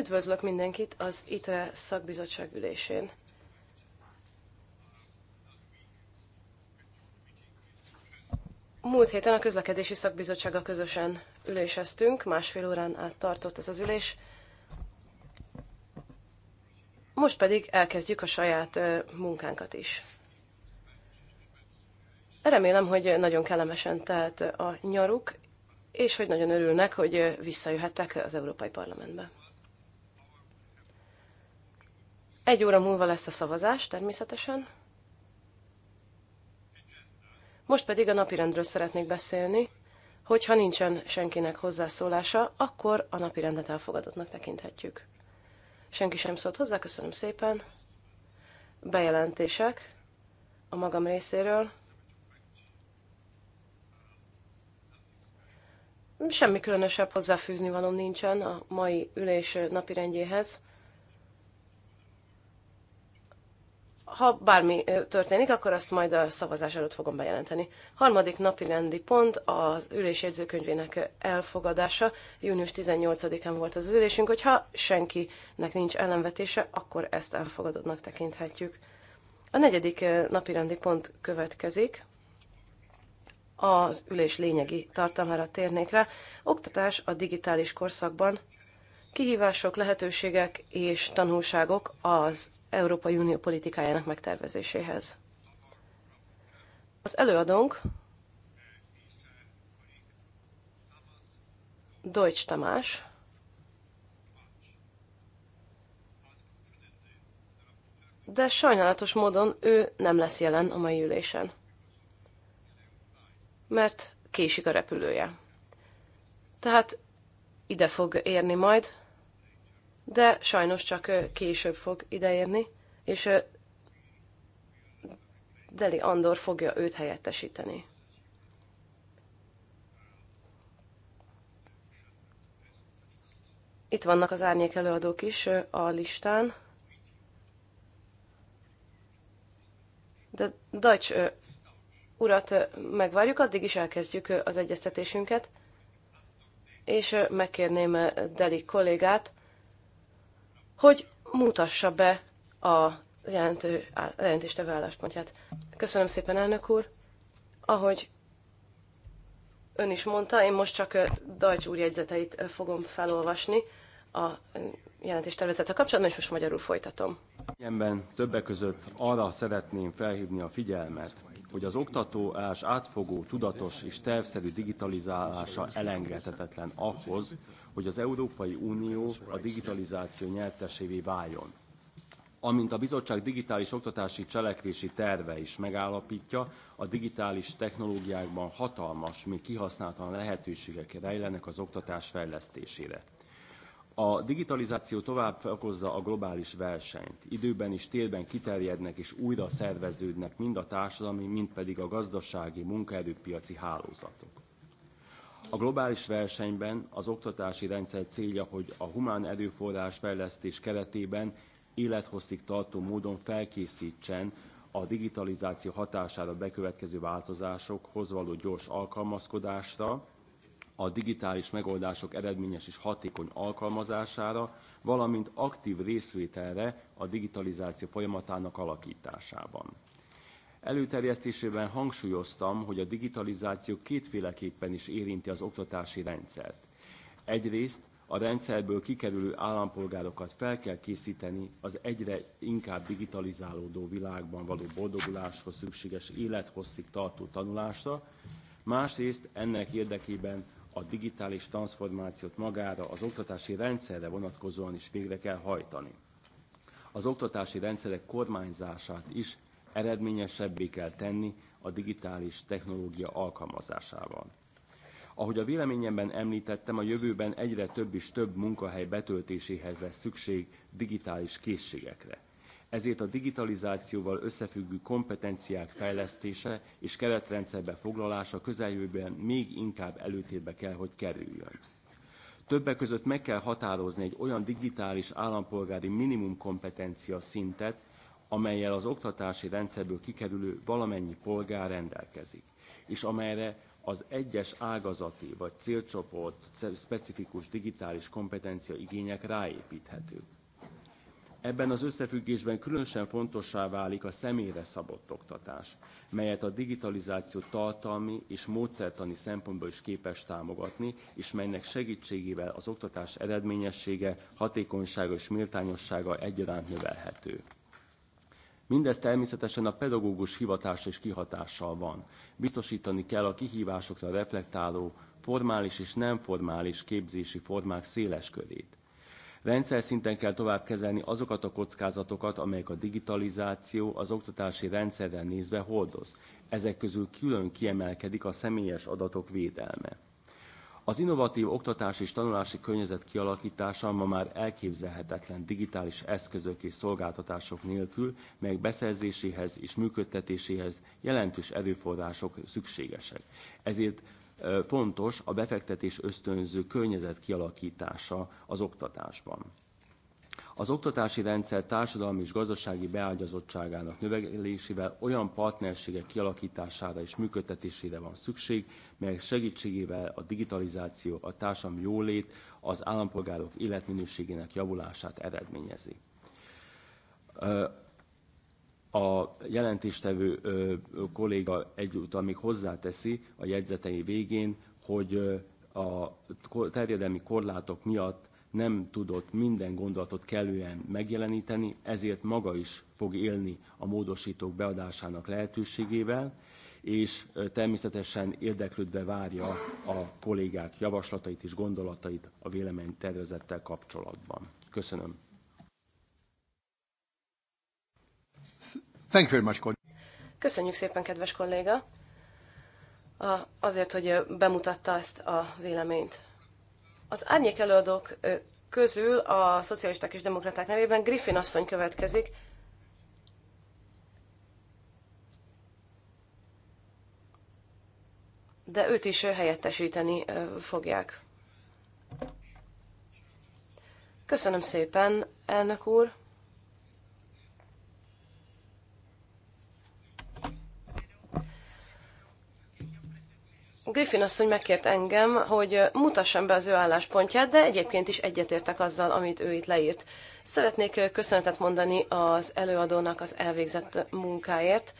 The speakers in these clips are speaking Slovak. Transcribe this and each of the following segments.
Üdvözlök mindenkit az ITRE szakbizottság ülésén. Múlt héten a közlekedési szakbizottsága közösen üléseztünk, másfél órán át tartott ez az ülés. Most pedig elkezdjük a saját munkánkat is. Remélem, hogy nagyon kellemesen telt a nyaruk, és hogy nagyon örülnek, hogy visszajöhettek az Európai Parlamentbe. Egy óra múlva lesz a szavazás, természetesen. Most pedig a napirendről szeretnék beszélni. Hogyha nincsen senkinek hozzászólása, akkor a napirendet elfogadottnak tekinthetjük. Senki sem szólt hozzá, köszönöm szépen. Bejelentések a magam részéről. Semmi különösebb hozzáfűzni valom nincsen a mai ülés napirendjéhez. ha bármi történik, akkor azt majd a szavazás előtt fogom bejelenteni. Harmadik napi rendi pont az ülés jegyzőkönyvének elfogadása. Június 18-án volt az ülésünk, hogyha senkinek nincs ellenvetése, akkor ezt elfogadottnak tekinthetjük. A negyedik napi rendi pont következik. Az ülés lényegi tartalmára térnék rá. Oktatás a digitális korszakban. Kihívások, lehetőségek és tanulságok az Európai Unió politikájának megtervezéséhez. Az előadónk Deutsch Tamás, de sajnálatos módon ő nem lesz jelen a mai ülésen, mert késik a repülője. Tehát ide fog érni majd, de sajnos csak később fog ideérni, és Deli Andor fogja őt helyettesíteni. Itt vannak az árnyék előadók is a listán. De Dajcs urat megvárjuk, addig is elkezdjük az egyeztetésünket, és megkérném Deli kollégát, hogy mutassa be a jelentő, jelentéstevő álláspontját. Köszönöm szépen, elnök úr. Ahogy ön is mondta, én most csak Dajcs úr jegyzeteit fogom felolvasni a jelentéstervezettel kapcsolatban, és most magyarul folytatom. Ilyenben többek között arra szeretném felhívni a figyelmet, hogy az oktatás átfogó, tudatos és tervszerű digitalizálása elengedhetetlen ahhoz, hogy az Európai Unió a digitalizáció nyertesévé váljon. Amint a bizottság digitális oktatási cselekvési terve is megállapítja, a digitális technológiákban hatalmas, még kihasználatlan lehetőségek rejlenek az oktatás fejlesztésére. A digitalizáció tovább okozza a globális versenyt. Időben és térben kiterjednek és újra szerveződnek mind a társadalmi, mind pedig a gazdasági, munkaerőpiaci hálózatok. A globális versenyben az oktatási rendszer célja, hogy a humán erőforrás fejlesztés keretében élethosszig tartó módon felkészítsen a digitalizáció hatására bekövetkező változásokhoz való gyors alkalmazkodásra, a digitális megoldások eredményes és hatékony alkalmazására, valamint aktív részvételre a digitalizáció folyamatának alakításában. Előterjesztésében hangsúlyoztam, hogy a digitalizáció kétféleképpen is érinti az oktatási rendszert. Egyrészt a rendszerből kikerülő állampolgárokat fel kell készíteni az egyre inkább digitalizálódó világban való boldoguláshoz szükséges élethosszig tartó tanulásra, másrészt ennek érdekében a digitális transformációt magára az oktatási rendszerre vonatkozóan is végre kell hajtani. Az oktatási rendszerek kormányzását is eredményesebbé kell tenni a digitális technológia alkalmazásával. Ahogy a véleményemben említettem, a jövőben egyre több és több munkahely betöltéséhez lesz szükség digitális készségekre ezért a digitalizációval összefüggő kompetenciák fejlesztése és keretrendszerbe foglalása közeljövőben még inkább előtérbe kell, hogy kerüljön. Többek között meg kell határozni egy olyan digitális állampolgári minimum kompetencia szintet, amelyel az oktatási rendszerből kikerülő valamennyi polgár rendelkezik, és amelyre az egyes ágazati vagy célcsoport specifikus digitális kompetencia igények ráépíthetők. Ebben az összefüggésben különösen fontossá válik a személyre szabott oktatás, melyet a digitalizáció tartalmi és módszertani szempontból is képes támogatni, és melynek segítségével az oktatás eredményessége, hatékonysága és méltányossága egyaránt növelhető. Mindez természetesen a pedagógus hivatása és kihatással van. Biztosítani kell a kihívásokra reflektáló formális és nem formális képzési formák széles körét Rendszer szinten kell tovább kezelni azokat a kockázatokat, amelyek a digitalizáció az oktatási rendszerrel nézve hordoz. Ezek közül külön kiemelkedik a személyes adatok védelme. Az innovatív oktatási és tanulási környezet kialakítása ma már elképzelhetetlen digitális eszközök és szolgáltatások nélkül, melyek beszerzéséhez és működtetéséhez jelentős erőforrások szükségesek. Ezért fontos a befektetés ösztönző környezet kialakítása az oktatásban. Az oktatási rendszer társadalmi és gazdasági beágyazottságának növelésével olyan partnerségek kialakítására és működtetésére van szükség, melyek segítségével a digitalizáció, a társadalmi jólét, az állampolgárok életminőségének javulását eredményezi a jelentéstevő kolléga egyúttal még hozzáteszi a jegyzetei végén, hogy a terjedelmi korlátok miatt nem tudott minden gondolatot kellően megjeleníteni, ezért maga is fog élni a módosítók beadásának lehetőségével, és természetesen érdeklődve várja a kollégák javaslatait és gondolatait a véleménytervezettel kapcsolatban. Köszönöm. Thank you very much, Köszönjük szépen, kedves kolléga, azért, hogy bemutatta ezt a véleményt. Az árnyék előadók közül a szocialisták és demokraták nevében Griffin asszony következik, de őt is helyettesíteni fogják. Köszönöm szépen, elnök úr! Griffin asszony megkért engem, hogy mutassam be az ő álláspontját, de egyébként is egyetértek azzal, amit ő itt leírt. Szeretnék köszönetet mondani az előadónak az elvégzett munkáért.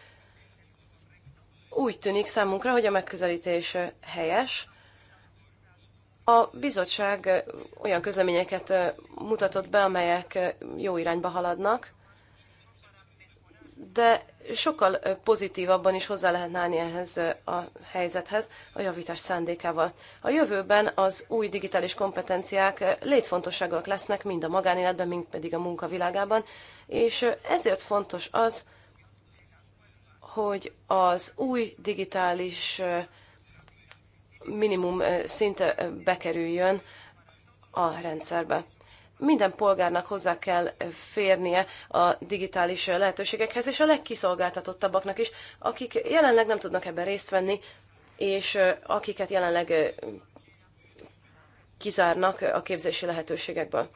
Úgy tűnik számunkra, hogy a megközelítés helyes. A bizottság olyan közleményeket mutatott be, amelyek jó irányba haladnak, de sokkal pozitívabban is hozzá lehetne állni ehhez a helyzethez a javítás szándékával. A jövőben az új digitális kompetenciák létfontosságok lesznek mind a magánéletben, mind pedig a munkavilágában, és ezért fontos az, hogy az új digitális minimum szinte bekerüljön a rendszerbe minden polgárnak hozzá kell férnie a digitális lehetőségekhez, és a legkiszolgáltatottabbaknak is, akik jelenleg nem tudnak ebben részt venni, és akiket jelenleg kizárnak a képzési lehetőségekből.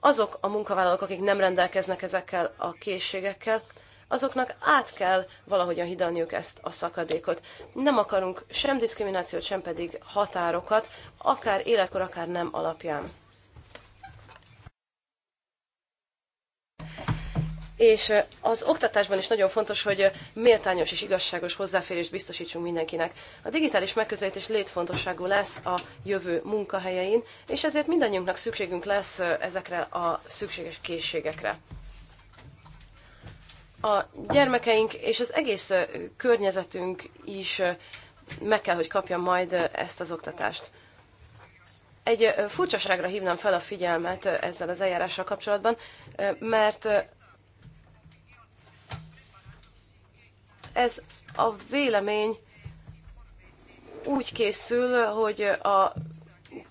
Azok a munkavállalók, akik nem rendelkeznek ezekkel a készségekkel, azoknak át kell valahogyan hidalniuk ezt a szakadékot. Nem akarunk sem diszkriminációt, sem pedig határokat, akár életkor, akár nem alapján. és az oktatásban is nagyon fontos, hogy méltányos és igazságos hozzáférést biztosítsunk mindenkinek. A digitális megközelítés létfontosságú lesz a jövő munkahelyein, és ezért mindannyiunknak szükségünk lesz ezekre a szükséges készségekre. A gyermekeink és az egész környezetünk is meg kell, hogy kapja majd ezt az oktatást. Egy furcsaságra hívnám fel a figyelmet ezzel az eljárással kapcsolatban, mert Ez a vélemény úgy készül, hogy a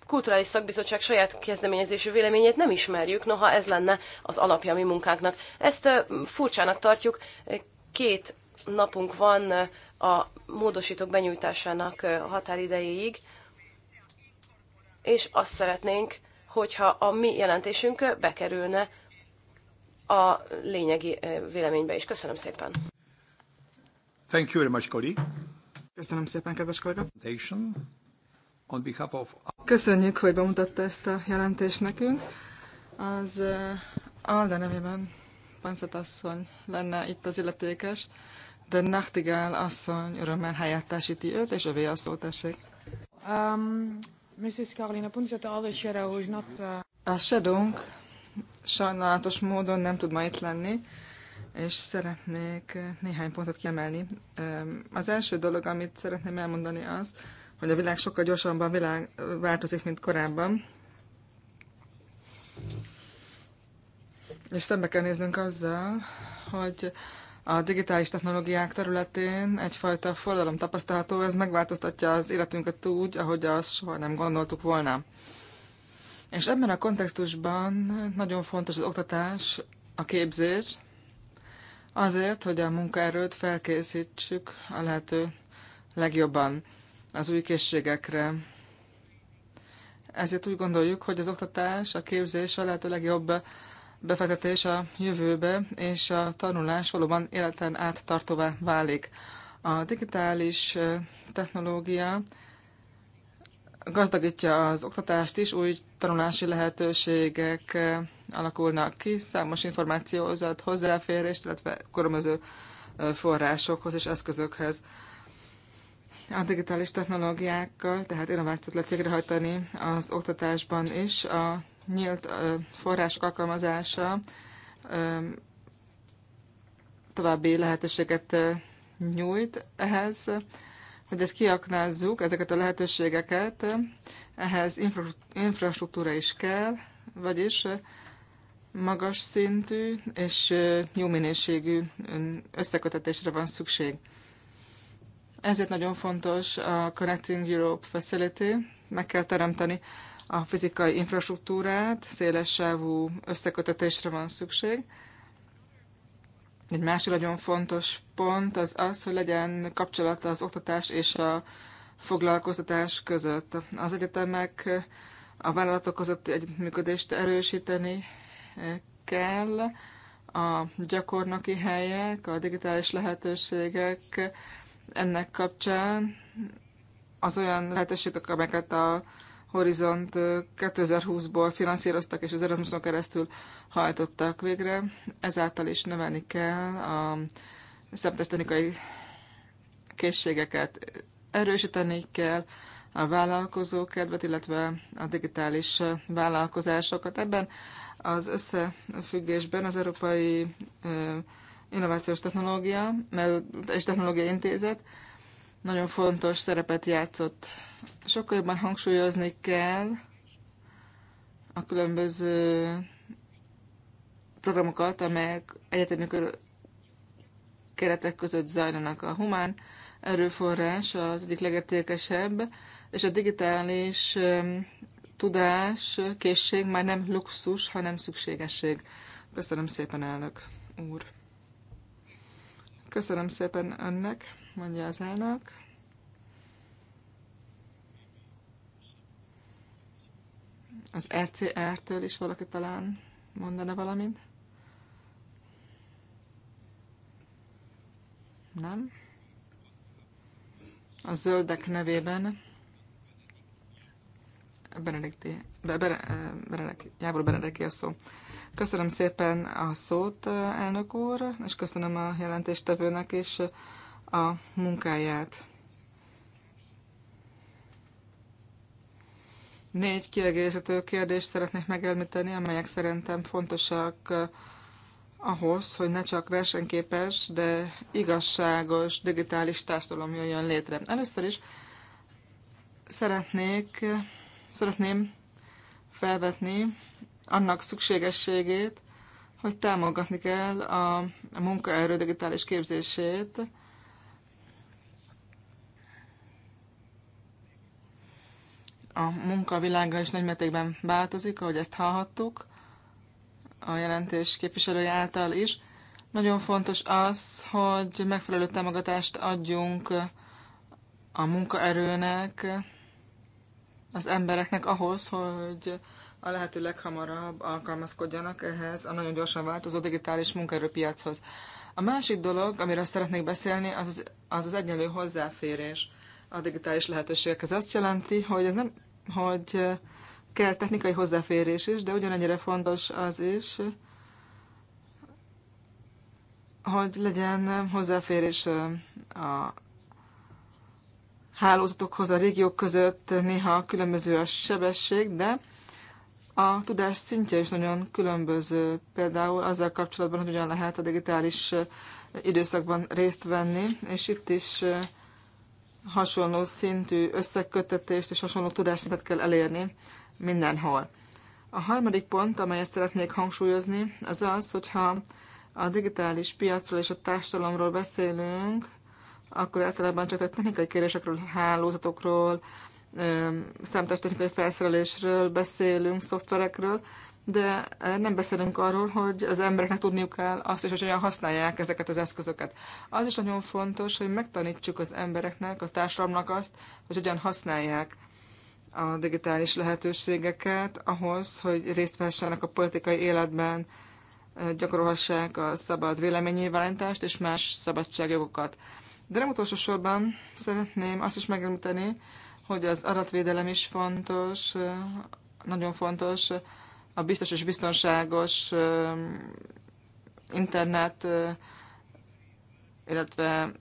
kulturális szakbizottság saját kezdeményezésű véleményét nem ismerjük, noha ez lenne az alapja mi munkánknak. Ezt furcsának tartjuk, két napunk van a módosítók benyújtásának határidejéig, és azt szeretnénk, hogyha a mi jelentésünk bekerülne a lényegi véleménybe is. Köszönöm szépen! Thank you very much, colleague. Köszönöm szépen, kedves kollega. Köszönjük, hogy bemutatta ezt a jelentést nekünk. Az eh, Alda nevében Pancet asszony lenne itt az illetékes, de Nachtigál asszony örömmel helyettesíti őt, és övé a szó, tessék. Um, Mrs. Carolina Pancet, Alda not... Uh... A sedunk sajnálatos módon nem tud ma itt lenni, és szeretnék néhány pontot kiemelni. Az első dolog, amit szeretném elmondani az, hogy a világ sokkal gyorsabban világ változik, mint korábban. És szembe kell néznünk azzal, hogy a digitális technológiák területén egyfajta forradalom tapasztalható, ez megváltoztatja az életünket úgy, ahogy azt soha nem gondoltuk volna. És ebben a kontextusban nagyon fontos az oktatás, a képzés, azért, hogy a munkaerőt felkészítsük a lehető legjobban az új készségekre. Ezért úgy gondoljuk, hogy az oktatás, a képzés a lehető legjobb befektetés a jövőbe, és a tanulás valóban életen át tartóvá válik. A digitális eh, technológia gazdagítja az oktatást is, új tanulási lehetőségek alakulnak ki, számos információhoz ad hozzáférést, illetve különböző forrásokhoz és eszközökhez. A digitális technológiákkal, tehát innovációt lehet végrehajtani az oktatásban is. A nyílt források alkalmazása további lehetőséget nyújt ehhez hogy ezt kiaknázzuk, ezeket a lehetőségeket, ehhez infrastruktúra is kell, vagyis magas szintű és jó minőségű összekötetésre van szükség. Ezért nagyon fontos a Connecting Europe Facility, meg kell teremteni a fizikai infrastruktúrát, széles sávú összekötetésre van szükség, Egy másik nagyon fontos pont az az, hogy legyen kapcsolata az oktatás és a foglalkoztatás között. Az egyetemek a vállalatok között együttműködést erősíteni kell, a gyakornoki helyek, a digitális lehetőségek ennek kapcsán az olyan lehetőségek, amelyeket a Horizont 2020-ból eh, finanszíroztak, és az Erasmuson keresztül hajtottak végre. Ezáltal is növelni kell a szemtestechnikai készségeket, erősíteni kell a vállalkozók kedvet, illetve a digitális vállalkozásokat. Ebben az összefüggésben az Európai eh, Innovációs Technológia és Technológia Intézet nagyon fontos szerepet játszott sokkal jobban hangsúlyozni kell a különböző programokat, amelyek egyetemi keretek között zajlanak. A humán erőforrás az egyik legértékesebb, és a digitális tudás, készség már nem luxus, hanem szükségesség. Köszönöm szépen, elnök úr. Köszönöm szépen önnek, mondja az elnök. az ECR-től is valaki talán mondana valamit? Nem? A zöldek nevében Benedikti, Be, eh, Jávor Benedeki a szó. Köszönöm szépen a szót, elnök úr, és köszönöm a jelentéstevőnek is a munkáját. Négy kiegészítő kérdést szeretnék megelmíteni, amelyek szerintem fontosak eh, ahhoz, hogy ne csak versenyképes, de igazságos digitális társadalom jöjjön létre. Először is szeretnék, szeretném felvetni annak szükségességét, hogy támogatni kell a munkaerő digitális képzését, a munkavilága is nagymértékben változik, ahogy ezt hallhattuk a jelentés képviselője által is. Nagyon fontos az, hogy megfelelő támogatást adjunk a munkaerőnek, az embereknek ahhoz, hogy a lehető leghamarabb alkalmazkodjanak ehhez a nagyon gyorsan változó digitális munkaerőpiachoz. A másik dolog, amiről szeretnék beszélni, az az, az, az egyenlő hozzáférés a digitális lehetőségekhez. Azt jelenti, hogy ez nem hogy kell technikai hozzáférés is, de ugyanennyire fontos az is, hogy legyen hozzáférés a hálózatokhoz, a régiók között néha különböző a sebesség, de a tudás szintje is nagyon különböző. Például azzal kapcsolatban, hogy hogyan lehet a digitális időszakban részt venni, és itt is hasonló szintű összekötetést és hasonló tudásszintet kell elérni mindenhol. A harmadik pont, amelyet szeretnék hangsúlyozni, az az, hogyha a digitális piacról és a társadalomról beszélünk, akkor általában csak a technikai kérésekről, hálózatokról, számítástechnikai felszerelésről beszélünk, szoftverekről, de nem beszélünk arról, hogy az embereknek tudniuk kell azt is, hogy hogyan használják ezeket az eszközöket. Az is nagyon fontos, hogy megtanítsuk az embereknek, a társadalomnak azt, hogy hogyan használják a digitális lehetőségeket ahhoz, hogy részt vehessenek a politikai életben, gyakorolhassák a szabad véleménynyilvánítást és más szabadságjogokat. De nem utolsó sorban szeretném azt is megemlíteni, hogy az adatvédelem is fontos, nagyon fontos, a biztos és biztonságos internet, illetve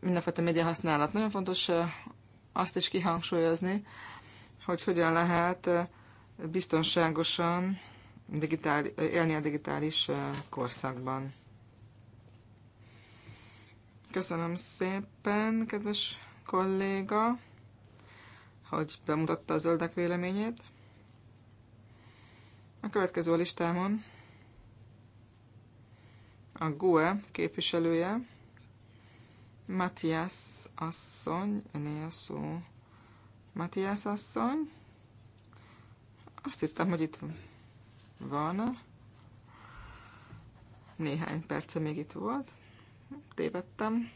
mindenfajta média használat. Nagyon fontos azt is kihangsúlyozni, hogy hogyan lehet biztonságosan digitál, élni a digitális korszakban. Köszönöm szépen, kedves kolléga, hogy bemutatta a zöldek véleményét. A következő a listámon a GUE képviselője, Matthias asszony, öné a szó. Matthias asszony. Azt hittem, hogy itt van. Néhány perce még itt volt. Tévedtem.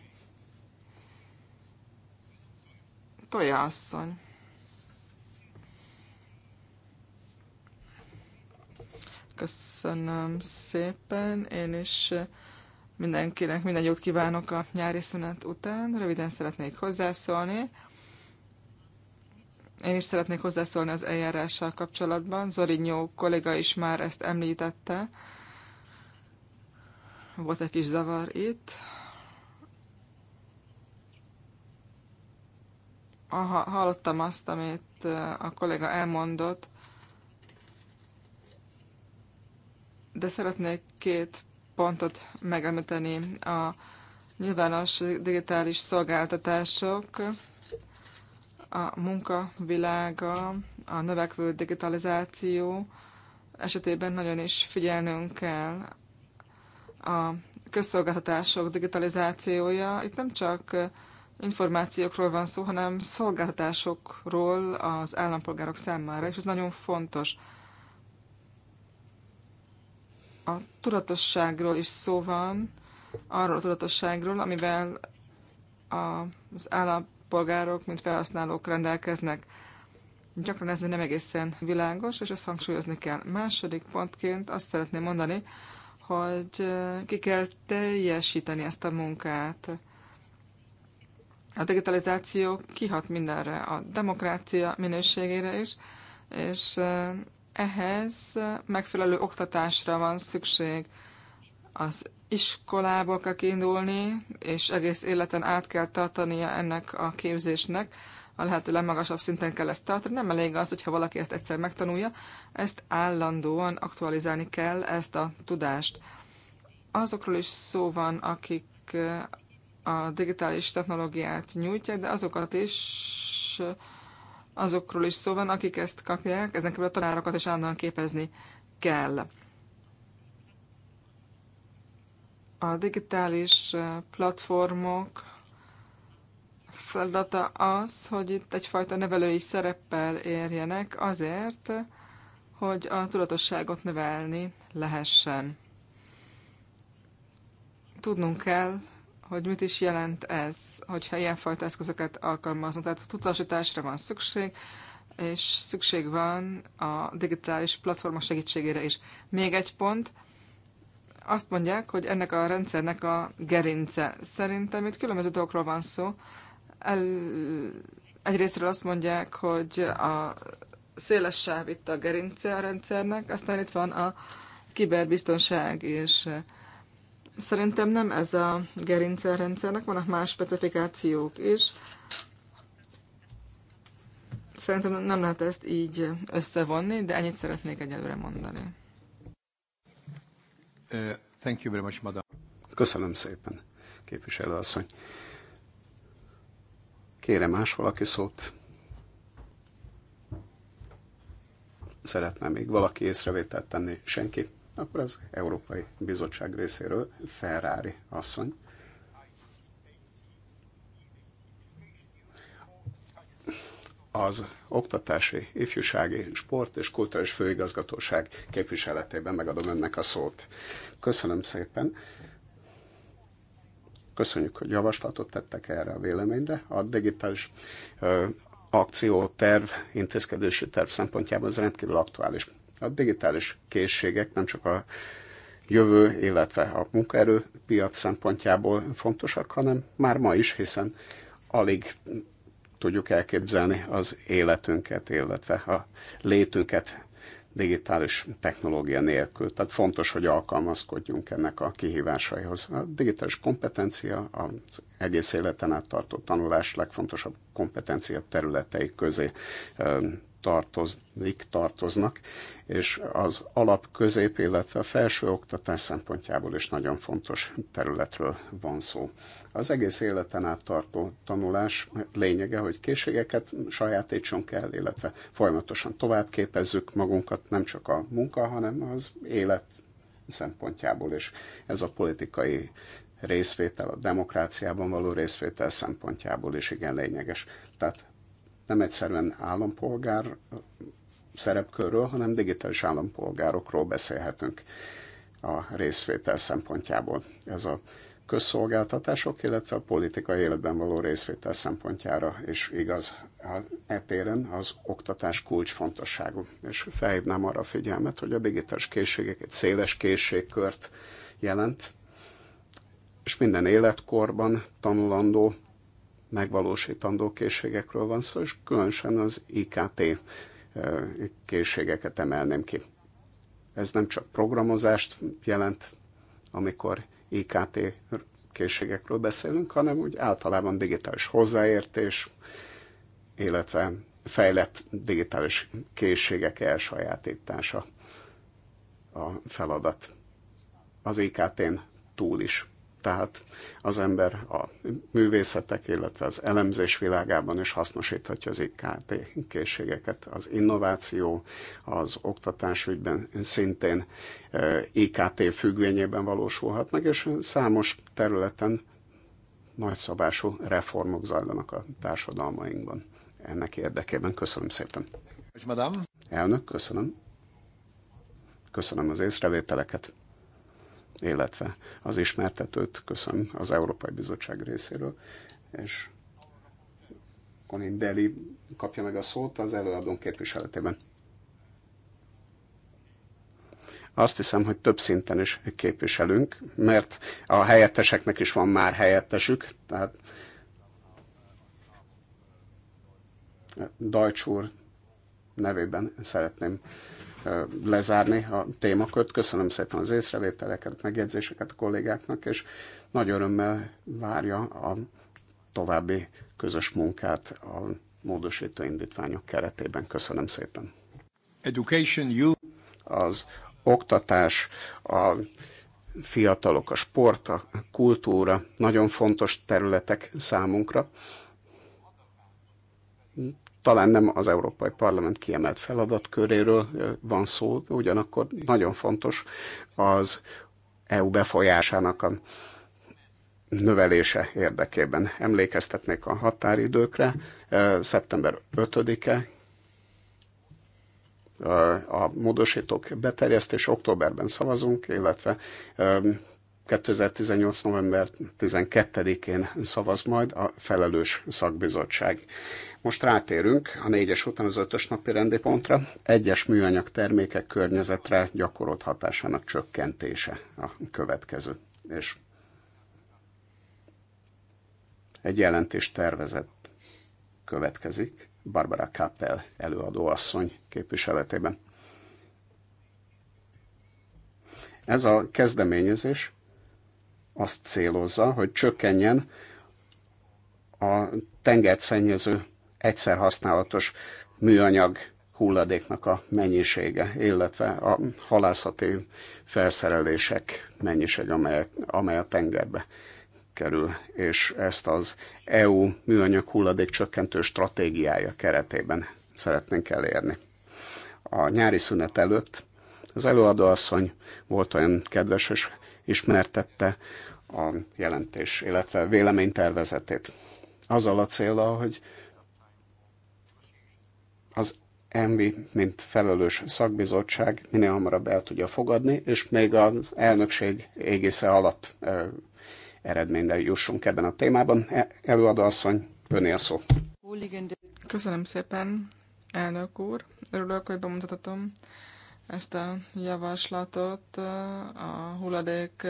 Toja asszony. Köszönöm szépen. Én is mindenkinek minden jót kívánok a nyári szünet után. Röviden szeretnék hozzászólni. Én is szeretnék hozzászólni az eljárással kapcsolatban. Zorinyó kolléga is már ezt említette. Volt egy kis zavar itt. Aha, hallottam azt, amit a kolléga elmondott de szeretnék két pontot megemlíteni. A nyilvános digitális szolgáltatások, a munkavilága, a növekvő digitalizáció esetében nagyon is figyelnünk kell a közszolgáltatások digitalizációja. Itt nem csak információkról van szó, hanem szolgáltatásokról az állampolgárok számára, és ez nagyon fontos a tudatosságról is szó van, arról a tudatosságról, amivel az állampolgárok, mint felhasználók rendelkeznek. Gyakran ez még nem egészen világos, és ezt hangsúlyozni kell. Második pontként azt szeretném mondani, hogy ki kell teljesíteni ezt a munkát. A digitalizáció kihat mindenre, a demokrácia minőségére is, és Ehhez megfelelő oktatásra van szükség. Az iskolából kell kiindulni, és egész életen át kell tartania ennek a képzésnek. A lehető legmagasabb szinten kell ezt tartani. Nem elég az, hogyha valaki ezt egyszer megtanulja, ezt állandóan aktualizálni kell, ezt a tudást. Azokról is szó van, akik eh, a digitális technológiát nyújtják, de azokat is azokról is szó van, akik ezt kapják, ezen kívül a tanárokat is állandóan képezni kell. A digitális eh, platformok feladata az, hogy itt egyfajta nevelői szereppel érjenek azért, hogy a tudatosságot növelni lehessen. Tudnunk kell hogy mit is jelent ez, hogyha ilyenfajta eszközöket alkalmazunk. Tehát tudatosításra van szükség, és szükség van a digitális platforma segítségére is. Még egy pont, azt mondják, hogy ennek a rendszernek a gerince. Szerintem itt különböző dolgokról van szó. El, egyrésztről azt mondják, hogy a széles sáv itt a gerince a rendszernek, aztán itt van a kiberbiztonság és Szerintem nem ez a gerincelrendszernek, rendszernek, vannak más specifikációk is. Szerintem nem lehet ezt így összevonni, de ennyit szeretnék egyelőre mondani. Uh, thank you very much, madam. Köszönöm szépen, képviselőasszony. Kérem más valaki szót? Szeretne még valaki észrevételt tenni? Senki? akkor az Európai Bizottság részéről Ferrari asszony. az Oktatási, Ifjúsági, Sport és Kulturális Főigazgatóság képviseletében megadom önnek a szót. Köszönöm szépen. Köszönjük, hogy javaslatot tettek erre a véleményre. A digitális ö, akcióterv, intézkedési terv szempontjából ez rendkívül aktuális a digitális készségek nem csak a jövő, illetve a munkaerőpiac szempontjából fontosak, hanem már ma is, hiszen alig tudjuk elképzelni az életünket, illetve a létünket digitális technológia nélkül. Tehát fontos, hogy alkalmazkodjunk ennek a kihívásaihoz. A digitális kompetencia az egész életen át tartó tanulás legfontosabb kompetencia területei közé tartozik, tartoznak, és az alap közép, illetve a felső oktatás szempontjából is nagyon fontos területről van szó. Az egész életen át tartó tanulás lényege, hogy készségeket sajátítsunk el, illetve folyamatosan továbbképezzük magunkat, nem csak a munka, hanem az élet szempontjából, is. ez a politikai részvétel, a demokráciában való részvétel szempontjából is igen lényeges. Tehát nem egyszerűen állampolgár szerepkörről, hanem digitális állampolgárokról beszélhetünk a részvétel szempontjából. Ez a közszolgáltatások, illetve a politikai életben való részvétel szempontjára is igaz. E téren az oktatás kulcsfontosságú. És felhívnám arra a figyelmet, hogy a digitális készségek egy széles készségkört jelent, és minden életkorban tanulandó megvalósítandó készségekről van szó, és különösen az IKT eh, készségeket emelném ki. Ez nem csak programozást jelent, amikor IKT készségekről beszélünk, hanem úgy általában digitális hozzáértés, illetve fejlett digitális készségek elsajátítása a feladat. Az IKT-n túl is tehát az ember a művészetek, illetve az elemzés világában is hasznosíthatja az IKT készségeket. Az innováció az oktatás ügyben szintén eh, IKT függvényében valósulhat meg, és számos területen nagyszabású reformok zajlanak a társadalmainkban. Ennek érdekében köszönöm szépen. Madame. Elnök, köszönöm. Köszönöm az észrevételeket illetve az ismertetőt köszönöm az Európai Bizottság részéről, és Konin Deli kapja meg a szót az előadón képviseletében. Azt hiszem, hogy több szinten is képviselünk, mert a helyetteseknek is van már helyettesük, tehát Dajcs úr nevében szeretném lezárni a témakört. Köszönöm szépen az észrevételeket, megjegyzéseket a kollégáknak, és nagy örömmel várja a további közös munkát a módosító indítványok keretében. Köszönöm szépen. Education, you... Az oktatás, a fiatalok, a sport, a kultúra nagyon fontos területek számunkra talán nem az Európai Parlament kiemelt feladatköréről van szó, ugyanakkor nagyon fontos az EU befolyásának a növelése érdekében. Emlékeztetnék a határidőkre, szeptember 5-e, a módosítók beterjesztés, októberben szavazunk, illetve 2018. november 12-én szavaz majd a felelős szakbizottság. Most rátérünk a négyes után az ötös napi rendi pontra. Egyes műanyag termékek környezetre gyakorolt hatásának csökkentése a következő. És egy jelentés tervezet következik Barbara Kappel előadóasszony képviseletében. Ez a kezdeményezés azt célozza, hogy csökkenjen a tengert szennyező egyszer használatos műanyag hulladéknak a mennyisége, illetve a halászati felszerelések mennyisége, amely, amely a tengerbe kerül, és ezt az EU műanyag hulladék csökkentő stratégiája keretében szeretnénk elérni. A nyári szünet előtt az előadóasszony volt olyan kedves, és ismertette a jelentés, illetve véleménytervezetét. Azzal a célra, hogy az ENVI, mint felelős szakbizottság minél hamarabb el tudja fogadni, és még az elnökség égisze alatt ö, eredményre jussunk ebben a témában. E, előadó asszony, öné a szó. Köszönöm szépen, elnök úr. Örülök, hogy bemutathatom ezt a javaslatot a hulladék,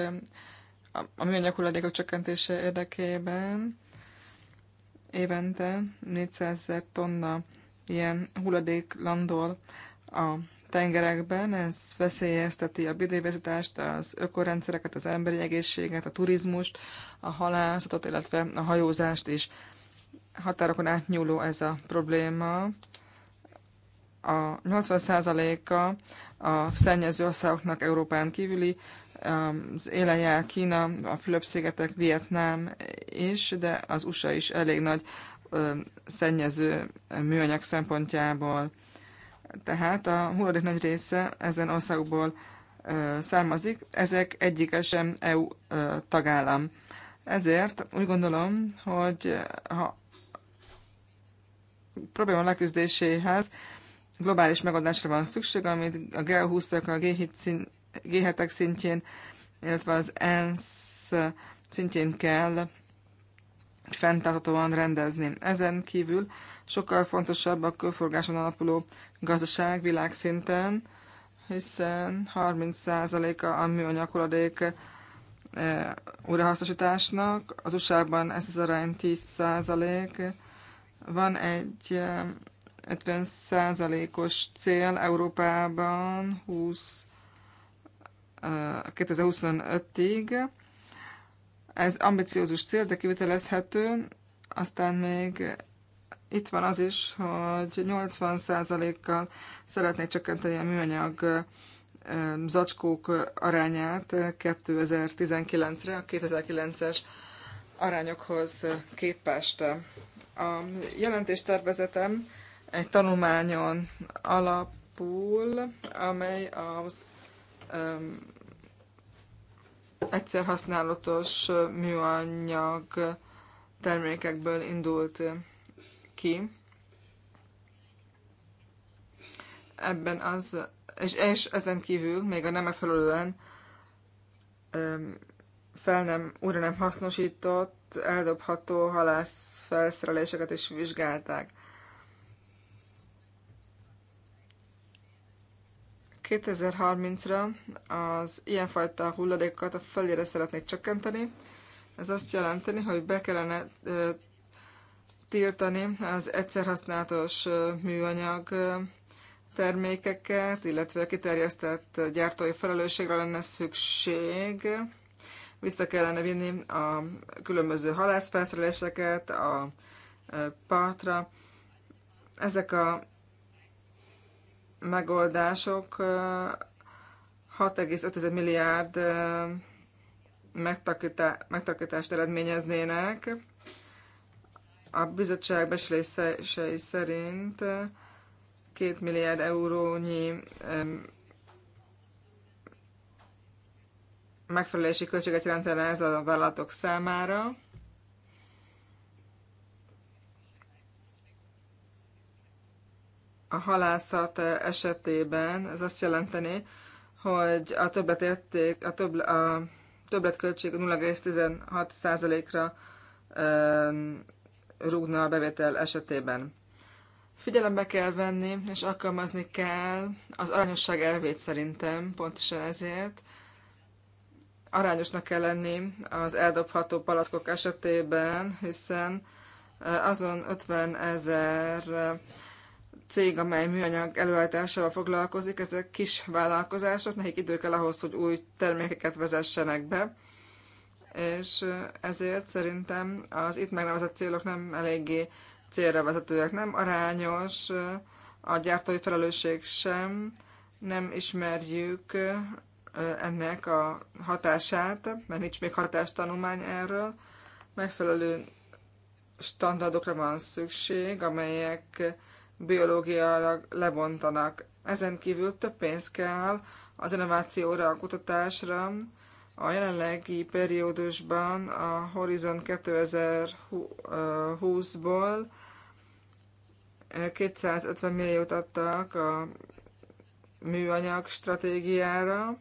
a műanyag hulladékok csökkentése érdekében. Évente 400 ezer tonna ilyen hulladék landol a tengerekben, ez veszélyezteti a biodiverzitást, az ökorendszereket, az emberi egészséget, a turizmust, a halászatot, illetve a hajózást is. Határokon átnyúló ez a probléma. A 80%-a a szennyező országoknak Európán kívüli, az élen jár Kína, a Fülöp-szigetek, Vietnám is, de az USA is elég nagy szennyező műanyag szempontjából. Tehát a hulladék nagy része ezen országokból származik, ezek egyike sem EU tagállam. Ezért úgy gondolom, hogy ha probléma leküzdéséhez globális megoldásra van szükség, amit a G20-ak, a G7-ek szintjén, illetve az ENSZ szintjén kell fenntarthatóan rendezni. Ezen kívül sokkal fontosabb a körforgáson alapuló gazdaság világszinten, hiszen 30%-a a műanyag hulladék e, újrahasznosításnak, az USA-ban ez az arány 10%, van egy 50%-os e, cél Európában 20, 2025-ig, e, Ez ambiciózus cél, de kivitelezhető. Aztán még itt van az is, hogy 80%-kal szeretnék csökkenteni a műanyag zacskók arányát 2019-re, a 2009-es arányokhoz képest. A jelentéstervezetem egy tanulmányon alapul, amely az egyszer használatos műanyag termékekből indult ki. Ebben az, és, és ezen kívül még a nem megfelelően fel nem, újra nem hasznosított, eldobható halászfelszereléseket is vizsgálták. 2030-ra az ilyenfajta hulladékokat a felére szeretnék csökkenteni. Ez azt jelenteni, hogy be kellene tiltani az egyszerhasználatos műanyag termékeket, illetve a kiterjesztett gyártói felelősségre lenne szükség. Vissza kellene vinni a különböző halászfelszereléseket a partra. Ezek a megoldások 6,5 milliárd megtakítást eredményeznének. A bizottság beslései szerint 2 milliárd eurónyi megfelelési költséget jelentene ez a vállalatok számára. a halászat esetében ez azt jelenteni, hogy a érték, a, több, a többletköltség 0,16%-ra rúgna a bevétel esetében. Figyelembe kell venni, és alkalmazni kell az arányosság elvét szerintem, pontosan ezért. Arányosnak kell lenni az eldobható palackok esetében, hiszen eh, azon 50 ezer cég, amely műanyag előállításával foglalkozik, ezek kis vállalkozások, nekik idő kell ahhoz, hogy új termékeket vezessenek be, és ezért szerintem az itt megnevezett célok nem eléggé célra vezetőek, nem arányos, a gyártói felelősség sem, nem ismerjük ennek a hatását, mert nincs még hatástanulmány erről, megfelelő standardokra van szükség, amelyek biológiailag lebontanak. Ezen kívül több pénz kell az innovációra, a kutatásra. A jelenlegi periódusban a Horizon 2020-ból 250 milliót adtak a műanyag stratégiára,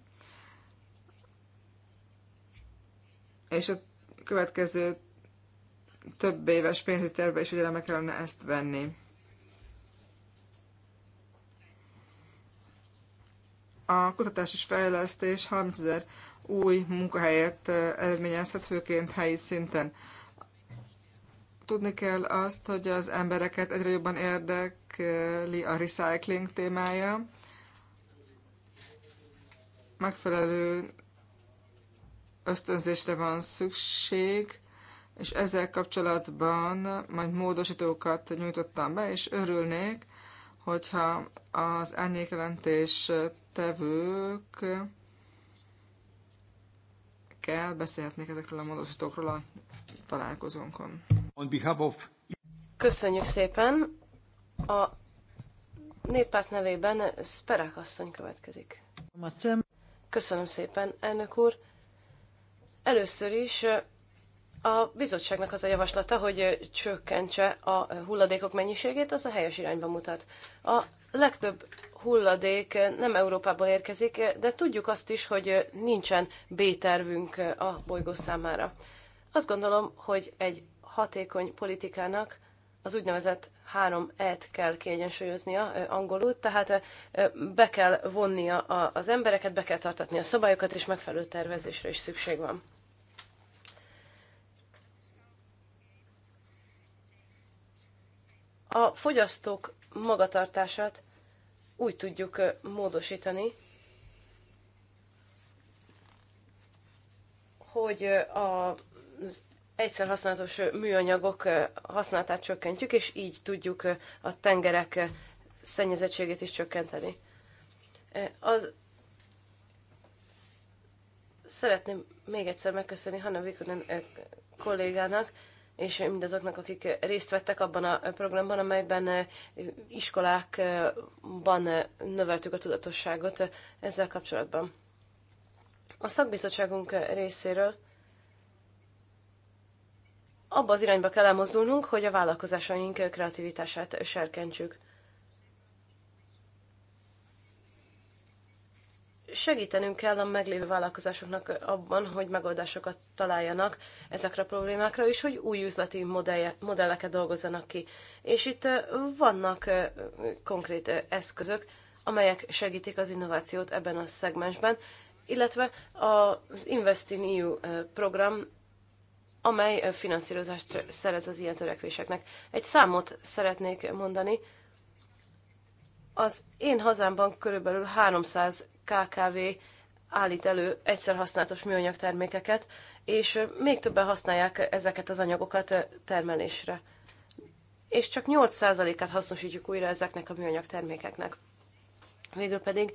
és a következő több éves pénzügyi tervbe is meg kellene ezt venni. a kutatás és fejlesztés 30 ezer új munkahelyet eredményezhet, főként helyi szinten. Tudni kell azt, hogy az embereket egyre jobban érdekli a recycling témája. Megfelelő ösztönzésre van szükség, és ezzel kapcsolatban majd módosítókat nyújtottam be, és örülnék, hogyha az árnyékjelentés tevők kell beszélhetnék ezekről a módosítókról a találkozónkon. On behalf of... Köszönjük szépen! A néppárt nevében Sperák asszony következik. Köszönöm szépen, elnök úr! Először is a bizottságnak az a javaslata, hogy csökkentse a hulladékok mennyiségét, az a helyes irányba mutat. A legtöbb hulladék nem Európából érkezik, de tudjuk azt is, hogy nincsen B-tervünk a bolygó számára. Azt gondolom, hogy egy hatékony politikának az úgynevezett három et kell kiegyensúlyoznia angolul, tehát be kell vonnia az embereket, be kell tartatni a szabályokat, és megfelelő tervezésre is szükség van. A fogyasztók magatartását úgy tudjuk módosítani, hogy az egyszer használatos műanyagok használatát csökkentjük, és így tudjuk a tengerek szennyezettségét is csökkenteni. Az Szeretném még egyszer megköszönni Hanna Vikonen kollégának és mindazoknak, akik részt vettek abban a programban, amelyben iskolákban növeltük a tudatosságot ezzel kapcsolatban. A szakbizottságunk részéről abba az irányba kell elmozdulnunk, hogy a vállalkozásaink kreativitását serkentsük. segítenünk kell a meglévő vállalkozásoknak abban, hogy megoldásokat találjanak ezekre a problémákra, és hogy új üzleti modellje, modelleket dolgozzanak ki. És itt vannak konkrét eszközök, amelyek segítik az innovációt ebben a szegmensben, illetve az Invest in EU program, amely finanszírozást szerez az ilyen törekvéseknek. Egy számot szeretnék mondani, az én hazámban körülbelül 300 KKV állít elő egyszer használatos műanyag termékeket, és még többen használják ezeket az anyagokat termelésre. És csak 8%-át hasznosítjuk újra ezeknek a műanyag termékeknek. Végül pedig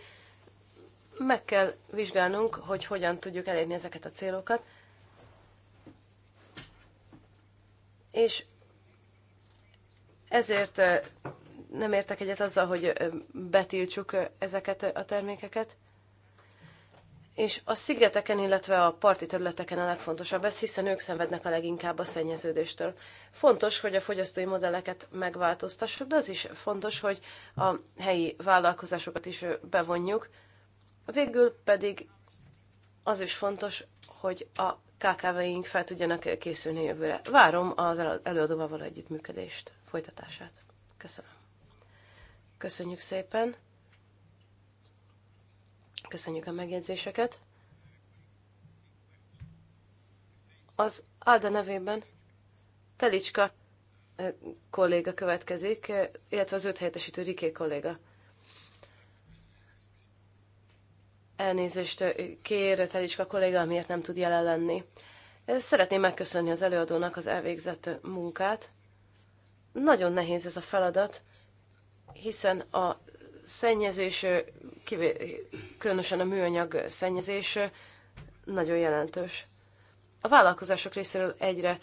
meg kell vizsgálnunk, hogy hogyan tudjuk elérni ezeket a célokat, és ezért eh, nem értek egyet azzal, hogy eh, betiltsuk eh, ezeket a termékeket. És a szigeteken, illetve a parti területeken a legfontosabb ez, hiszen ők szenvednek a leginkább a szennyeződéstől. Fontos, hogy a fogyasztói modelleket megváltoztassuk, de az is fontos, hogy a helyi vállalkozásokat is bevonjuk. Végül pedig az is fontos, hogy a KKV-ink fel tudjanak készülni jövőre. Várom az előadóval való együttműködést, folytatását. Köszönöm. Köszönjük szépen. Köszönjük a megjegyzéseket. Az Alda nevében Telicska kolléga következik, illetve az őt helyettesítő Riké kolléga. Elnézést kér Telicska kolléga, amiért nem tud jelen lenni. Szeretném megköszönni az előadónak az elvégzett munkát. Nagyon nehéz ez a feladat, hiszen a szennyezés, kivé, különösen a műanyag szennyezés nagyon jelentős. A vállalkozások részéről egyre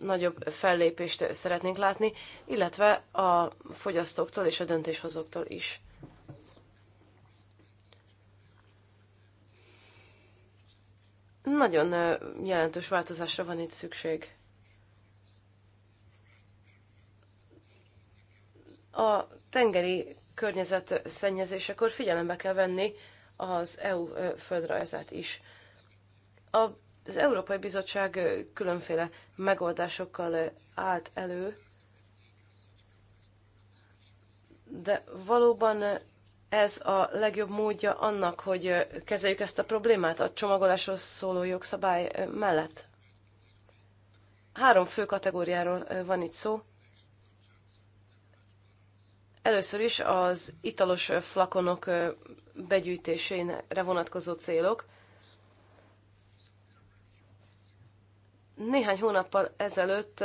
nagyobb fellépést szeretnénk látni, illetve a fogyasztóktól és a döntéshozóktól is. Nagyon jelentős változásra van itt szükség. A tengeri környezetszennyezésekor figyelembe kell venni az EU földrajzát is. Az Európai Bizottság különféle megoldásokkal állt elő, de valóban ez a legjobb módja annak, hogy kezeljük ezt a problémát a csomagolásról szóló jogszabály mellett? Három fő kategóriáról van itt szó. Először is az italos flakonok begyűjtésére vonatkozó célok. Néhány hónappal ezelőtt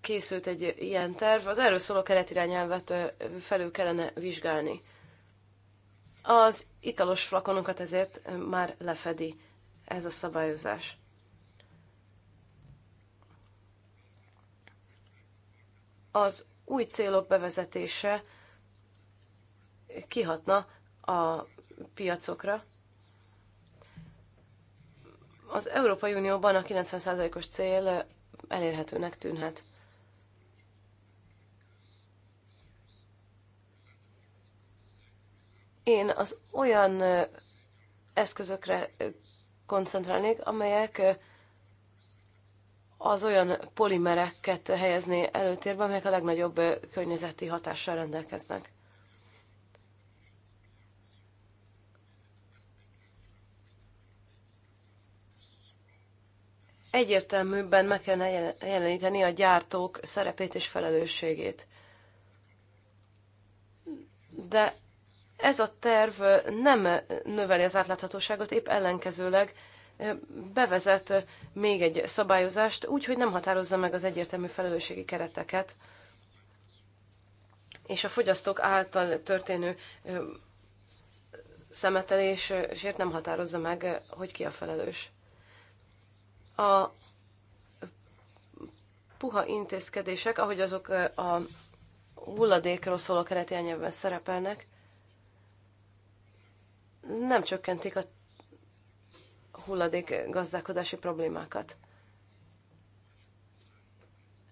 készült egy ilyen terv, az erről szóló keretirányelvet felül kellene vizsgálni. Az italos flakonokat ezért már lefedi ez a szabályozás. Az új célok bevezetése kihatna a piacokra. Az Európai Unióban a 90%-os cél elérhetőnek tűnhet. Én az olyan eszközökre koncentrálnék, amelyek az olyan polimereket helyezni előtérbe, amelyek a legnagyobb környezeti hatással rendelkeznek. Egyértelműbben meg kellene jeleníteni a gyártók szerepét és felelősségét. De ez a terv nem növeli az átláthatóságot, épp ellenkezőleg bevezet még egy szabályozást, úgy, hogy nem határozza meg az egyértelmű felelősségi kereteket, és a fogyasztók által történő szemetelésért nem határozza meg, hogy ki a felelős. A puha intézkedések, ahogy azok a hulladékról szóló kereti szerepelnek, nem csökkentik a hulladék gazdálkodási problémákat.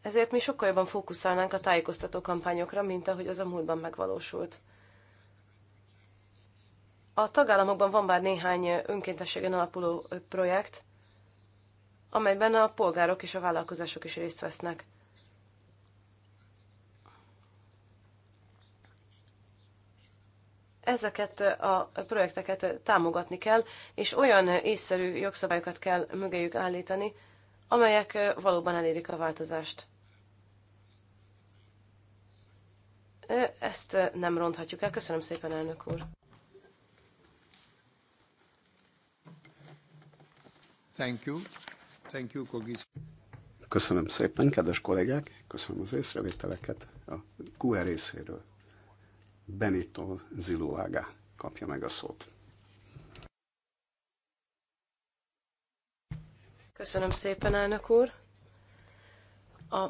Ezért mi sokkal jobban fókuszálnánk a tájékoztató kampányokra, mint ahogy az a múltban megvalósult. A tagállamokban van bár néhány önkéntességen alapuló projekt, amelyben a polgárok és a vállalkozások is részt vesznek. ezeket a projekteket támogatni kell, és olyan észszerű jogszabályokat kell mögéjük állítani, amelyek valóban elérik a változást. Ezt nem ronthatjuk el. Köszönöm szépen, elnök úr. Thank you. Thank you, Kogis. Köszönöm szépen, kedves kollégák, köszönöm az észrevételeket a QR e részéről. Benito Ziluaga kapja meg a szót. Köszönöm szépen, elnök úr. A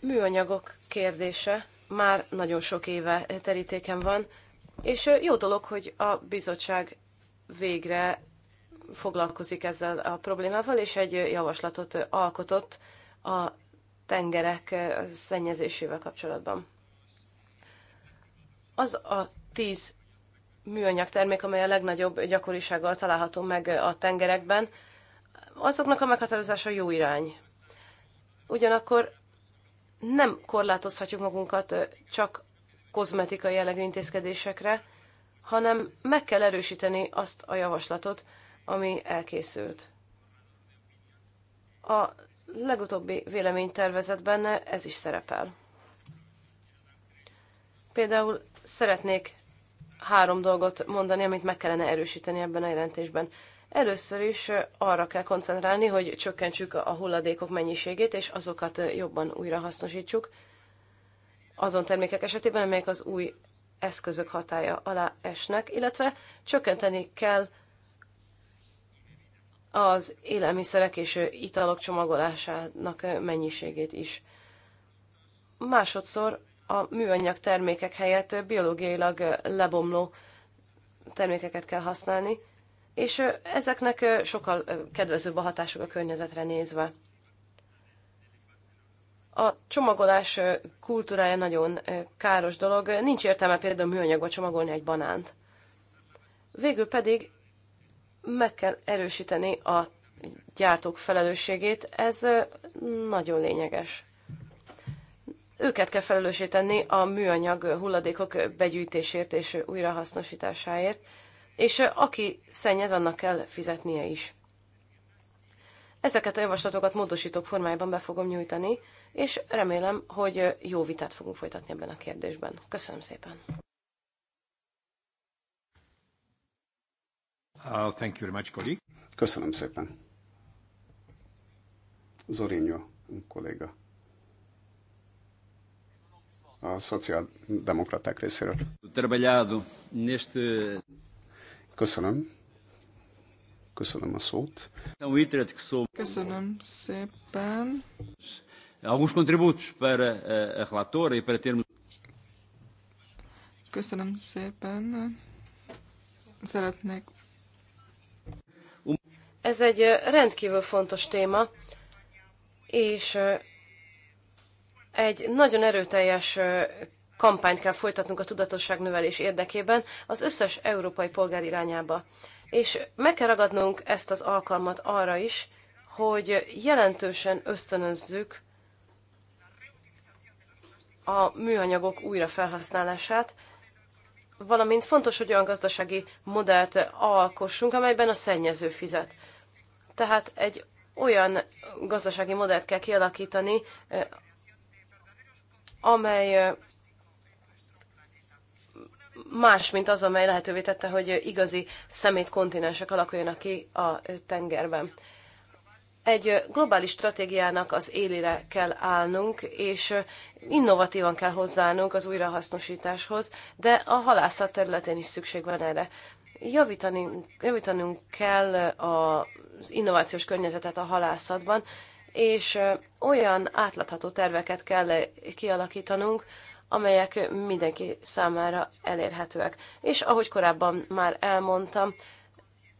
műanyagok kérdése már nagyon sok éve terítéken van, és jó dolog, hogy a bizottság végre foglalkozik ezzel a problémával, és egy javaslatot alkotott a tengerek szennyezésével kapcsolatban az a tíz műanyag termék, amely a legnagyobb gyakorisággal található meg a tengerekben, azoknak a meghatározása jó irány. Ugyanakkor nem korlátozhatjuk magunkat csak kozmetikai jellegű intézkedésekre, hanem meg kell erősíteni azt a javaslatot, ami elkészült. A legutóbbi véleménytervezetben ez is szerepel. Például szeretnék három dolgot mondani, amit meg kellene erősíteni ebben a jelentésben. Először is arra kell koncentrálni, hogy csökkentsük a hulladékok mennyiségét, és azokat jobban újrahasznosítsuk azon termékek esetében, amelyek az új eszközök hatája alá esnek, illetve csökkenteni kell az élelmiszerek és italok csomagolásának mennyiségét is. Másodszor a műanyag termékek helyett biológiailag lebomló termékeket kell használni, és ezeknek sokkal kedvezőbb a hatásuk a környezetre nézve. A csomagolás kultúrája nagyon káros dolog, nincs értelme például műanyagba csomagolni egy banánt. Végül pedig meg kell erősíteni a gyártók felelősségét, ez nagyon lényeges őket kell felelőssé tenni a műanyag hulladékok begyűjtésért és újrahasznosításáért, és aki szennyez, annak kell fizetnie is. Ezeket a javaslatokat módosítók formájában be fogom nyújtani, és remélem, hogy jó vitát fogunk folytatni ebben a kérdésben. Köszönöm szépen! Uh, thank you very much, colleague. Köszönöm szépen. Zorinho kolléga a szociáldemokraták részéről. Köszönöm. Köszönöm a szót. Um Köszönöm szépen. Alguns contributos para a relatora e para termos... Köszönöm szépen. Szeretnék. Um- Ez egy rendkívül fontos téma, és Egy nagyon erőteljes kampányt kell folytatnunk a tudatosságnövelés érdekében az összes európai polgár irányába. És meg kell ragadnunk ezt az alkalmat arra is, hogy jelentősen ösztönözzük a műanyagok újrafelhasználását, valamint fontos, hogy olyan gazdasági modellt alkossunk, amelyben a szennyező fizet. Tehát egy olyan gazdasági modellt kell kialakítani, amely más, mint az, amely lehetővé tette, hogy igazi szemét kontinensek alakuljanak ki a tengerben. Egy globális stratégiának az élére kell állnunk, és innovatívan kell hozzáállnunk az újrahasznosításhoz, de a halászat területén is szükség van erre. Javítani, javítanunk kell az innovációs környezetet a halászatban, és olyan átlátható terveket kell kialakítanunk, amelyek mindenki számára elérhetőek. És ahogy korábban már elmondtam,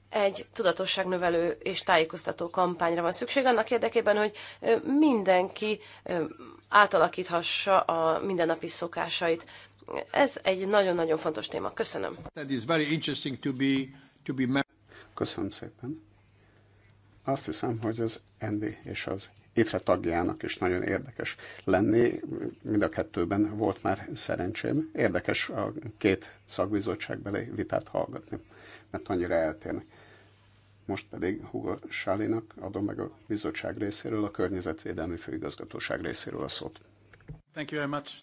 egy tudatosságnövelő és tájékoztató kampányra van szükség annak érdekében, hogy mindenki átalakíthassa a mindennapi szokásait. Ez egy nagyon-nagyon fontos téma. Köszönöm. Köszönöm szépen. Azt hiszem, hogy az NB és az IFRE tagjának is nagyon érdekes lenni. Mind a kettőben volt már szerencsém. Érdekes a két szakbizottságbeli vitát hallgatni, mert annyira eltérnek. Most pedig Hugo Sálinak adom meg a bizottság részéről, a Környezetvédelmi Főigazgatóság részéről a szót. Thank you very much.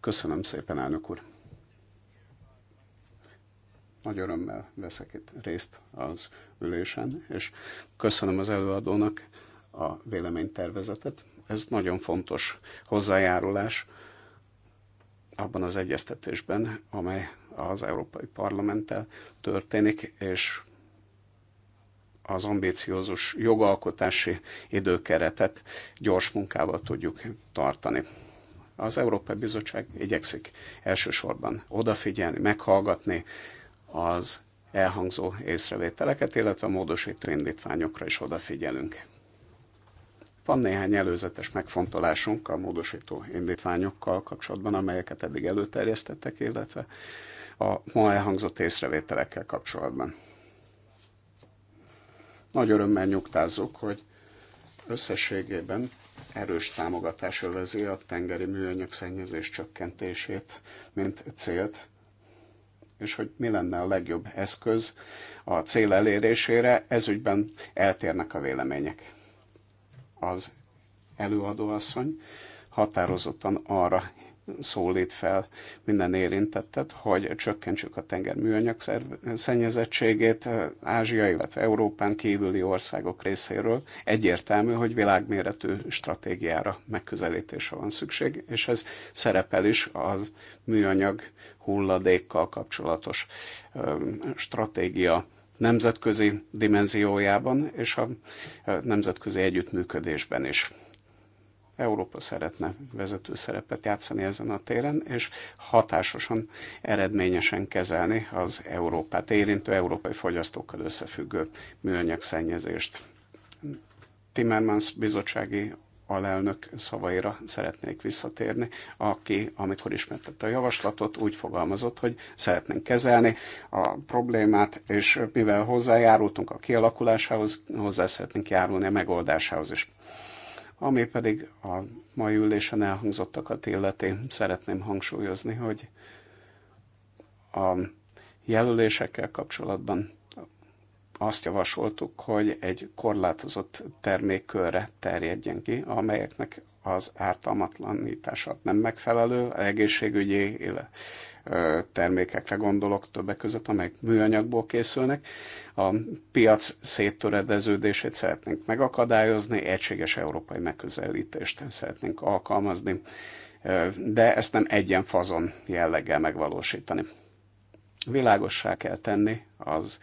Köszönöm szépen, elnök úr nagy örömmel veszek itt részt az ülésen, és köszönöm az előadónak a véleménytervezetet. Ez nagyon fontos hozzájárulás abban az egyeztetésben, amely az Európai Parlamenttel történik, és az ambíciózus jogalkotási időkeretet gyors munkával tudjuk tartani. Az Európai Bizottság igyekszik elsősorban odafigyelni, meghallgatni, az elhangzó észrevételeket, illetve a módosító indítványokra is odafigyelünk. Van néhány előzetes megfontolásunk a módosító indítványokkal kapcsolatban, amelyeket eddig előterjesztettek, illetve a ma elhangzott észrevételekkel kapcsolatban. Nagy örömmel nyugtázzuk, hogy összességében erős támogatás övezi a tengeri műanyag szennyezés csökkentését, mint célt, és hogy mi lenne a legjobb eszköz a cél elérésére, ezügyben eltérnek a vélemények. Az előadóasszony határozottan arra szólít fel minden érintettet, hogy csökkentsük a tenger műanyag szennyezettségét Ázsia, illetve Európán kívüli országok részéről. Egyértelmű, hogy világméretű stratégiára megközelítésre van szükség, és ez szerepel is az műanyag hulladékkal kapcsolatos stratégia nemzetközi dimenziójában és a nemzetközi együttműködésben is. Európa szeretne vezető szerepet játszani ezen a téren, és hatásosan, eredményesen kezelni az Európát érintő, európai fogyasztókkal összefüggő műanyag szennyezést. Timmermans bizottsági alelnök szavaira szeretnék visszatérni, aki, amikor ismertette a javaslatot, úgy fogalmazott, hogy szeretnénk kezelni a problémát, és mivel hozzájárultunk a kialakulásához, hozzá szeretnénk járulni a megoldásához is. Ami pedig a mai ülésen elhangzottakat illeti, szeretném hangsúlyozni, hogy a jelölésekkel kapcsolatban azt javasoltuk, hogy egy korlátozott termékkörre terjedjen ki, amelyeknek az ártalmatlanítása nem megfelelő, egészségügyi termékekre gondolok többek között, amelyek műanyagból készülnek. A piac széttöredeződését szeretnénk megakadályozni, egységes európai megközelítést szeretnénk alkalmazni, de ezt nem egyen fazon jelleggel megvalósítani. Világossá kell tenni az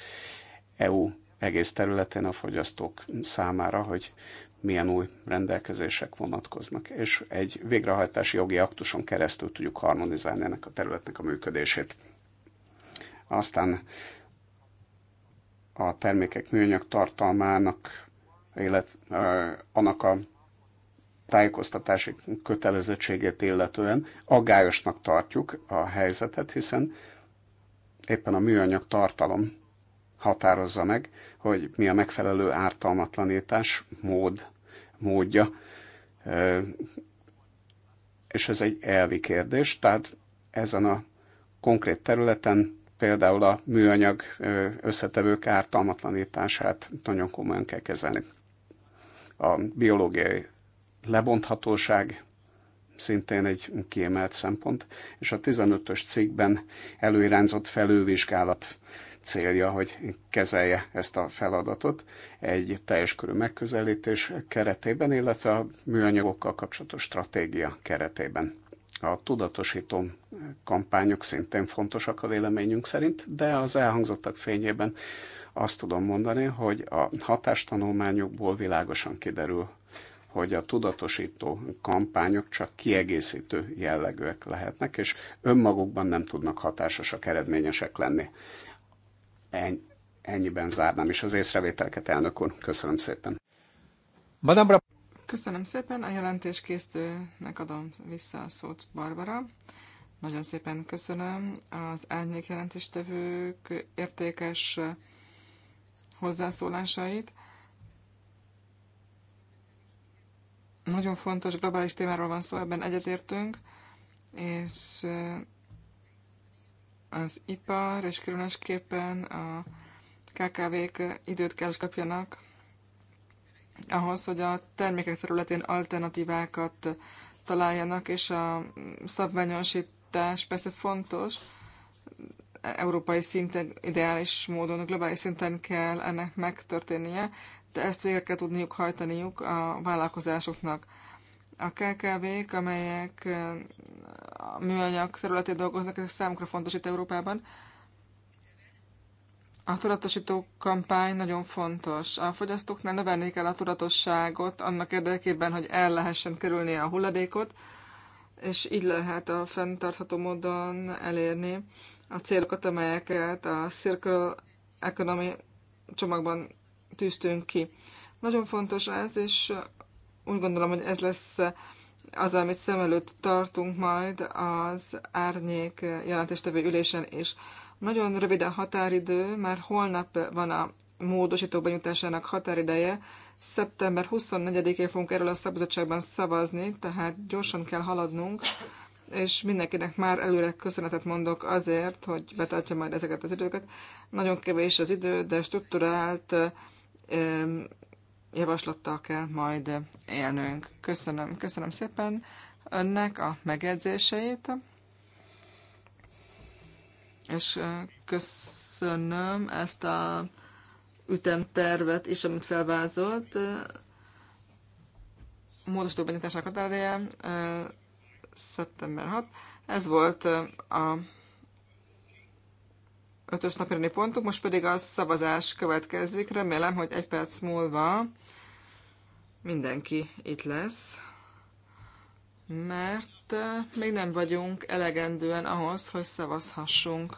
EU egész területén a fogyasztók számára, hogy milyen új rendelkezések vonatkoznak, és egy végrehajtási jogi aktuson keresztül tudjuk harmonizálni ennek a területnek a működését. Aztán a termékek műanyag tartalmának, illetve annak a tájékoztatási kötelezettségét illetően aggályosnak tartjuk a helyzetet, hiszen éppen a műanyag tartalom határozza meg, hogy mi a megfelelő ártalmatlanítás mód, módja, és ez egy elvi kérdés, tehát ezen a konkrét területen például a műanyag összetevők ártalmatlanítását nagyon komolyan kell kezelni. A biológiai lebonthatóság szintén egy kiemelt szempont, és a 15-ös cikkben előirányzott felővizsgálat célja, hogy kezelje ezt a feladatot egy teljes körű megközelítés keretében, illetve a műanyagokkal kapcsolatos stratégia keretében. A tudatosító kampányok szintén fontosak a véleményünk szerint, de az elhangzottak fényében azt tudom mondani, hogy a hatástanulmányokból világosan kiderül, hogy a tudatosító kampányok csak kiegészítő jellegűek lehetnek, és önmagukban nem tudnak hatásosak, eredményesek lenni. Ennyiben zárnám is az észrevételeket, elnök úr. Köszönöm szépen. Madame Köszönöm szépen, a készítőnek adom vissza a szót Barbara. Nagyon szépen köszönöm az elnyék jelentéstevők értékes hozzászólásait. Nagyon fontos globális témáról van szó, ebben egyetértünk, és az ipar, és különösképpen a KKV-k időt kell, kapjanak ahhoz, hogy a termékek területén alternatívákat találjanak, és a szabványosítás persze fontos, európai szinten, ideális módon, globális szinten kell ennek megtörténnie, de ezt végre kell tudniuk hajtaniuk a vállalkozásoknak. A KKV-k, amelyek a e, műanyag területén dolgoznak, ezek számukra fontos itt Európában. A tudatosító kampány nagyon fontos. A fogyasztóknál növelni kell a tudatosságot annak érdekében, hogy el lehessen kerülni a hulladékot, és így lehet a fenntartható módon elérni a célokat, amelyeket a Circle Economy csomagban tűztünk ki. Nagyon fontos ez, és úgy gondolom, hogy ez lesz az, amit szem előtt tartunk majd az árnyék jelentéstevő ülésen is. Nagyon rövid a határidő, már holnap van a módosító benyújtásának határideje. Szeptember 24-én fogunk erről a szabadságban szavazni, tehát gyorsan kell haladnunk, és mindenkinek már előre köszönetet mondok azért, hogy betartja majd ezeket az időket. Nagyon kevés az idő, de struktúrált javaslattal kell majd élnünk. Köszönöm, köszönöm szépen önnek a megjegyzéseit, és köszönöm ezt a ütemtervet is, amit felvázolt. Módosítók benyitásának határideje szeptember 6. Ez volt a ötös napirendi pontunk, most pedig a szavazás következik. Remélem, hogy egy perc múlva mindenki itt lesz, mert még nem vagyunk elegendően ahhoz, hogy szavazhassunk.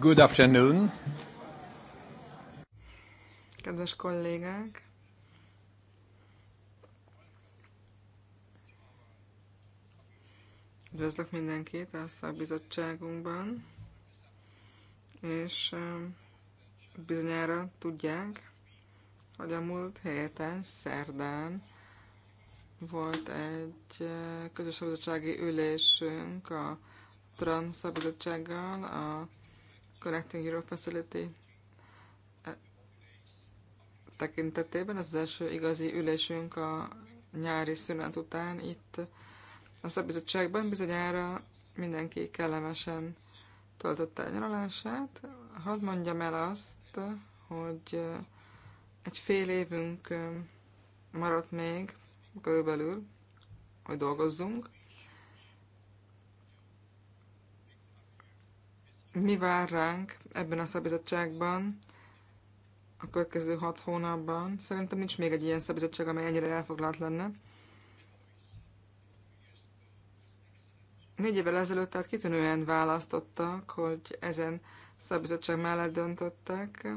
Good afternoon. Kedves kollégák! Üdvözlök mindenkit a szakbizottságunkban és bizonyára tudják, hogy a múlt héten, szerdán volt egy közös szabadsági ülésünk a Trans szabadsággal, a Connecting Europe Facility e, tekintetében. Ez az első igazi ülésünk a nyári szünet után itt a szabizottságban bizonyára mindenki kellemesen töltötte el nyaralását. Hadd mondjam el azt, hogy egy fél évünk maradt még körülbelül, hogy dolgozzunk. Mi vár ránk ebben a szabizottságban a következő hat hónapban? Szerintem nincs még egy ilyen szabizottság, amely ennyire elfoglalt lenne. Négy évvel ezelőtt tehát kitűnően választottak, hogy ezen szabizottság mellett döntöttek.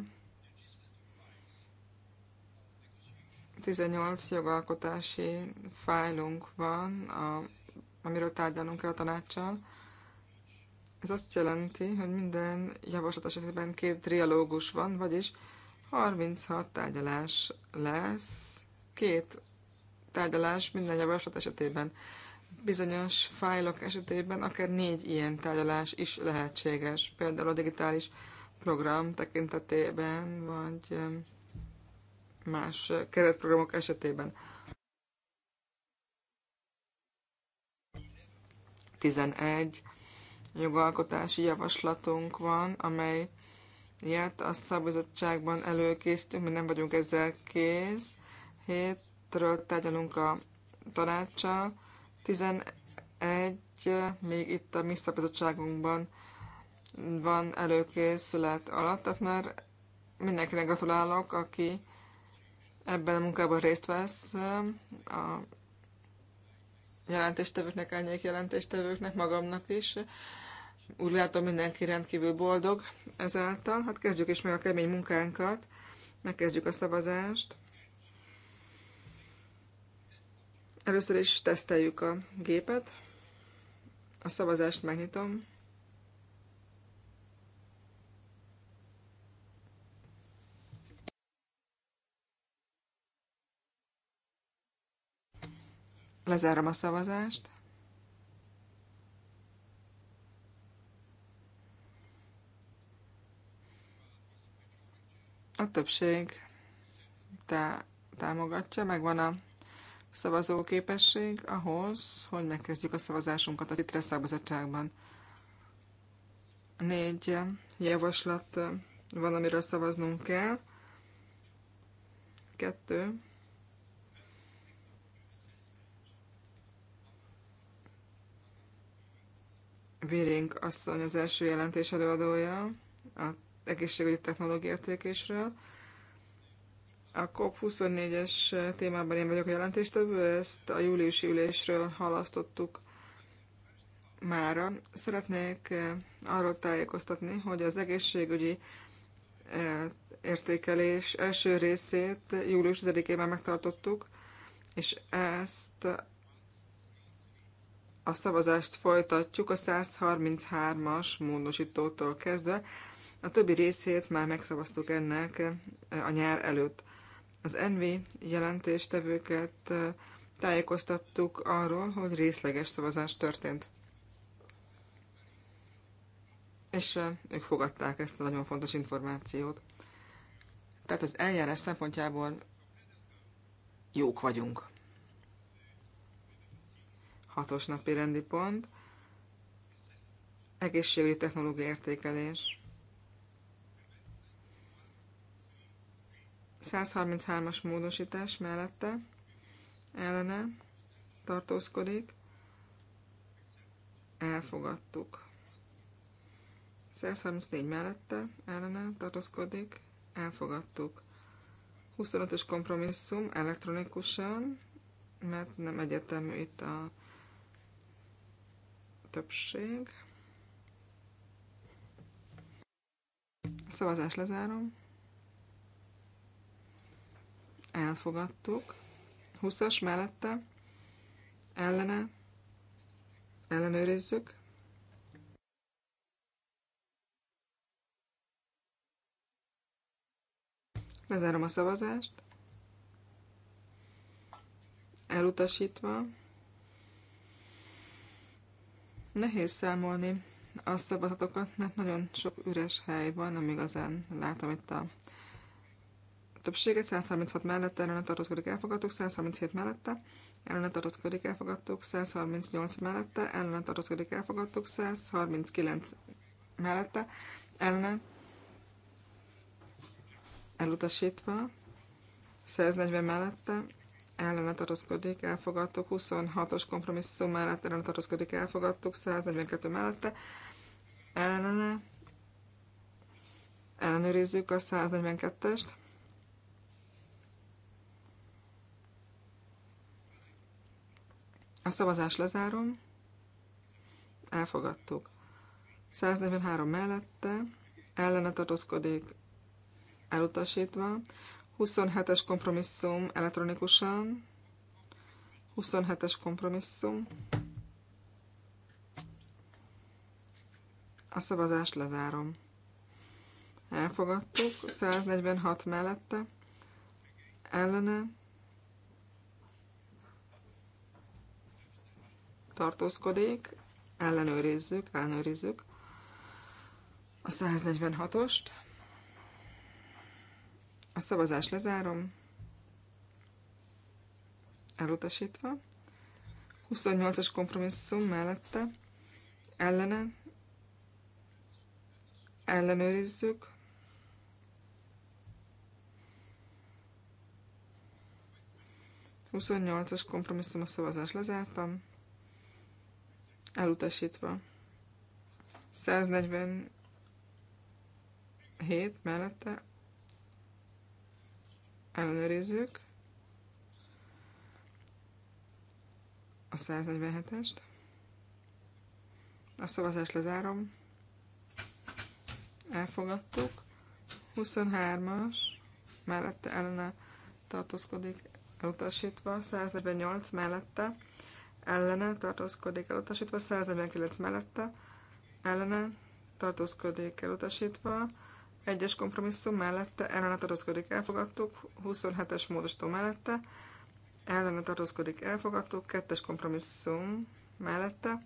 18 jogalkotási fájlunk van, a, amiről tárgyalunk el a tanácssal. Ez azt jelenti, hogy minden javaslat esetében két trialógus van, vagyis 36 tárgyalás lesz, két tárgyalás minden javaslat esetében bizonyos fájlok esetében akár négy ilyen tárgyalás is lehetséges, például a digitális program tekintetében, vagy más keretprogramok esetében. 11 jogalkotási javaslatunk van, amely ilyet a szabizottságban előkészítünk, mi nem vagyunk ezzel kész. Hétről tárgyalunk a tanácssal, 11 még itt a mi szakbizottságunkban van előkészület alatt, tehát már mindenkinek gratulálok, aki ebben a munkában részt vesz, a jelentéstevőknek, árnyék jelentéstevőknek, magamnak is. Úgy látom, mindenki rendkívül boldog ezáltal. Hát kezdjük is meg a kemény munkánkat, megkezdjük a szavazást. Először is teszteljük a gépet. A szavazást megnyitom. Lezárom a szavazást. A többség tá- támogatja, van a szavazóképesség ahhoz, hogy megkezdjük a szavazásunkat az ITRE szakbizottságban. Négy javaslat van, amiről szavaznunk kell. Kettő. Viring asszony az első jelentés előadója az egészségügyi technológia értékésről. A COP24-es témában én vagyok a jelentéstevő, ezt a júliusi ülésről halasztottuk mára. Szeretnék eh, arról tájékoztatni, hogy az egészségügyi eh, értékelés első részét július 10-ében megtartottuk, és ezt a szavazást folytatjuk a 133-as módosítótól kezdve. A többi részét már megszavaztuk ennek eh, a nyár előtt. Az NV jelentéstevőket tájékoztattuk arról, hogy részleges szavazás történt. És ők fogadták ezt a nagyon fontos információt. Tehát az eljárás szempontjából jók vagyunk. Hatos napi rendi pont. Egészségügyi technológia értékelés. 133-as módosítás mellette ellene tartózkodik. Elfogadtuk. 134 mellette ellene tartózkodik. Elfogadtuk. 25-ös kompromisszum elektronikusan, mert nem egyetemű itt a többség. A szavazás lezárom elfogadtuk. 20-as mellette ellene ellenőrizzük. Lezárom a szavazást. Elutasítva. Nehéz számolni a szavazatokat, mert nagyon sok üres hely van, nem igazán látom itt a többsége, 136 mellette ellene tartózkodik, elfogadtuk, 137 mellette ellene tartózkodik, elfogadtuk, 138 mellette ellene tartózkodik, elfogadtuk, 139 mellette ellene elutasítva, 140 mellette ellene tartózkodik, elfogadtuk, 26-os kompromisszum mellett ellene tartózkodik, elfogadtuk, 142 mellette ellene ellenőrizzük a 142-est. A szavazás lezárom. Elfogadtuk. 143 mellette, ellene tartózkodik elutasítva. 27-es kompromisszum elektronikusan. 27-es kompromisszum. A szavazást lezárom. Elfogadtuk. 146 mellette, ellene tartózkodik, ellenőrizzük, ellenőrizzük a 146-ost. A szavazást lezárom, elutasítva. 28-as kompromisszum mellette ellene ellenőrizzük. Huszonnyolcas kompromisszum a szavazás lezártam elutasítva. 147 mellette ellenőrizzük a 147-est. A szavazást lezárom. Elfogadtuk. 23-as mellette ellene tartózkodik elutasítva. 148 mellette ellene tartózkodik elutasítva, 149 mellette ellene tartózkodik elutasítva, egyes kompromisszum mellette ellene tartózkodik elfogadtuk, 27-es módosító mellette ellene tartózkodik elfogadtuk, kettes kompromisszum mellette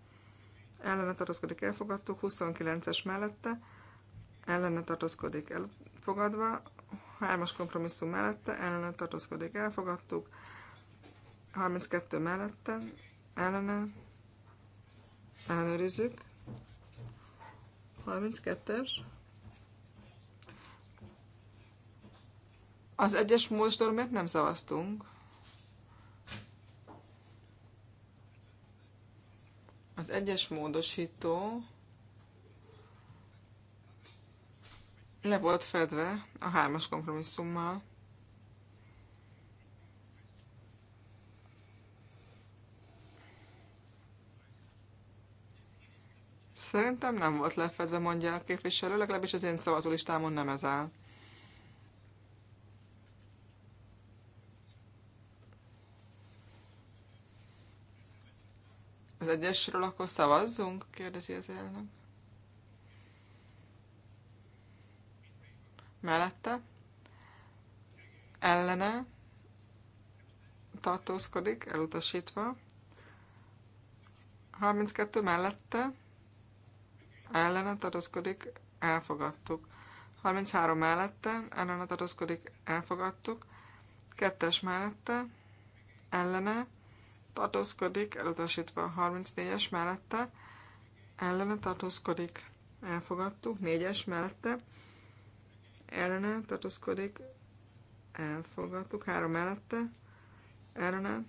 ellene tartózkodik elfogadtuk, 29-es mellette ellene tartózkodik elfogadva, 3-as kompromisszum mellette ellene tartózkodik elfogadtuk, 32 mellette ellene ellenőrizzük. 32-es. Az egyes módosítóra miért nem szavaztunk? Az egyes módosító le volt fedve a hármas kompromisszummal. Szerintem nem volt lefedve, mondja a képviselő, legalábbis az én szavazólistámon nem ez áll. Az egyesről akkor szavazzunk? kérdezi az elnök. Mellette? Ellene? Tartózkodik, elutasítva. 32 mellette? ellene tartózkodik, elfogadtuk. 33 mellette, ellene tartózkodik, elfogadtuk. 2-es mellette, ellene tartózkodik, elutasítva. 34-es mellette, ellene tartózkodik, elfogadtuk. 4-es mellette, ellene tartózkodik, elfogadtuk. 3 mellette, ellene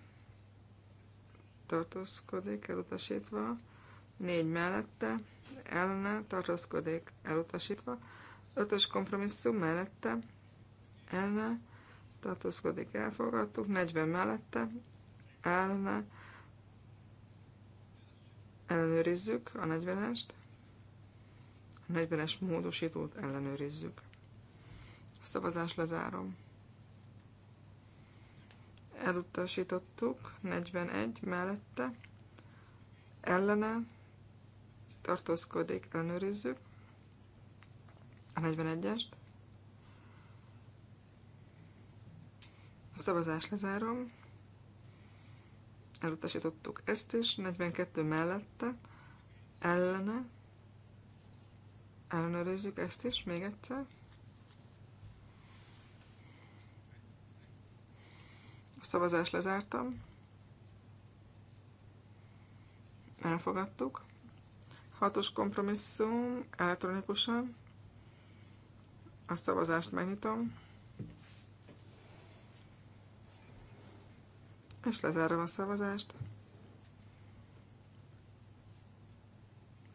tartózkodik, elutasítva. 4 mellette, ellene tartózkodik elutasítva, ötös kompromisszum mellette ellene tartózkodik elfogadtuk, 40 mellette ellene ellenőrizzük a 40-est, a 40-es módosítót ellenőrizzük. A szavazás lezárom. Elutasítottuk, 41 mellette, ellene, tartózkodik, ellenőrizzük. A 41-est. A szavazást lezárom. Elutasítottuk ezt is. 42 mellette. Ellene. Ellenőrizzük ezt is még egyszer. A szavazást lezártam. Elfogadtuk. Hatos kompromisszum elektronikusan. A szavazást megnyitom. És lezárom a szavazást.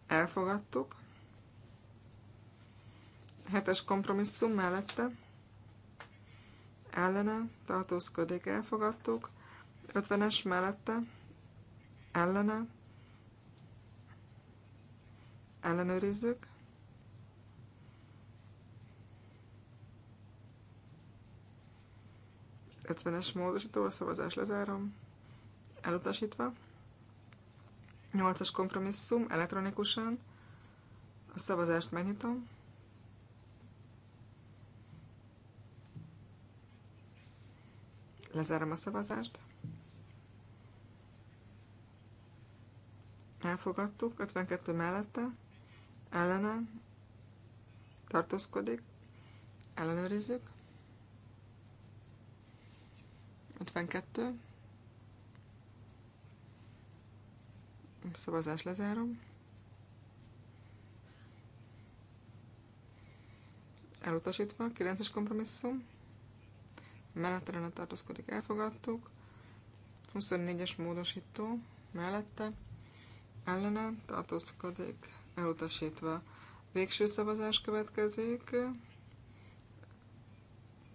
Elfogadtuk. Hetes kompromisszum mellette. Ellene tartózkodik, elfogadtuk. 50-es mellette. Ellene ellenőrizzük. Ötvenes módosító, a szavazás lezárom, elutasítva. Nyolcas kompromisszum, elektronikusan, a szavazást megnyitom. Lezárom a szavazást. Elfogadtuk, 52 mellette ellene tartózkodik, ellenőrizzük. 52. Szavazás lezárom. Elutasítva, 9-es kompromisszum. Mellettelen tartózkodik, elfogadtuk. 24-es módosító mellette ellene tartózkodik, elutasítva. Végső szavazás következik.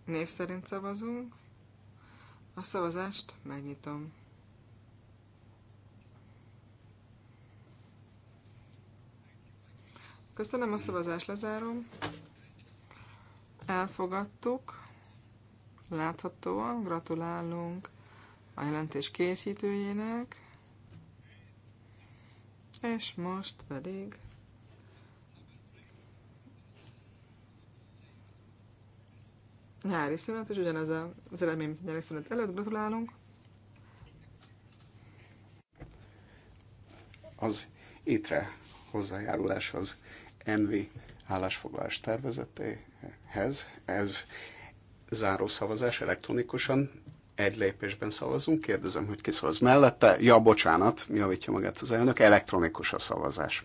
Név szerint szavazunk. A szavazást megnyitom. Köszönöm a szavazást, lezárom. Elfogadtuk. Láthatóan gratulálunk a jelentés készítőjének. És most pedig nyári szünet, és ugyanez az eredmény, mint a nyári szünet előtt. Gratulálunk! Az étre hozzájárulás az NV állásfoglalás tervezetéhez. Ez záró szavazás elektronikusan. Egy lépésben szavazunk. Kérdezem, hogy ki szavaz mellette. Ja, bocsánat, javítja magát az elnök. Elektronikus a szavazás.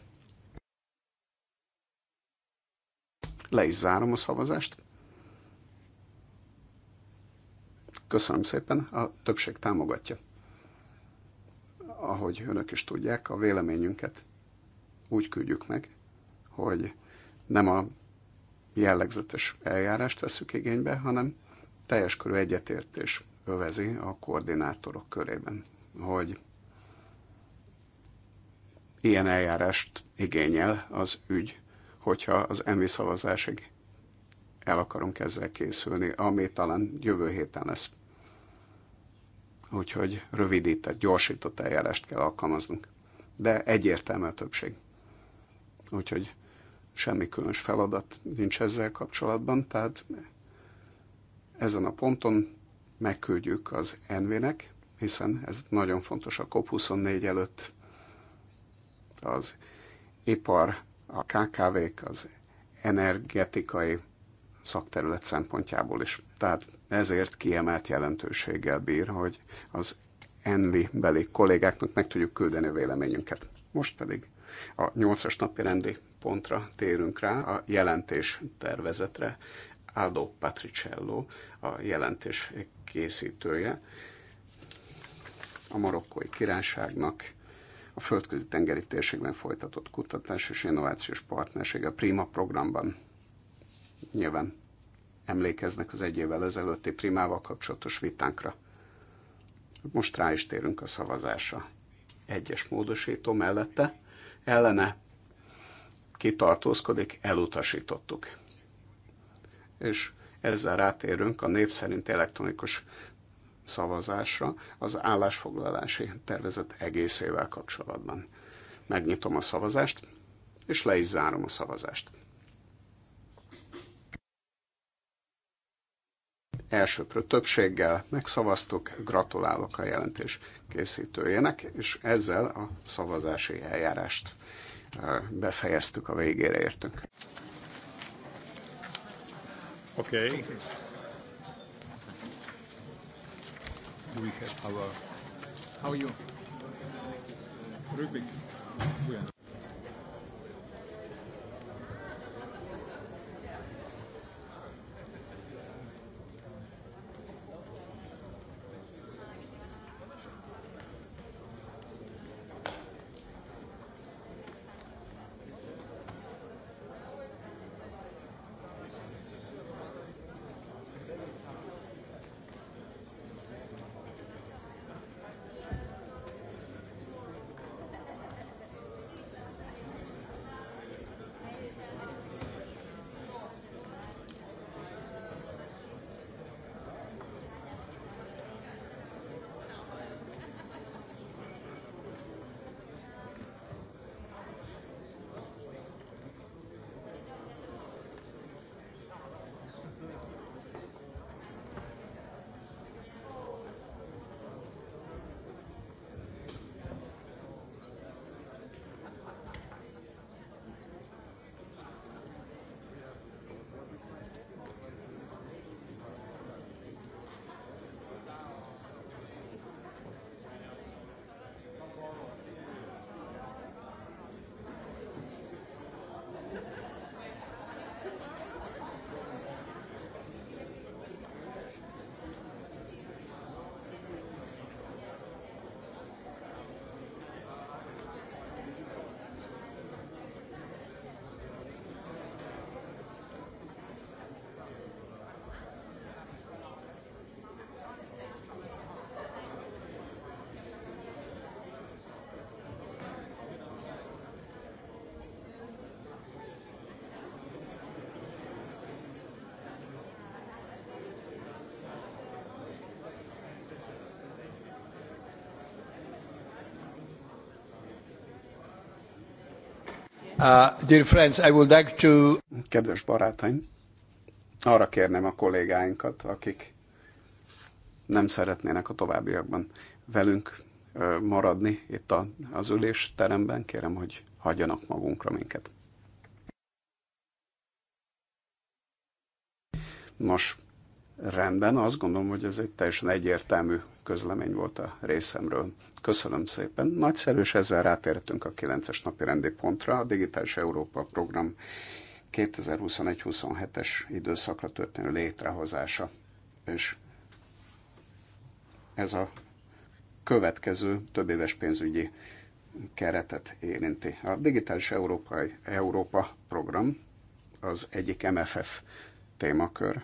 Le is zárom a szavazást. Köszönöm szépen, a többség támogatja. Ahogy önök is tudják, a véleményünket úgy küldjük meg, hogy nem a jellegzetes eljárást veszük igénybe, hanem teljes körű egyetértés övezi a koordinátorok körében, hogy ilyen eljárást igényel az ügy, hogyha az EMI szavazásig el akarunk ezzel készülni, ami talán jövő héten lesz úgyhogy rövidített, gyorsított eljárást kell alkalmaznunk. De egyértelmű a többség. Úgyhogy semmi különös feladat nincs ezzel kapcsolatban, tehát ezen a ponton megküldjük az NV-nek, hiszen ez nagyon fontos a COP24 előtt. Az ipar, a KKV-k, az energetikai szakterület szempontjából is. Tehát Ezért kiemelt jelentőséggel bír, hogy az Envi beli kollégáknak meg tudjuk küldeni a véleményünket. Most pedig a 8-as napi rendi pontra térünk rá, a jelentés tervezetre. Aldo Patricello, a jelentés készítője, a marokkói királyságnak a földközi tengeri térségben folytatott kutatás és innovációs partnerség a Prima programban. Nyilván emlékeznek az egy évvel ezelőtti primával kapcsolatos vitánkra. Most rá is térünk a szavazásra. Egyes módosító mellette, ellene kitartózkodik, elutasítottuk. És ezzel rátérünk a név szerint elektronikus szavazásra az állásfoglalási tervezet egészével kapcsolatban. Megnyitom a szavazást, és le is zárom a szavazást. elsőprő többséggel megszavaztuk, gratulálok a jelentés készítőjének, és ezzel a szavazási eljárást befejeztük, a végére értünk. Oké. Okay. How are you? Rubik. Uh, Kedves barátaim, arra kérném a kollégáinkat, akik nem szeretnének a továbbiakban velünk uh, maradni itt az ülésteremben, kérem, hogy hagyjanak magunkra minket. Nos, rendben, azt gondolom, hogy ez egy teljesen egyértelmű közlemény volt a részemről. Köszönöm szépen. és ezzel rátértünk a 9-es napi rendi pontra. A Digitális Európa program 2021-27-es időszakra történő létrehozása. És ez a következő több éves pénzügyi keretet érinti. A Digitális Európai Európa program az egyik MFF témakör,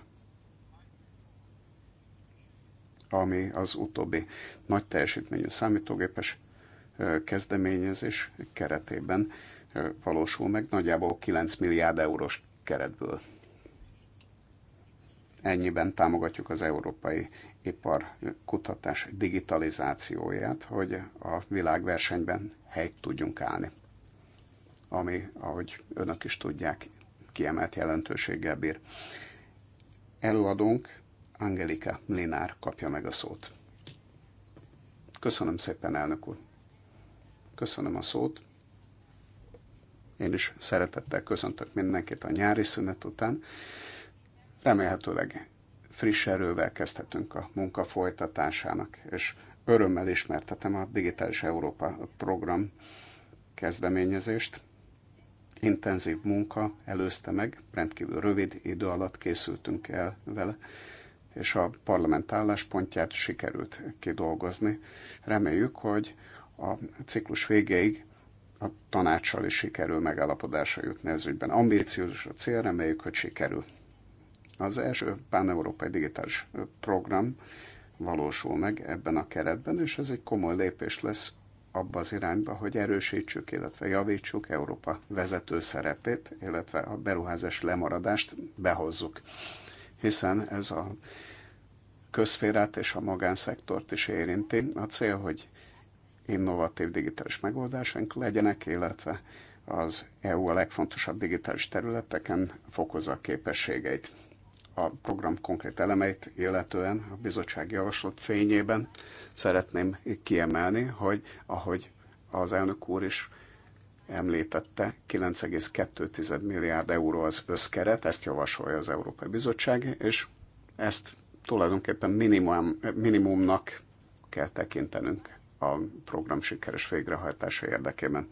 ami az utóbbi nagy teljesítményű számítógépes kezdeményezés keretében valósul meg nagyjából 9 milliárd eurós keretből. Ennyiben támogatjuk az európai ipar kutatás digitalizációját, hogy a világversenyben helyt tudjunk állni. Ami, ahogy önök is tudják, kiemelt jelentőséggel bír. Előadónk Angelika Mlinár kapja meg a szót. Köszönöm szépen, elnök úr. Köszönöm a szót. Én is szeretettel köszöntök mindenkit a nyári szünet után. Remélhetőleg friss erővel kezdhetünk a munka folytatásának, és örömmel ismertetem a Digitális Európa program kezdeményezést. Intenzív munka előzte meg, rendkívül rövid idő alatt készültünk el vele, és a parlament álláspontját sikerült kidolgozni. Reméljük, hogy a ciklus végéig a tanácssal is sikerül megállapodásra jutni ez ügyben. Ambíciózus a cél, reméljük, hogy sikerül. Az első pán-európai digitális program valósul meg ebben a keretben, és ez egy komoly lépés lesz abba az irányba, hogy erősítsük, illetve javítsuk Európa vezető szerepét, illetve a beruházás lemaradást behozzuk hiszen ez a közférát és a magánszektort is érinti. A cél, hogy innovatív digitális megoldásaink legyenek, illetve az EU a legfontosabb digitális területeken fokozza a képességeit. A program konkrét elemeit illetően a bizottság javaslat fényében szeretném kiemelni, hogy ahogy az elnök úr is említette, 9,2 milliárd euró az összkeret, ezt javasolja az Európai Bizottság, és ezt tulajdonképpen minimum, minimumnak kell tekintenünk a program sikeres végrehajtása érdekében.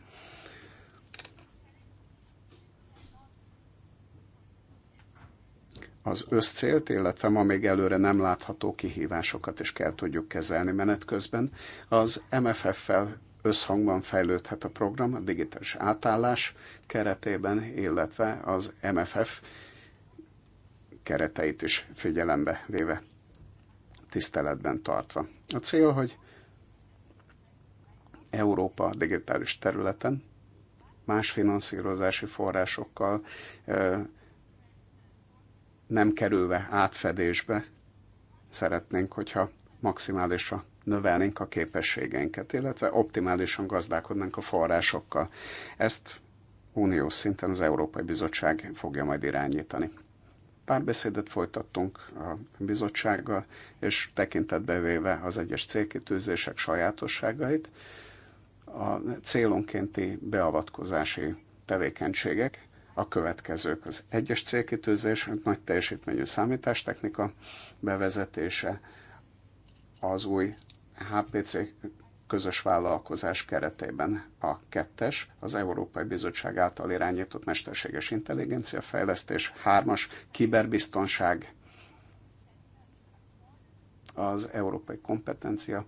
az összcélt, illetve ma még előre nem látható kihívásokat is kell tudjuk kezelni menet közben. Az MFF-fel összhangban fejlődhet a program a digitális átállás keretében, illetve az MFF kereteit is figyelembe véve, tiszteletben tartva. A cél, hogy Európa digitális területen más finanszírozási forrásokkal nem kerülve átfedésbe szeretnénk, hogyha maximálisra növelnénk a képességeinket, illetve optimálisan gazdálkodnánk a forrásokkal. Ezt uniós szinten az Európai Bizottság fogja majd irányítani. Párbeszédet folytattunk a bizottsággal, és tekintetbe véve az egyes célkitűzések sajátosságait, a célonkénti beavatkozási tevékenységek a következők. Az egyes célkitűzés, nagy teljesítményű számítástechnika bevezetése, az új HPC közös vállalkozás keretében a kettes, az Európai Bizottság által irányított mesterséges intelligencia fejlesztés, hármas, kiberbiztonság, az Európai Kompetencia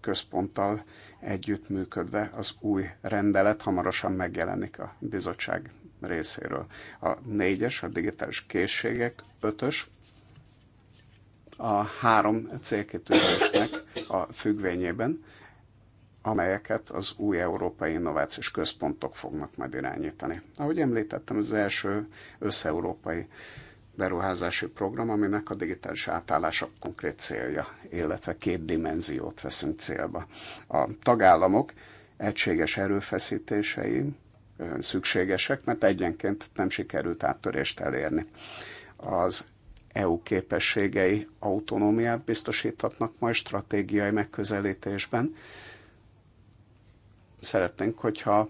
Központtal együttműködve az új rendelet hamarosan megjelenik a bizottság részéről. A négyes, a digitális készségek, ötös, a három célkitűzésnek a függvényében, amelyeket az új Európai Innovációs Központok fognak majd irányítani. Ahogy említettem, az első összeurópai beruházási program, aminek a digitális átállása konkrét célja, illetve két dimenziót veszünk célba. A tagállamok egységes erőfeszítései szükségesek, mert egyenként nem sikerült áttörést elérni. Az EU képességei autonómiát biztosíthatnak majd stratégiai megközelítésben. Szeretnénk, hogyha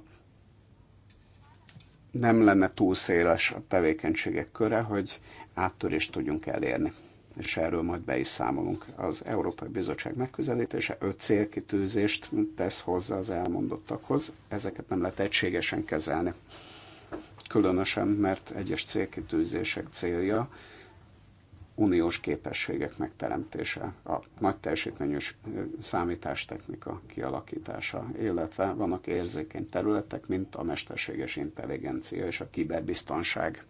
nem lenne túl széles a tevékenységek köre, hogy áttörést tudjunk elérni. És erről majd be is számolunk. Az Európai Bizottság megközelítése öt célkitűzést tesz hozzá az elmondottakhoz. Ezeket nem lehet egységesen kezelni. Különösen, mert egyes célkitűzések célja uniós képességek megteremtése, a nagy teljesítményű számítástechnika kialakítása, illetve vannak érzékeny területek, mint a mesterséges intelligencia és a kiberbiztonság.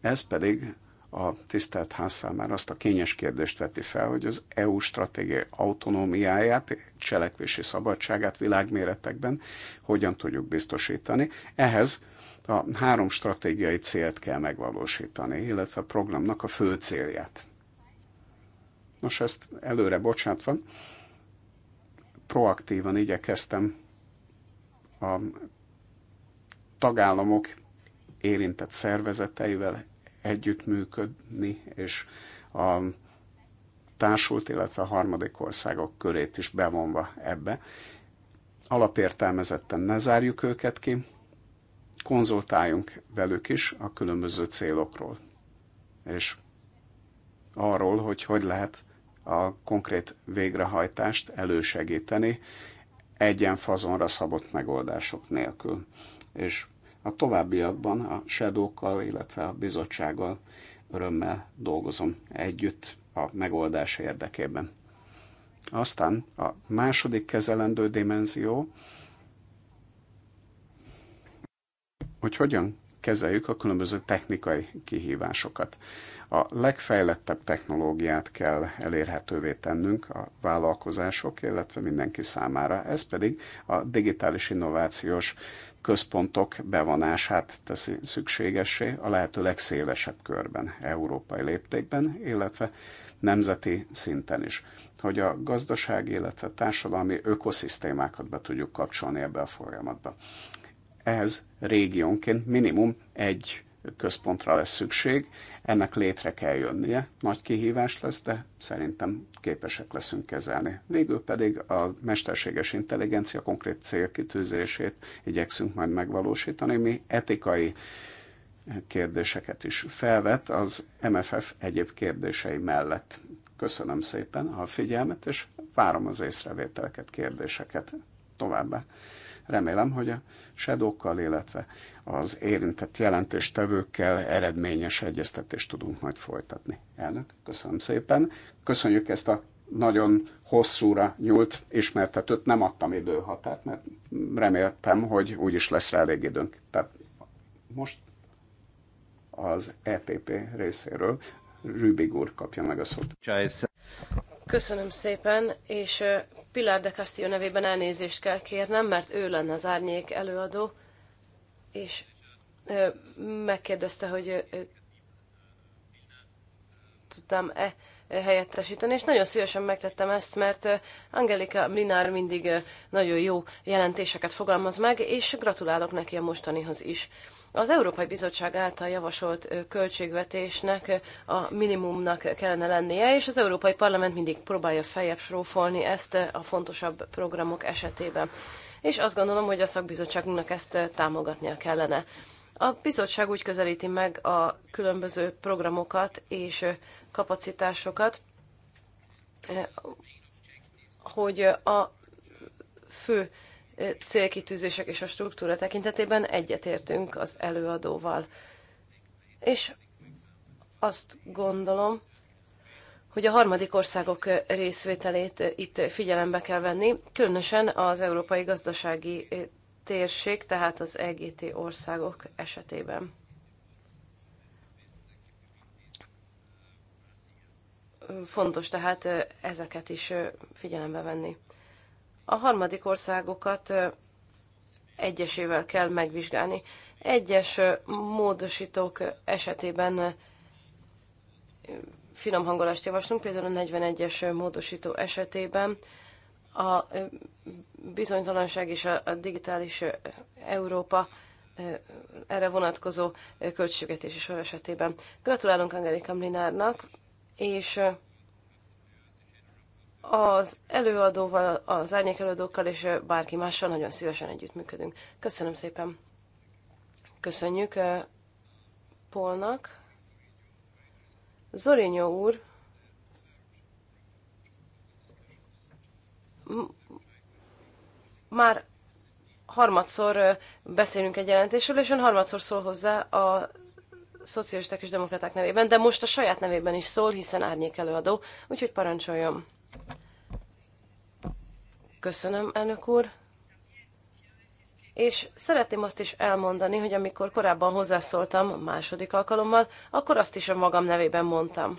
Ez pedig a tisztelt ház számára azt a kényes kérdést veti fel, hogy az EU stratégiai autonómiáját, cselekvési szabadságát világméretekben hogyan tudjuk biztosítani. Ehhez a három stratégiai célt kell megvalósítani, illetve a programnak a fő célját. Nos, ezt előre bocsátva, proaktívan igyekeztem a tagállamok érintett szervezeteivel együttműködni, és a társult, illetve a harmadik országok körét is bevonva ebbe. Alapértelmezetten ne zárjuk őket ki, konzultáljunk velük is a különböző célokról, és arról, hogy hogy lehet a konkrét végrehajtást elősegíteni egyen fazonra szabott megoldások nélkül. És a továbbiakban a shadow illetve a bizottsággal örömmel dolgozom együtt a megoldás érdekében. Aztán a második kezelendő dimenzió hogy hogyan kezeljük a különböző technikai kihívásokat. A legfejlettebb technológiát kell elérhetővé tennünk a vállalkozások, illetve mindenki számára. Ez pedig a digitális innovációs központok bevonását teszi szükségessé a lehető legszélesebb körben, európai léptékben, illetve nemzeti szinten is hogy a gazdaság, illetve társadalmi ökoszisztémákat be tudjuk kapcsolni ebbe a folyamatba ehhez régiónként minimum egy központra lesz szükség, ennek létre kell jönnie, nagy kihívás lesz, de szerintem képesek leszünk kezelni. Végül pedig a mesterséges intelligencia konkrét célkitűzését igyekszünk majd megvalósítani, mi etikai kérdéseket is felvet az MFF egyéb kérdései mellett. Köszönöm szépen a figyelmet, és várom az észrevételeket, kérdéseket továbbá. Remélem, hogy a sedókkal, illetve az érintett jelentéstevőkkel eredményes egyeztetést tudunk majd folytatni. Elnök, köszönöm szépen. Köszönjük ezt a nagyon hosszúra nyúlt ismertetőt. Nem adtam időhatárt, mert reméltem, hogy úgyis lesz rá elég időnk. Tehát most az EPP részéről Rübig úr kapja meg a szót. Köszönöm szépen, és Pilar de Castillo nevében elnézést kell kérnem, mert ő lenne az árnyék előadó, és megkérdezte, hogy tudtam-e helyettesíteni, és nagyon szívesen megtettem ezt, mert Angelika Mlinár mindig nagyon jó jelentéseket fogalmaz meg, és gratulálok neki a mostanihoz is. Az Európai Bizottság által javasolt költségvetésnek a minimumnak kellene lennie, és az Európai Parlament mindig próbálja feljebb srófolni ezt a fontosabb programok esetében. És azt gondolom, hogy a szakbizottságunknak ezt támogatnia kellene. A bizottság úgy közelíti meg a különböző programokat és kapacitásokat, hogy a fő célkitűzések és a struktúra tekintetében egyetértünk az előadóval. És azt gondolom, hogy a harmadik országok részvételét itt figyelembe kell venni, különösen az európai gazdasági térség, tehát az EGT országok esetében. Fontos tehát ezeket is figyelembe venni a harmadik országokat egyesével kell megvizsgálni. Egyes módosítók esetében finom hangolást javaslunk, például a 41-es módosító esetében a bizonytalanság és a digitális Európa erre vonatkozó költségetési sor esetében. Gratulálunk Angelika Mlinárnak, és az előadóval, az árnyék előadókkal és bárki mással nagyon szívesen együttműködünk. Köszönöm szépen. Köszönjük eh, Polnak. Zorinyó úr, már harmadszor eh, beszélünk egy jelentésről, és ön harmadszor szól hozzá a szocialisták és demokraták nevében, de most a saját nevében is szól, hiszen árnyék előadó, úgyhogy parancsoljon. Köszönöm, elnök úr. És szeretném azt is elmondani, hogy amikor korábban hozzászóltam második alkalommal, akkor azt is a magam nevében mondtam.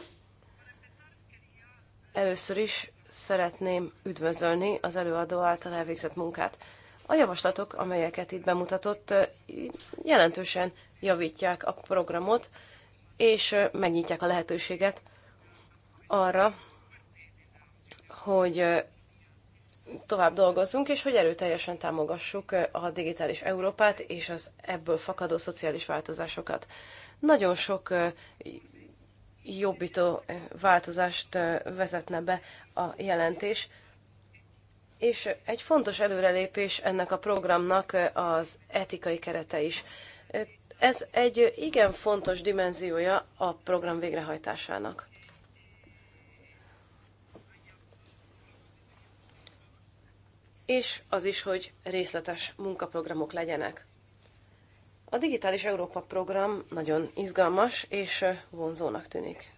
Először is szeretném üdvözölni az előadó által elvégzett munkát. A javaslatok, amelyeket itt bemutatott, jelentősen javítják a programot, és megnyitják a lehetőséget arra, hogy tovább dolgozzunk, és hogy erőteljesen támogassuk a digitális Európát és az ebből fakadó szociális változásokat. Nagyon sok jobbító változást vezetne be a jelentés, és egy fontos előrelépés ennek a programnak az etikai kerete is. Ez egy igen fontos dimenziója a program végrehajtásának. és az is, hogy részletes munkaprogramok legyenek. A Digitális Európa program nagyon izgalmas és vonzónak tűnik.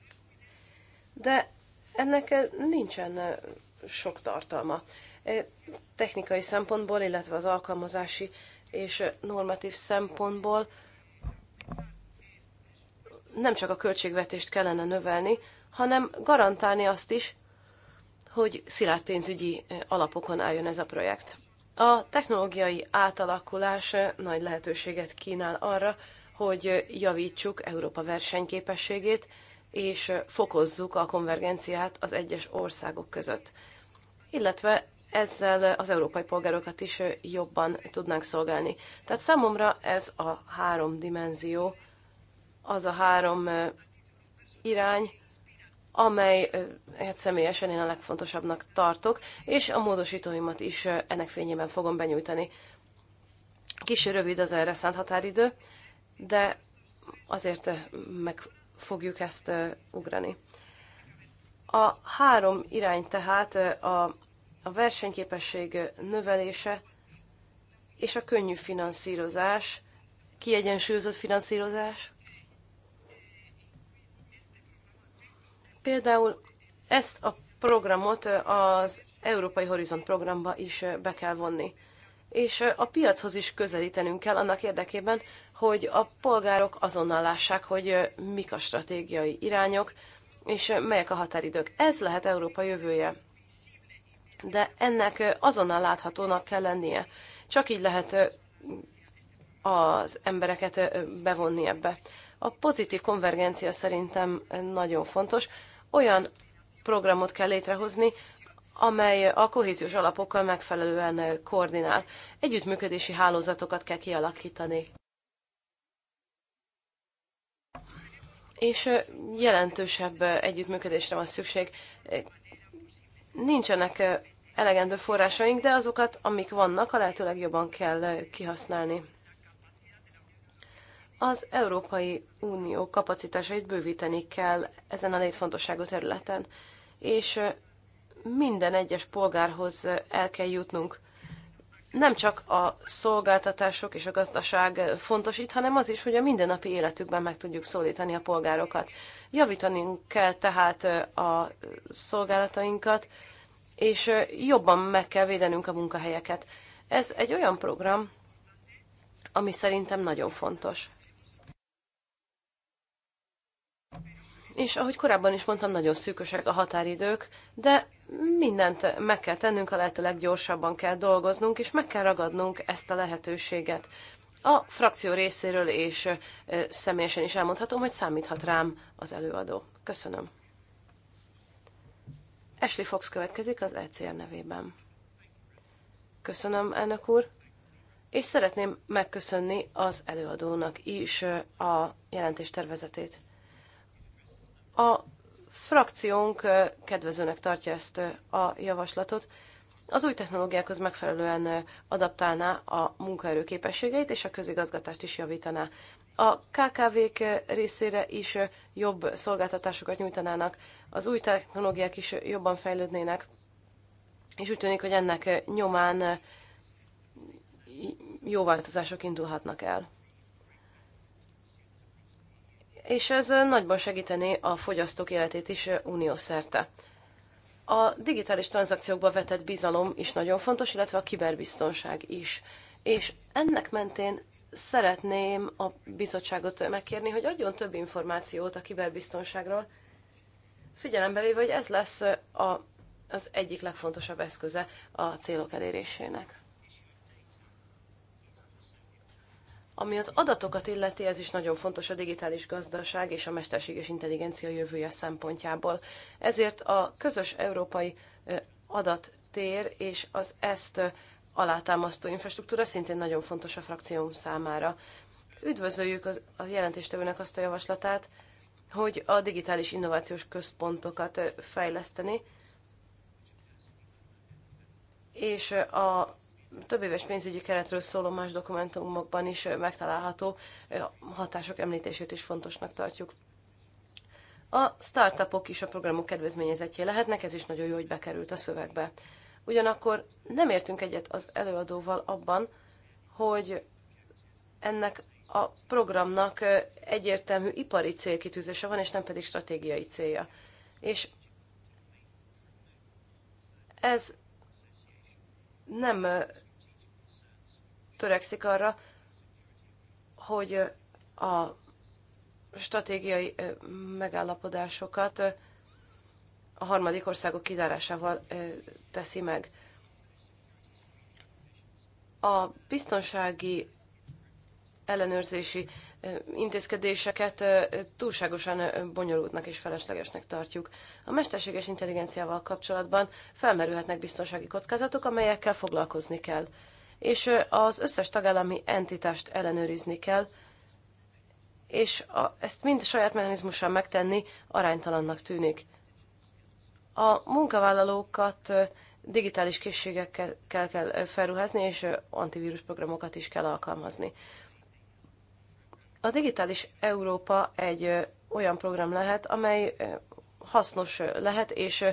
De ennek nincsen sok tartalma. Technikai szempontból, illetve az alkalmazási és normatív szempontból nem csak a költségvetést kellene növelni, hanem garantálni azt is, hogy szilárd pénzügyi alapokon álljon ez a projekt. A technológiai átalakulás nagy lehetőséget kínál arra, hogy javítsuk Európa versenyképességét, és fokozzuk a konvergenciát az egyes országok között. Illetve ezzel az európai polgárokat is jobban tudnánk szolgálni. Tehát számomra ez a három dimenzió, az a három irány, amely hát személyesen én a legfontosabbnak tartok, és a módosítóimat is ennek fényében fogom benyújtani. Kis rövid az erre szánt határidő, de azért meg fogjuk ezt ugrani. A három irány tehát a, a versenyképesség növelése és a könnyű finanszírozás, kiegyensúlyozott finanszírozás, Például ezt a programot az Európai Horizont programba is be kell vonni. És a piachoz is közelítenünk kell annak érdekében, hogy a polgárok azonnal lássák, hogy mik a stratégiai irányok, és melyek a határidők. Ez lehet Európa jövője. De ennek azonnal láthatónak kell lennie. Csak így lehet az embereket bevonni ebbe. A pozitív konvergencia szerintem nagyon fontos, olyan programot kell létrehozni, amely a kohéziós alapokkal megfelelően koordinál. Együttműködési hálózatokat kell kialakítani. És jelentősebb együttműködésre van szükség. Nincsenek elegendő forrásaink, de azokat, amik vannak, a lehető legjobban kell kihasználni. Az Európai Unió kapacitásait bővíteni kell ezen a létfontosságú területen, és minden egyes polgárhoz el kell jutnunk. Nem csak a szolgáltatások és a gazdaság fontos itt, hanem az is, hogy a mindennapi életükben meg tudjuk szólítani a polgárokat. Javítani kell tehát a szolgálatainkat, és jobban meg kell védenünk a munkahelyeket. Ez egy olyan program, ami szerintem nagyon fontos. És ahogy korábban is mondtam, nagyon szűkösek a határidők, de mindent meg kell tennünk, a lehető leggyorsabban kell dolgoznunk, és meg kell ragadnunk ezt a lehetőséget. A frakció részéről és személyesen is elmondhatom, hogy számíthat rám az előadó. Köszönöm. Ashley Fox következik az ECR nevében. Köszönöm, elnök úr, és szeretném megköszönni az előadónak is a jelentés tervezetét. A frakciónk eh, kedvezőnek tartja ezt eh, a javaslatot. Az új technológiákhoz megfelelően eh, adaptálná a munkaerő képességeit, és a közigazgatást is javítaná. A KKV-k részére is jobb szolgáltatásokat nyújtanának, az új technológiák is jobban fejlődnének, és úgy tűnik, hogy ennek nyomán jó változások indulhatnak el és ez nagyban segíteni a fogyasztók életét is uniószerte. A digitális tranzakciókba vetett bizalom is nagyon fontos, illetve a kiberbiztonság is. És ennek mentén szeretném a bizottságot megkérni, hogy adjon több információt a kiberbiztonságról, figyelembe véve, hogy ez lesz a, az egyik legfontosabb eszköze a célok elérésének. Ami az adatokat illeti, ez is nagyon fontos a digitális gazdaság és a mesterséges intelligencia jövője szempontjából. Ezért a közös európai adattér és az ezt alátámasztó infrastruktúra szintén nagyon fontos a frakcióm számára. Üdvözöljük az, a jelentéstevőnek azt a javaslatát, hogy a digitális innovációs központokat fejleszteni, és a több éves pénzügyi keretről szóló más dokumentumokban is megtalálható hatások említését is fontosnak tartjuk. A startupok is a programok kedvezményezetje lehetnek, ez is nagyon jó, hogy bekerült a szövegbe. Ugyanakkor nem értünk egyet az előadóval abban, hogy ennek a programnak egyértelmű ipari célkitűzése van, és nem pedig stratégiai célja. És ez nem törekszik arra, hogy a stratégiai megállapodásokat a harmadik országok kizárásával teszi meg. A biztonsági ellenőrzési intézkedéseket túlságosan bonyolultnak és feleslegesnek tartjuk. A mesterséges intelligenciával kapcsolatban felmerülhetnek biztonsági kockázatok, amelyekkel foglalkozni kell. És az összes tagállami entitást ellenőrizni kell, és a, ezt mind saját mechanizmussal megtenni aránytalannak tűnik. A munkavállalókat digitális készségekkel kell, felruházni, és antivírus programokat is kell alkalmazni. A Digitális Európa egy olyan program lehet, amely hasznos lehet, és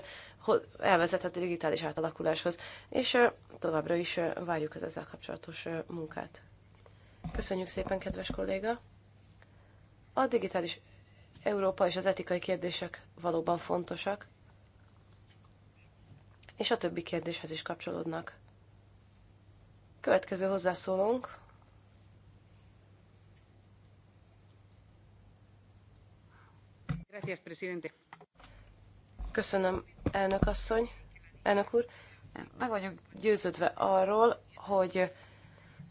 elvezethet a digitális átalakuláshoz. És továbbra is várjuk az ezzel kapcsolatos munkát. Köszönjük szépen, kedves kolléga! A digitális Európa és az etikai kérdések valóban fontosak, és a többi kérdéshez is kapcsolódnak. Következő hozzászólónk Köszönöm, elnök asszony, elnök úr. Meg vagyok győződve arról, hogy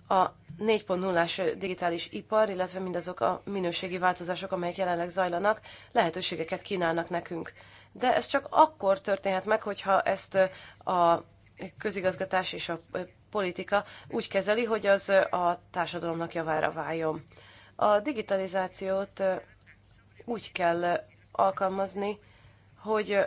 a 4.0-as digitális ipar, illetve mindazok a minőségi változások, amelyek jelenleg zajlanak, lehetőségeket kínálnak nekünk. De ez csak akkor történhet meg, hogyha ezt a közigazgatás és a politika úgy kezeli, hogy az a társadalomnak javára váljon. A digitalizációt úgy kell alkalmazni, hogy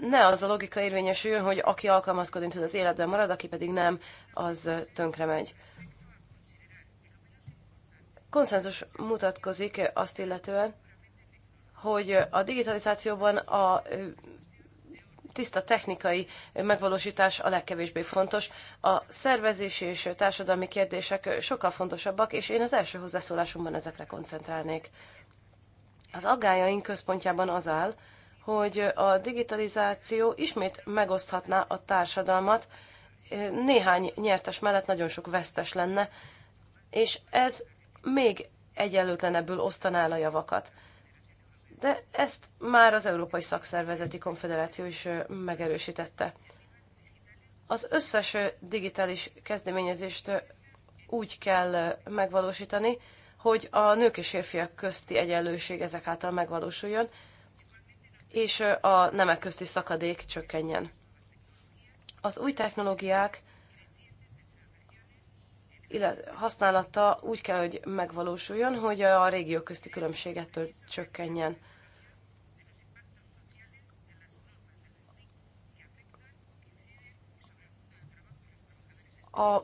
ne az a logika érvényesüljön, hogy aki alkalmazkodni tud, az életben marad, aki pedig nem, az tönkre megy. Konszenzus mutatkozik azt illetően, hogy a digitalizációban a tiszta technikai megvalósítás a legkevésbé fontos. A szervezési és társadalmi kérdések sokkal fontosabbak, és én az első hozzászólásomban ezekre koncentrálnék. Az aggájaink központjában az áll, hogy a digitalizáció ismét megoszthatná a társadalmat, néhány nyertes mellett nagyon sok vesztes lenne, és ez még egyenlőtlenebbül osztaná a javakat. De ezt már az Európai Szakszervezeti Konfederáció is megerősítette. Az összes digitális kezdeményezést úgy kell megvalósítani, hogy a nők és férfiak közti egyenlőség ezek által megvalósuljon, és a nemek közti szakadék csökkenjen. Az új technológiák használata úgy kell, hogy megvalósuljon, hogy a régió közti különbségettől csökkenjen. A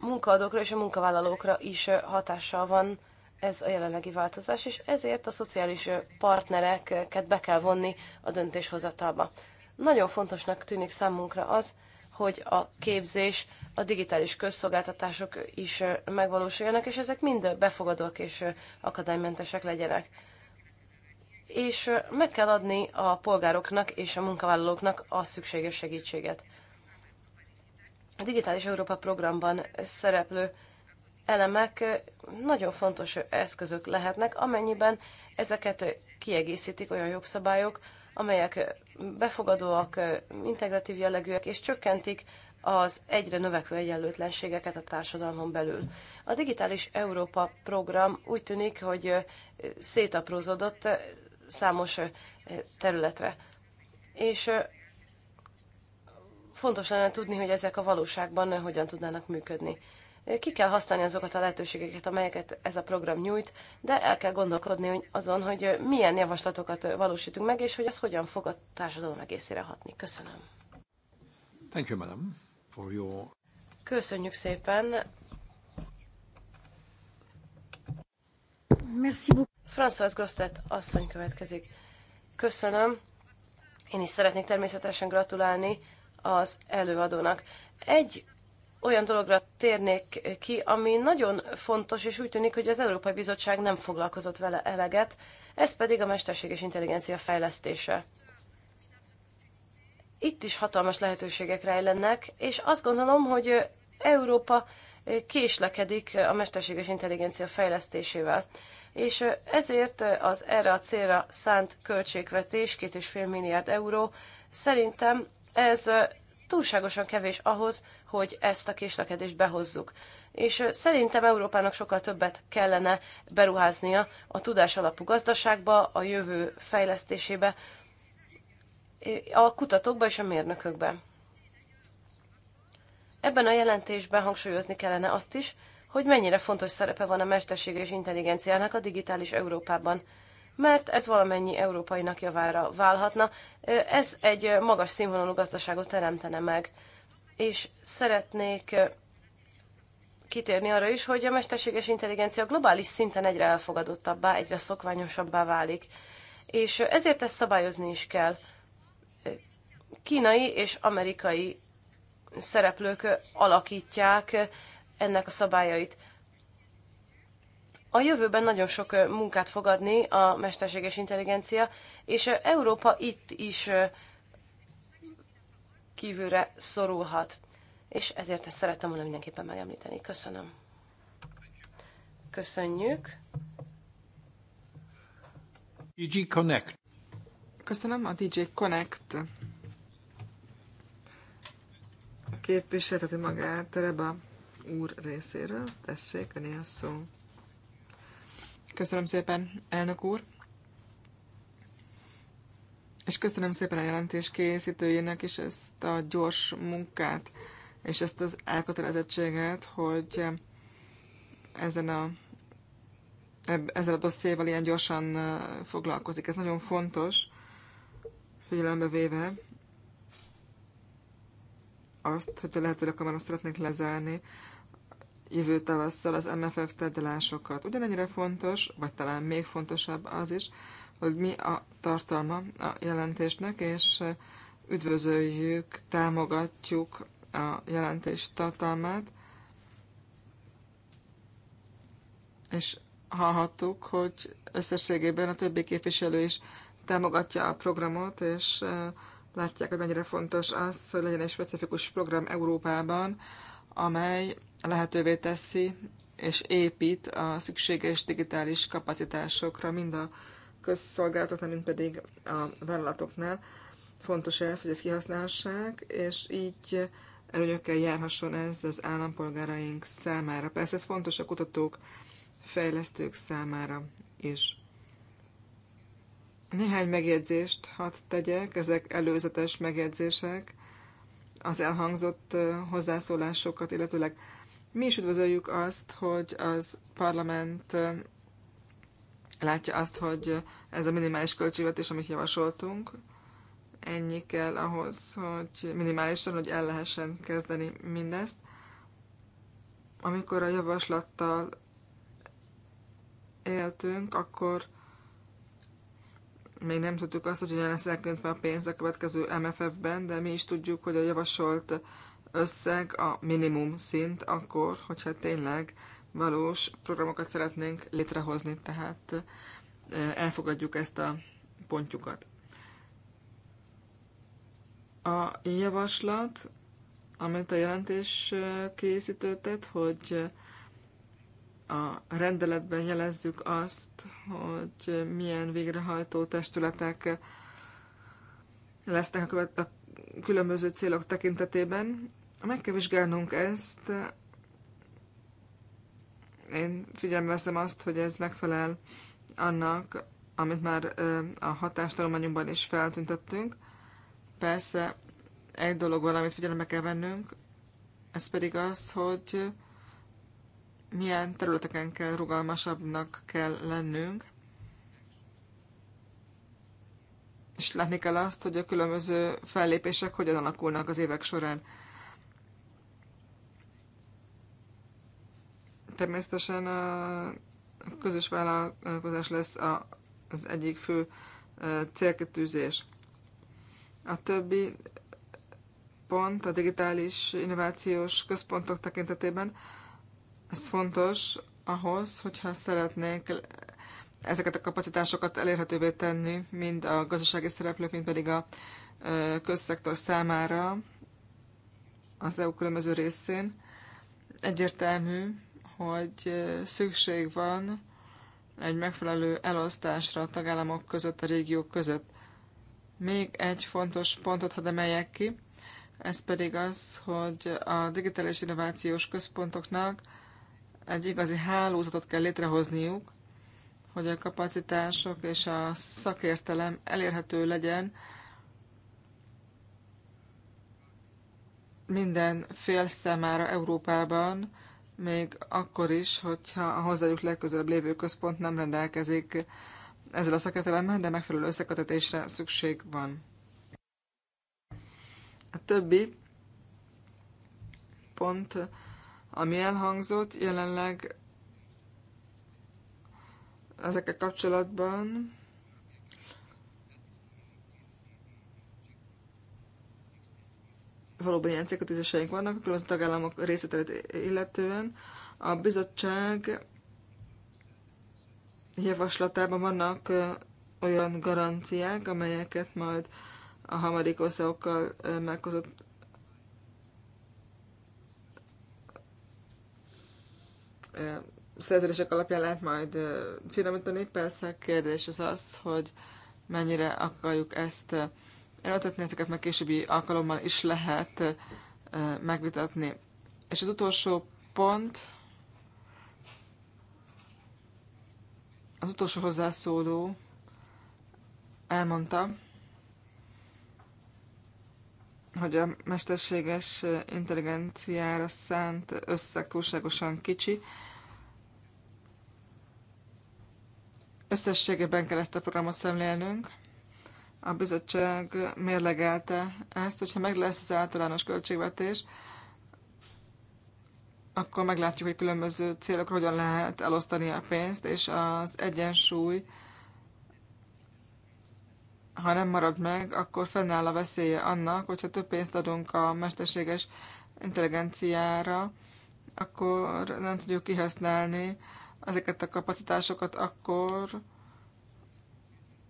munkaadókra és a munkavállalókra is hatással van ez a jelenlegi változás, és ezért a szociális partnereket be kell vonni a döntéshozatalba. Nagyon fontosnak tűnik számunkra az, hogy a képzés, a digitális közszolgáltatások is megvalósuljanak, és ezek mind befogadók és akadálymentesek legyenek. És meg kell adni a polgároknak és a munkavállalóknak a szükséges segítséget a Digitális Európa programban szereplő elemek nagyon fontos eszközök lehetnek, amennyiben ezeket kiegészítik olyan jogszabályok, amelyek befogadóak, integratív jellegűek, és csökkentik az egyre növekvő egyenlőtlenségeket a társadalmon belül. A Digitális Európa program úgy tűnik, hogy szétaprózódott számos területre. És Fontos lenne tudni, hogy ezek a valóságban hogyan tudnának működni. Ki kell használni azokat a lehetőségeket, amelyeket ez a program nyújt, de el kell gondolkodni azon, hogy milyen javaslatokat valósítunk meg, és hogy az hogyan fog a társadalom egészére hatni. Köszönöm. Thank you, madam, for your... Köszönjük szépen. Merci beaucoup. François Grosset asszony következik. Köszönöm. Én is szeretnék természetesen gratulálni az előadónak. Egy olyan dologra térnék ki, ami nagyon fontos, és úgy tűnik, hogy az Európai Bizottság nem foglalkozott vele eleget, ez pedig a mesterséges intelligencia fejlesztése. Itt is hatalmas lehetőségek rejlennek, és azt gondolom, hogy Európa késlekedik a mesterséges intelligencia fejlesztésével. És ezért az erre a célra szánt költségvetés, 2,5 milliárd euró, szerintem ez túlságosan kevés ahhoz, hogy ezt a késlekedést behozzuk. És szerintem Európának sokkal többet kellene beruháznia a tudás alapú gazdaságba, a jövő fejlesztésébe, a kutatókba és a mérnökökbe. Ebben a jelentésben hangsúlyozni kellene azt is, hogy mennyire fontos szerepe van a mesterséges intelligenciának a digitális Európában – mert ez valamennyi európainak javára válhatna. Ez egy magas színvonalú gazdaságot teremtene meg. És szeretnék kitérni arra is, hogy a mesterséges intelligencia globális szinten egyre elfogadottabbá, egyre szokványosabbá válik. És ezért ezt szabályozni is kell. Kínai és amerikai szereplők alakítják ennek a szabályait a jövőben nagyon sok munkát fog adni a mesterséges intelligencia, és Európa itt is kívülre szorulhat. És ezért ezt szerettem volna mindenképpen megemlíteni. Köszönöm. Köszönjük. DJ Connect. Köszönöm a DJ Connect képviselteti magát Reba úr részéről. Tessék, öné a szó. Köszönöm szépen, elnök úr. És köszönöm szépen a jelentés készítőjének is ezt a gyors munkát, és ezt az elkötelezettséget, hogy ezen a, ezzel a dossziéval ilyen gyorsan foglalkozik. Ez nagyon fontos, figyelembe véve azt, hogy a lehető leghamarabb szeretnénk lezárni jövő tavasszal az MFF tárgyalásokat. Ugyanennyire fontos, vagy talán még fontosabb az is, hogy mi a tartalma a jelentésnek, és üdvözöljük, támogatjuk a jelentés tartalmát, és hallhattuk, hogy összességében a többi képviselő is támogatja a programot, és látják, hogy mennyire fontos az, hogy legyen egy specifikus program Európában, amely lehetővé teszi és épít a szükséges digitális kapacitásokra, mind a közszolgálatoknál, mind pedig a vállalatoknál. Fontos ez, hogy ezt kihasználhassák, és így előnyökkel járhasson ez az állampolgáraink számára. Persze ez fontos a kutatók, fejlesztők számára is. Néhány megjegyzést hadd tegyek, ezek előzetes megjegyzések, az elhangzott hozzászólásokat, illetőleg mi is üdvözöljük azt, hogy az parlament látja azt, hogy ez a minimális költségvetés, amit javasoltunk, ennyi kell ahhoz, hogy minimálisan, hogy el lehessen kezdeni mindezt. Amikor a javaslattal éltünk, akkor még nem tudtuk azt, hogy hogyan lesz elkönyvve a pénz a következő MFF-ben, de mi is tudjuk, hogy a javasolt összeg a minimum szint akkor, hogyha tényleg valós programokat szeretnénk létrehozni, tehát elfogadjuk ezt a pontjukat. A javaslat, amit a jelentés készítőtet, hogy a rendeletben jelezzük azt, hogy milyen végrehajtó testületek lesznek a, követ- a különböző célok tekintetében. Meg kell vizsgálnunk ezt. Én figyelembe veszem azt, hogy ez megfelel annak, amit már a hatástalományunkban is feltüntettünk. Persze egy dolog van, amit figyelembe kell vennünk, ez pedig az, hogy milyen területeken kell rugalmasabbnak kell lennünk, és látni kell azt, hogy a különböző fellépések hogyan alakulnak az évek során. Természetesen a közös vállalkozás lesz a, az egyik fő célkitűzés. A többi pont a digitális innovációs központok tekintetében, ez fontos ahhoz, hogyha szeretnék ezeket a kapacitásokat elérhetővé tenni, mind a gazdasági szereplők, mind pedig a közszektor számára az EU különböző részén. Egyértelmű, hogy szükség van egy megfelelő elosztásra a tagállamok között, a régiók között. Még egy fontos pontot hadd emeljek ki, ez pedig az, hogy a digitális innovációs központoknak egy igazi hálózatot kell létrehozniuk, hogy a kapacitások és a szakértelem elérhető legyen minden fél számára Európában, még akkor is, hogyha a hozzájuk legközelebb lévő központ nem rendelkezik ezzel a szakértelemmel, de megfelelő összekötetésre szükség van. A többi pont, ami elhangzott, jelenleg ezekkel kapcsolatban valóban ilyen célkötőzéseink vannak, a különböző tagállamok részletelét illetően. A bizottság javaslatában vannak olyan garanciák, amelyeket majd a harmadik országokkal meghozott szerződések alapján lehet majd finomítani. Persze a kérdés az az, hogy mennyire akarjuk ezt Előtetni ezeket meg későbbi alkalommal is lehet megvitatni. És az utolsó pont, az utolsó hozzászóló elmondta, hogy a mesterséges intelligenciára szánt összeg túlságosan kicsi. Összességében kell ezt a programot szemlélnünk a bizottság mérlegelte ezt, hogyha meg lesz az általános költségvetés, akkor meglátjuk, hogy különböző célokra hogyan lehet elosztani a pénzt, és az egyensúly, ha nem marad meg, akkor fennáll a veszélye annak, hogyha több pénzt adunk a mesterséges intelligenciára, akkor nem tudjuk kihasználni ezeket a kapacitásokat akkor,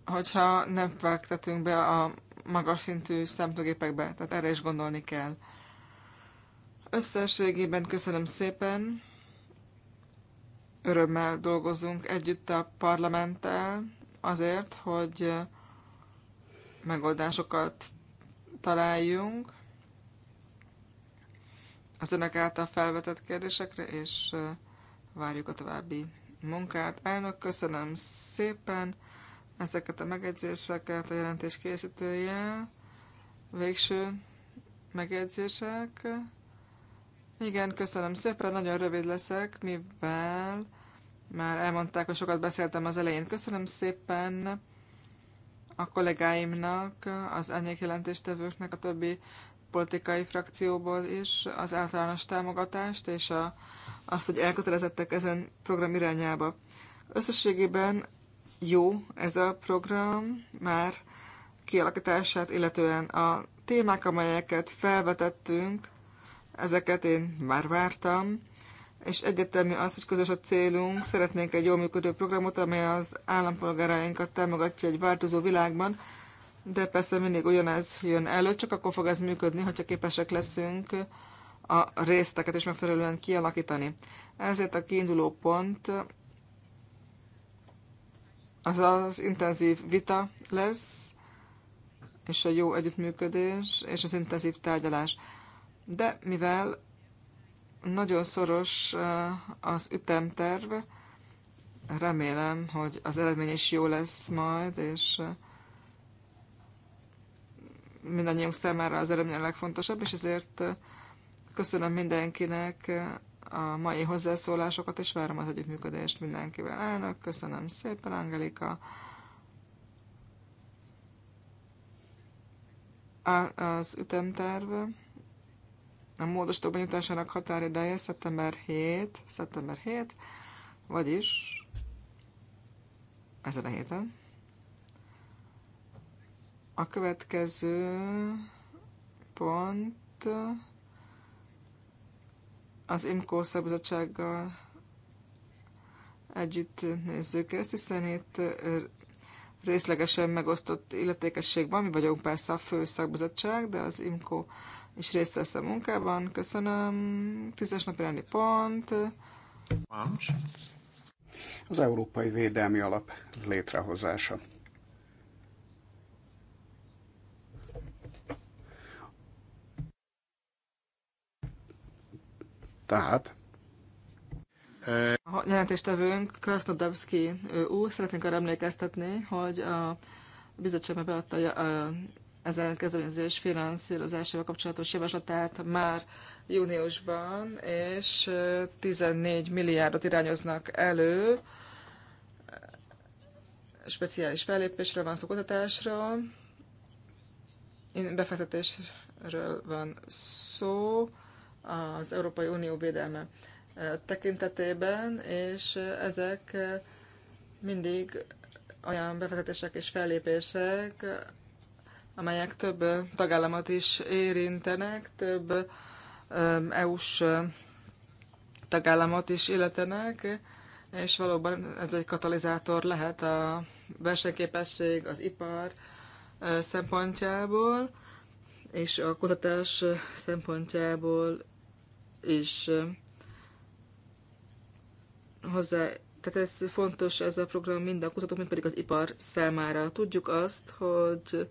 hogyha nem fektetünk be a magas szintű szemtőgépekbe, tehát erre is gondolni kell. Összességében köszönöm szépen, örömmel dolgozunk együtt a parlamenttel azért, hogy megoldásokat találjunk az önök által felvetett kérdésekre, és várjuk a további munkát. Elnök, köszönöm szépen! ezeket a megjegyzéseket a jelentés készítője. Végső megjegyzések. Igen, köszönöm szépen, nagyon rövid leszek, mivel már elmondták, hogy sokat beszéltem az elején. Köszönöm szépen a kollégáimnak, az enyék jelentéstevőknek, a többi politikai frakcióból is az általános támogatást, és a, azt, hogy elkötelezettek ezen program irányába. Összességében jó ez a program már kialakítását, illetően a témák, amelyeket felvetettünk, ezeket én már vártam, és egyetemű az, hogy közös a célunk, szeretnénk egy jól működő programot, amely az állampolgárainkat támogatja egy változó világban, de persze mindig ugyanez jön elő, csak akkor fog ez működni, hogyha képesek leszünk a részteket is megfelelően kialakítani. Ezért a kiinduló pont az az intenzív vita lesz, és a jó együttműködés, és az intenzív tárgyalás. De mivel nagyon szoros eh, az ütemterv, remélem, hogy az eredmény is jó lesz majd, és eh, mindannyiunk számára az eredmény a legfontosabb, és ezért eh, köszönöm mindenkinek a mai hozzászólásokat, és várom az együttműködést mindenkivel. Elnök, köszönöm szépen, Angelika. az ütemterv a módosító benyújtásának határideje szeptember 7, szeptember 7, vagyis ezen a héten. A következő pont az IMCO szabadsággal együtt nézzük ezt, hiszen itt részlegesen megosztott illetékesség van. Mi vagyunk persze a fő szakbizottság, de az IMCO is részt vesz a munkában. Köszönöm. Tízes napi rendi pont. Az Európai Védelmi Alap létrehozása. Tehát a jelentéstevőnk Krasznodabszki úr szeretnénk arra emlékeztetni, hogy a bizottságban beadta ezen kezdeményezés finanszírozásával kapcsolatos javaslatát már júniusban, és 14 milliárdot irányoznak elő. Speciális fellépésre van szó kutatásról, befektetésről van szó, az Európai Unió védelme e, tekintetében, és ezek mindig olyan befektetések és fellépések, amelyek több tagállamot is érintenek, több e, EU-s tagállamot is illetenek, és valóban ez egy katalizátor lehet a versenyképesség, az ipar e, szempontjából, és a kutatás szempontjából és hozzá, tehát ez fontos ez a program mind a kutatók, mind pedig az ipar számára. Tudjuk azt, hogy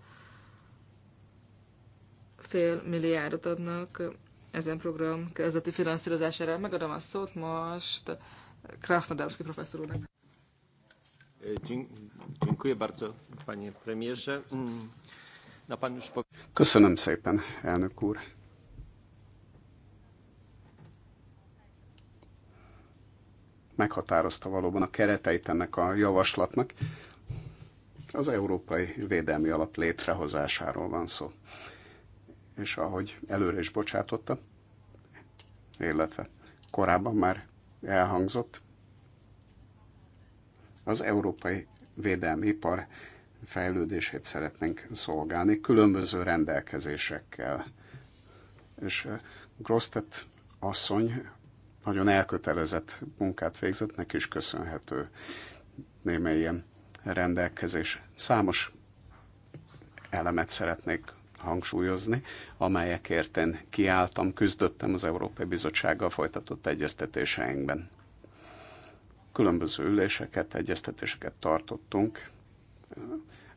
fél milliárdot adnak ezen program kezdeti finanszírozására. Megadom a szót most Krasnodębski professzor úrnak. Köszönöm szépen, elnök úr. meghatározta valóban a kereteit ennek a javaslatnak. Az Európai Védelmi Alap létrehozásáról van szó. És ahogy előre is bocsátotta, illetve korábban már elhangzott, az európai védelmi ipar fejlődését szeretnénk szolgálni különböző rendelkezésekkel. És eh, Grosztet asszony nagyon elkötelezett munkát neki is köszönhető némely ilyen rendelkezés. Számos elemet szeretnék hangsúlyozni, amelyekért én kiálltam, küzdöttem az Európai Bizottsággal folytatott egyeztetéseinkben. Különböző üléseket, egyeztetéseket tartottunk,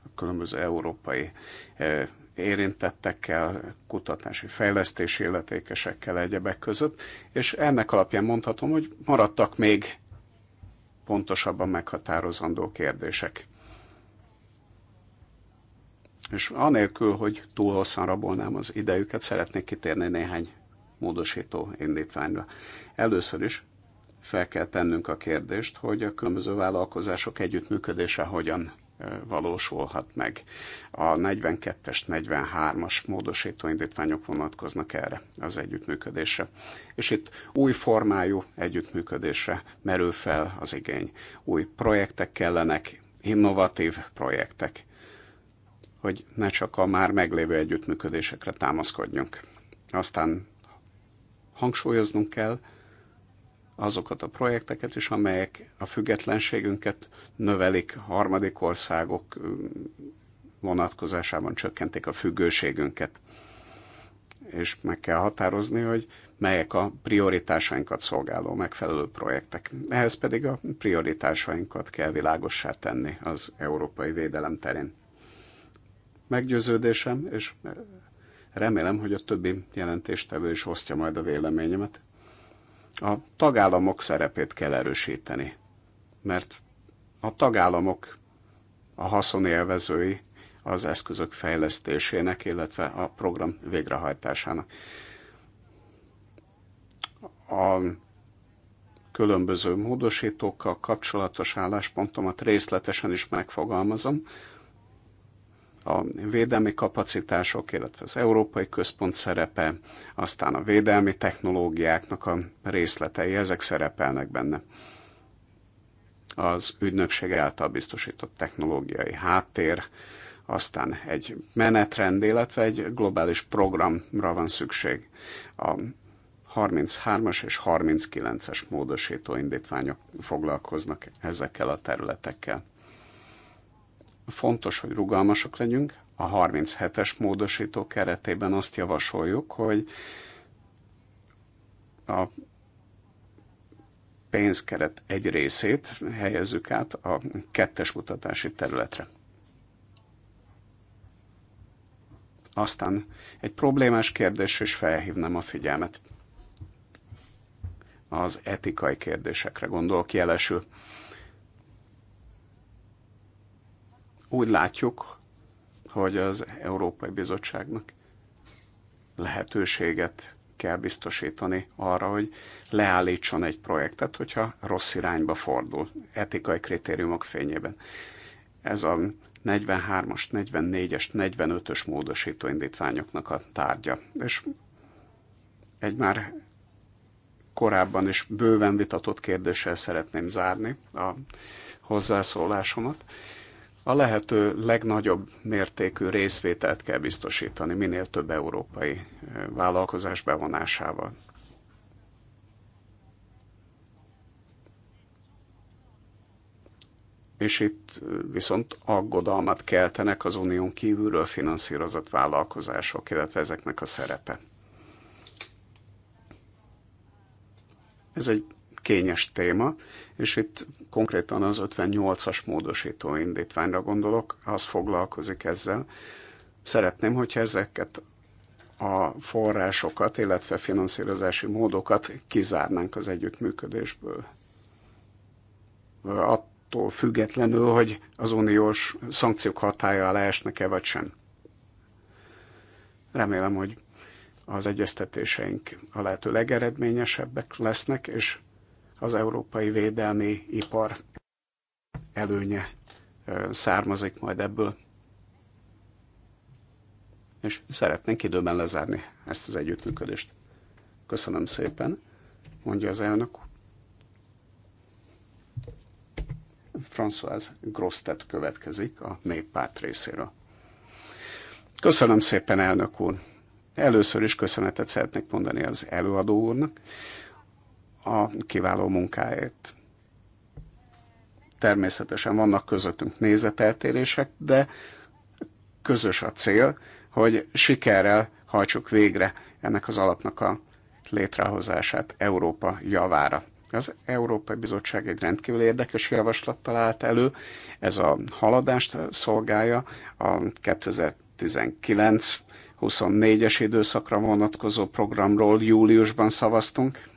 a különböző európai eh, érintettekkel, kutatási fejlesztési illetékesekkel egyebek között, és ennek alapján mondhatom, hogy maradtak még pontosabban meghatározandó kérdések. És anélkül, hogy túl hosszan rabolnám az idejüket, szeretnék kitérni néhány módosító indítványra. Először is fel kell tennünk a kérdést, hogy a különböző vállalkozások együttműködése hogyan valósulhat meg. A 42-es, 43-as módosító indítványok vonatkoznak erre az együttműködésre. És itt új formájú együttműködésre merül fel az igény. Új projektek kellenek, innovatív projektek, hogy ne csak a már meglévő együttműködésekre támaszkodjunk. Aztán hangsúlyoznunk kell, azokat a projekteket is, amelyek a függetlenségünket növelik, harmadik országok mm, vonatkozásában csökkentik a függőségünket. És meg kell határozni, hogy melyek a prioritásainkat szolgáló megfelelő projektek. Ehhez pedig a prioritásainkat kell világossá tenni az európai védelem terén. Meggyőződésem, és remélem, hogy a többi jelentéstevő is osztja majd a véleményemet, a tagállamok szerepét kell erősíteni, mert a tagállamok a haszonélvezői az eszközök fejlesztésének, illetve a program végrehajtásának. A különböző módosítókkal kapcsolatos álláspontomat részletesen is megfogalmazom, a védelmi kapacitások, illetve az Európai Központ szerepe, aztán a védelmi technológiáknak a részletei, ezek szerepelnek benne. Az ügynökség által biztosított technológiai háttér, aztán egy menetrend, illetve egy globális programra van szükség. A 33-as és 39-es módosító indítványok foglalkoznak ezekkel a területekkel. Fontos, hogy rugalmasak legyünk. A 37-es módosító keretében azt javasoljuk, hogy a pénzkeret egy részét helyezzük át a kettes kutatási területre. Aztán egy problémás kérdés is felhívnám a figyelmet. Az etikai kérdésekre gondolok jelesül. Úgy látjuk, hogy az Európai Bizottságnak lehetőséget kell biztosítani arra, hogy leállítson egy projektet, hogyha rossz irányba fordul, etikai kritériumok fényében. Ez a 43-as, 44-es, 45-ös módosító indítványoknak a tárgya. És egy már korábban is bőven vitatott kérdéssel szeretném zárni a hozzászólásomat a lehető legnagyobb mértékű részvételt kell biztosítani, minél több európai eh, vállalkozás bevonásával. És itt eh, viszont aggodalmat keltenek az unión kívülről finanszírozott vállalkozások, illetve ezeknek a szerepe. Ez egy kényes téma, és itt konkrétan az 58-as módosító indítványra gondolok, az foglalkozik ezzel. Szeretném, hogyha ezeket a forrásokat, illetve finanszírozási módokat kizárnánk az együttműködésből. Attól függetlenül, hogy az uniós szankciók hatája alá esnek-e vagy sem. Remélem, hogy az egyeztetéseink a lehető legeredményesebbek lesznek, és az európai védelmi ipar előnye származik majd ebből. És szeretnénk időben lezárni ezt az együttműködést. Köszönöm szépen, mondja az elnök. François Grosztet következik a néppárt részéről. Köszönöm szépen, elnök úr! Először is köszönetet szeretnék mondani az előadó úrnak a kiváló munkáért. Természetesen vannak közöttünk nézeteltérések, de közös a cél, hogy sikerrel hajtsuk végre ennek az alapnak a létrehozását Európa javára. Az Európai Bizottság egy rendkívül érdekes javaslattal állt elő, ez a haladást szolgálja a 2019 24-es időszakra vonatkozó programról júliusban szavaztunk,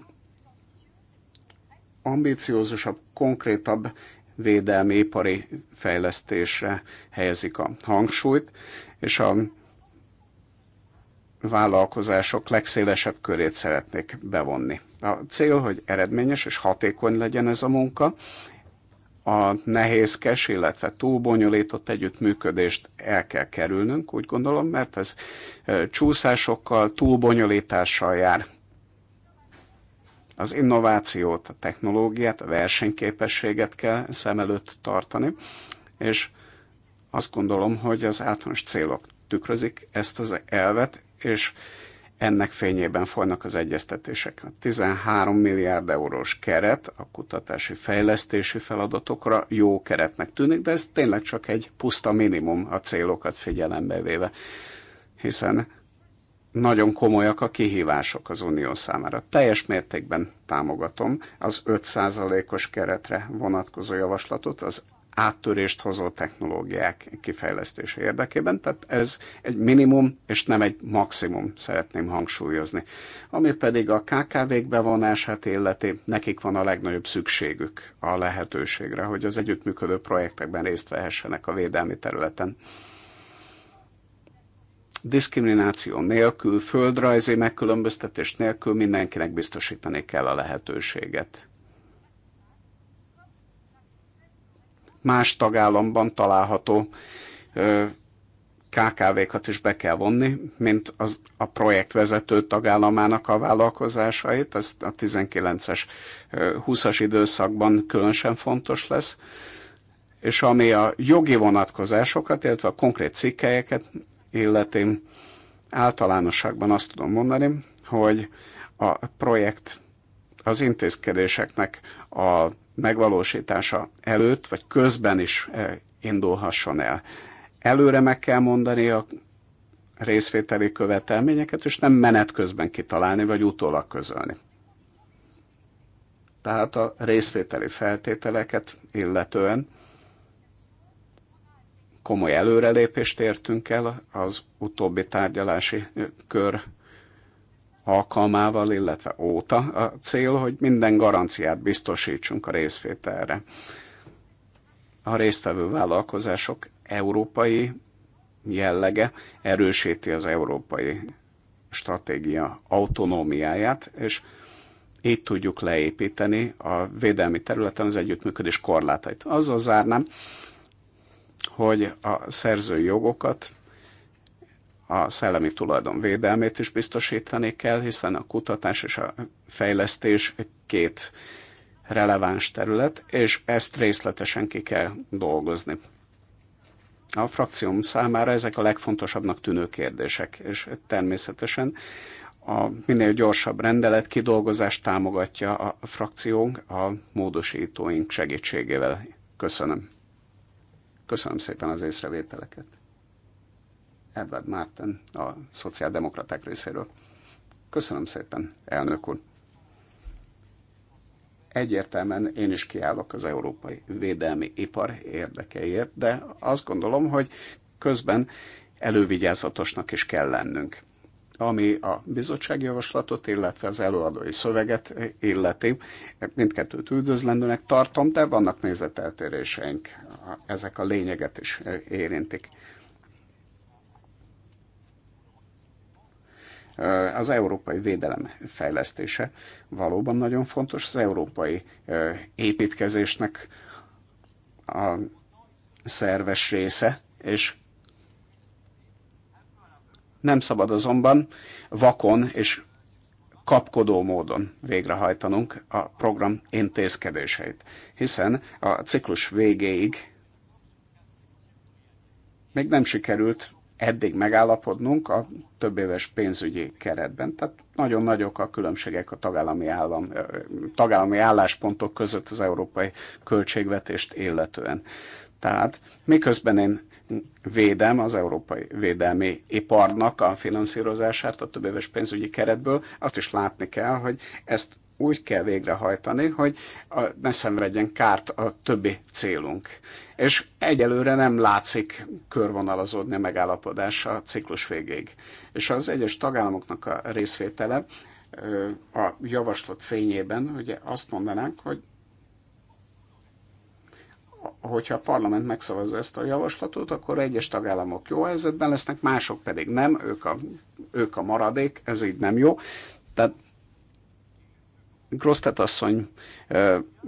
ambíciózusabb, konkrétabb védelmi ipari fejlesztésre helyezik a hangsúlyt, és a vállalkozások legszélesebb körét szeretnék bevonni. A cél, hogy eredményes és hatékony legyen ez a munka, a nehézkes, illetve túlbonyolított együttműködést el kell kerülnünk, úgy gondolom, mert ez csúszásokkal, túlbonyolítással jár az innovációt, a technológiát, a versenyképességet kell szem előtt tartani, és azt gondolom, hogy az általános célok tükrözik ezt az elvet, és ennek fényében folynak az egyeztetések. A 13 milliárd eurós keret a kutatási fejlesztési feladatokra jó keretnek tűnik, de ez tényleg csak egy puszta minimum a célokat figyelembe véve, hiszen nagyon komolyak a kihívások az Unió számára. Teljes mértékben támogatom az 5%-os keretre vonatkozó javaslatot az áttörést hozó technológiák kifejlesztése érdekében, tehát ez egy minimum és nem egy maximum, szeretném hangsúlyozni. Ami pedig a KKV-k bevonását illeti, nekik van a legnagyobb szükségük a lehetőségre, hogy az együttműködő projektekben részt vehessenek a védelmi területen diszkrimináció nélkül, földrajzi megkülönböztetés nélkül mindenkinek biztosítani kell a lehetőséget. Más tagállamban található KKV-kat is be kell vonni, mint az, a projekt vezető tagállamának a vállalkozásait, ez a 19-es, 20-as időszakban különösen fontos lesz, és ami a jogi vonatkozásokat, illetve a konkrét cikkelyeket illeti, általánosságban azt tudom mondani, hogy a projekt az intézkedéseknek a megvalósítása előtt vagy közben is eh, indulhasson el. Előre meg kell mondani a részvételi követelményeket, és nem menet közben kitalálni, vagy utólag közölni. Tehát a részvételi feltételeket illetően komoly előrelépést értünk el az utóbbi tárgyalási kör alkalmával, illetve óta a cél, hogy minden garanciát biztosítsunk a részvételre. A résztvevő vállalkozások európai jellege erősíti az európai stratégia autonómiáját, és így tudjuk leépíteni a védelmi területen az együttműködés korlátait. Azzal zárnám, hogy a szerzői jogokat, a szellemi tulajdon védelmét is biztosítani kell, hiszen a kutatás és a fejlesztés két releváns terület, és ezt részletesen ki kell dolgozni. A frakcióm számára ezek a legfontosabbnak tűnő kérdések, és természetesen a minél gyorsabb rendelet kidolgozást támogatja a frakciónk a módosítóink segítségével. Köszönöm. Köszönöm szépen az észrevételeket. Edward Márten, a szociáldemokraták részéről. Köszönöm szépen, elnök úr. Egyértelműen én is kiállok az európai védelmi ipar érdekeiért, de azt gondolom, hogy közben elővigyázatosnak is kell lennünk ami a bizottsági javaslatot, illetve az előadói szöveget illeti. Mindkettőt üdvözlendőnek tartom, de vannak nézeteltéréseink. Ezek a lényeget is érintik. Az európai védelem fejlesztése valóban nagyon fontos. Az európai építkezésnek a szerves része, és Nem szabad azonban vakon és kapkodó módon végrehajtanunk a program intézkedéseit, hiszen a ciklus végéig még nem sikerült eddig megállapodnunk a több éves pénzügyi keretben. Tehát nagyon nagyok a különbségek a tagállami, állam, tagállami álláspontok között az európai költségvetést illetően. Tehát miközben én védem az európai védelmi iparnak a finanszírozását a éves pénzügyi keretből, azt is látni kell, hogy ezt úgy kell végrehajtani, hogy ne szenvedjen kárt a többi célunk. És egyelőre nem látszik körvonalazódni a megállapodás a ciklus végéig. És az egyes tagállamoknak a részvétele a javaslat fényében ugye azt mondanánk, hogy hogyha a parlament megszavazza ezt a javaslatot, akkor egyes tagállamok jó helyzetben lesznek, mások pedig nem, ők a, ők a maradék, ez így nem jó. Tehát Grosztet asszony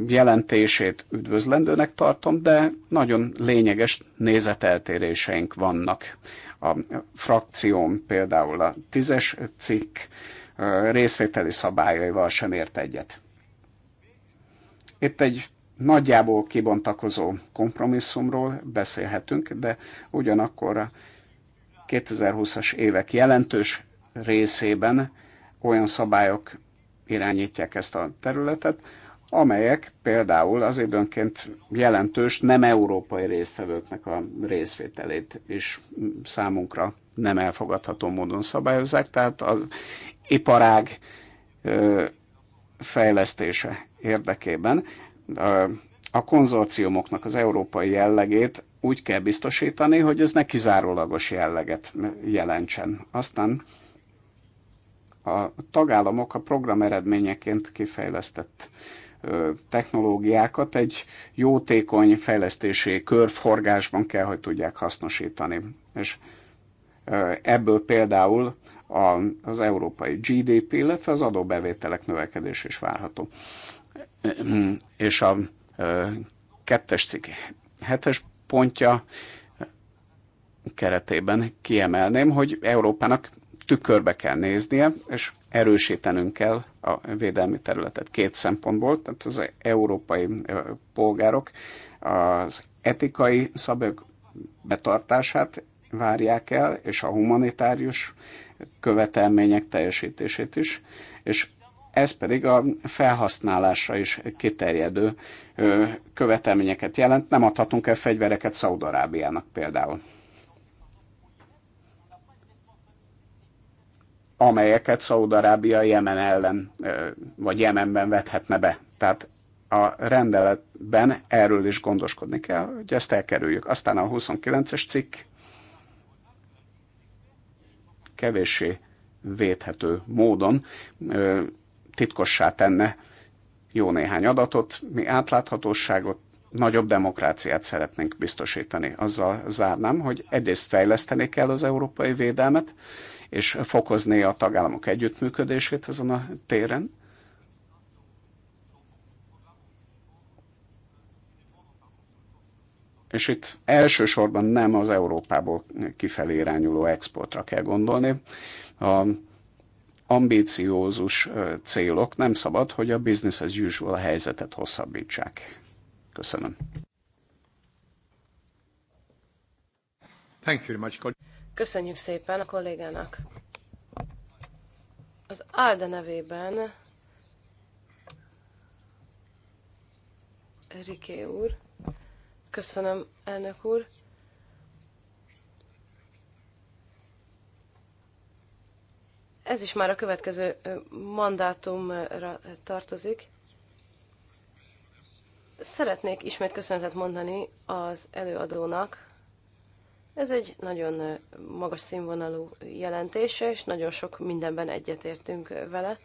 jelentését üdvözlendőnek tartom, de nagyon lényeges nézeteltéréseink vannak. A frakcióm például a tízes cikk részvételi szabályaival sem ért egyet. Itt egy nagyjából kibontakozó kompromisszumról beszélhetünk, de ugyanakkor a 2020-as évek jelentős részében olyan szabályok irányítják ezt a területet, amelyek például az időnként jelentős nem európai résztvevőknek a részvételét is számunkra nem elfogadható módon szabályozzák, tehát az iparág fejlesztése érdekében a konzorciumoknak az európai jellegét úgy kell biztosítani, hogy ez ne kizárólagos jelleget jelentsen. Aztán a tagállamok a program eredményeként kifejlesztett technológiákat egy jótékony fejlesztési körforgásban kell, hogy tudják hasznosítani. És ebből például az európai GDP, illetve az adóbevételek növekedés is várható. Ehm, és a ehm, kettes cikk hetes pontja ehm, keretében kiemelném, hogy Európának tükörbe kell néznie, és erősítenünk kell a védelmi területet két szempontból, tehát az európai polgárok az etikai szabályok betartását várják el, és a humanitárius követelmények teljesítését is, és Ez pedig a felhasználásra is kiterjedő követelményeket jelent. Nem adhatunk el fegyvereket Szaudarábiának például. amelyeket Szaudarábia Jemen ellen, vagy Jemenben vethetne be. Tehát a rendeletben erről is gondoskodni kell, hogy ezt elkerüljük. Aztán a 29-es cikk kevéssé védhető módon titkossá tenne jó néhány adatot, mi átláthatóságot, nagyobb demokráciát szeretnénk biztosítani. Azzal zárnám, hogy egyrészt fejleszteni kell az európai védelmet, és fokozni a tagállamok együttműködését ezen a téren. És itt elsősorban nem az Európából kifelé irányuló exportra kell gondolni. A ambíciózus célok nem szabad, hogy a business as usual helyzetet hosszabbítsák. Köszönöm. Thank you very much. Köszönjük szépen a kollégának. Az Alde nevében Riké úr. Köszönöm, elnök úr. Ez is már a következő mandátumra tartozik. Szeretnék ismét köszönetet mondani az előadónak. Ez egy nagyon magas színvonalú jelentés, és nagyon sok mindenben egyetértünk vele,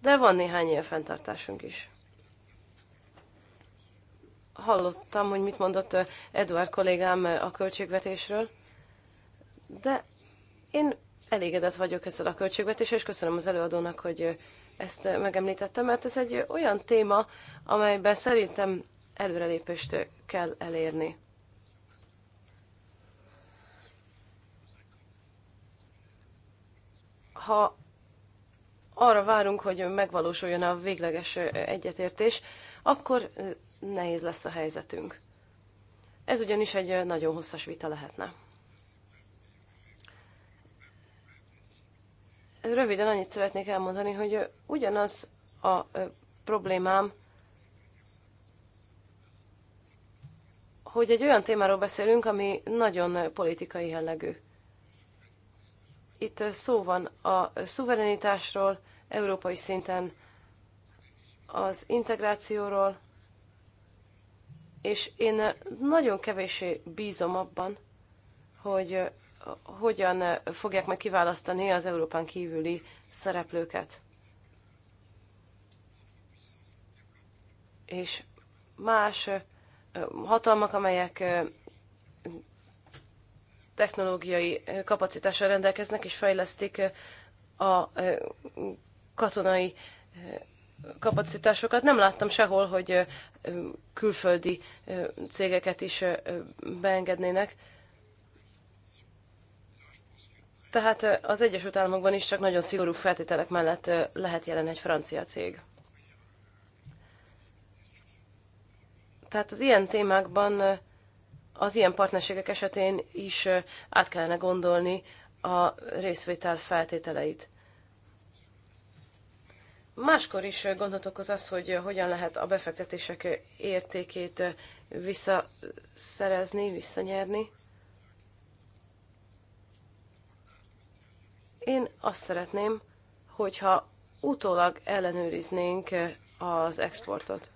de van néhány ilyen fenntartásunk is. Hallottam, hogy mit mondott Eduard kollégám a költségvetésről, de én Elégedett vagyok ezzel a költségvetéssel, és köszönöm az előadónak, hogy ezt megemlítettem, mert ez egy olyan téma, amelyben szerintem előrelépést kell elérni. Ha arra várunk, hogy megvalósuljon a végleges egyetértés, akkor nehéz lesz a helyzetünk. Ez ugyanis egy nagyon hosszas vita lehetne. Röviden annyit szeretnék elmondani, hogy ugyanaz a e, problémám, hogy egy olyan témáról beszélünk, ami nagyon politikai jellegű. Itt szó van a szuverenitásról, európai szinten az integrációról, és én nagyon kevéssé bízom abban, hogy hogyan fogják meg kiválasztani az Európán kívüli szereplőket. És más hatalmak, amelyek technológiai kapacitással rendelkeznek és fejlesztik a katonai kapacitásokat. Nem láttam sehol, hogy külföldi cégeket is beengednének. Tehát az Egyesült Államokban is csak nagyon szigorú feltételek mellett lehet jelen egy francia cég. Tehát az ilyen témákban, az ilyen partnerségek esetén is át kellene gondolni a részvétel feltételeit. Máskor is gondot okoz az, hogy hogyan lehet a befektetések értékét visszaszerezni, visszanyerni. Én azt szeretném, hogyha utólag ellenőriznénk az exportot.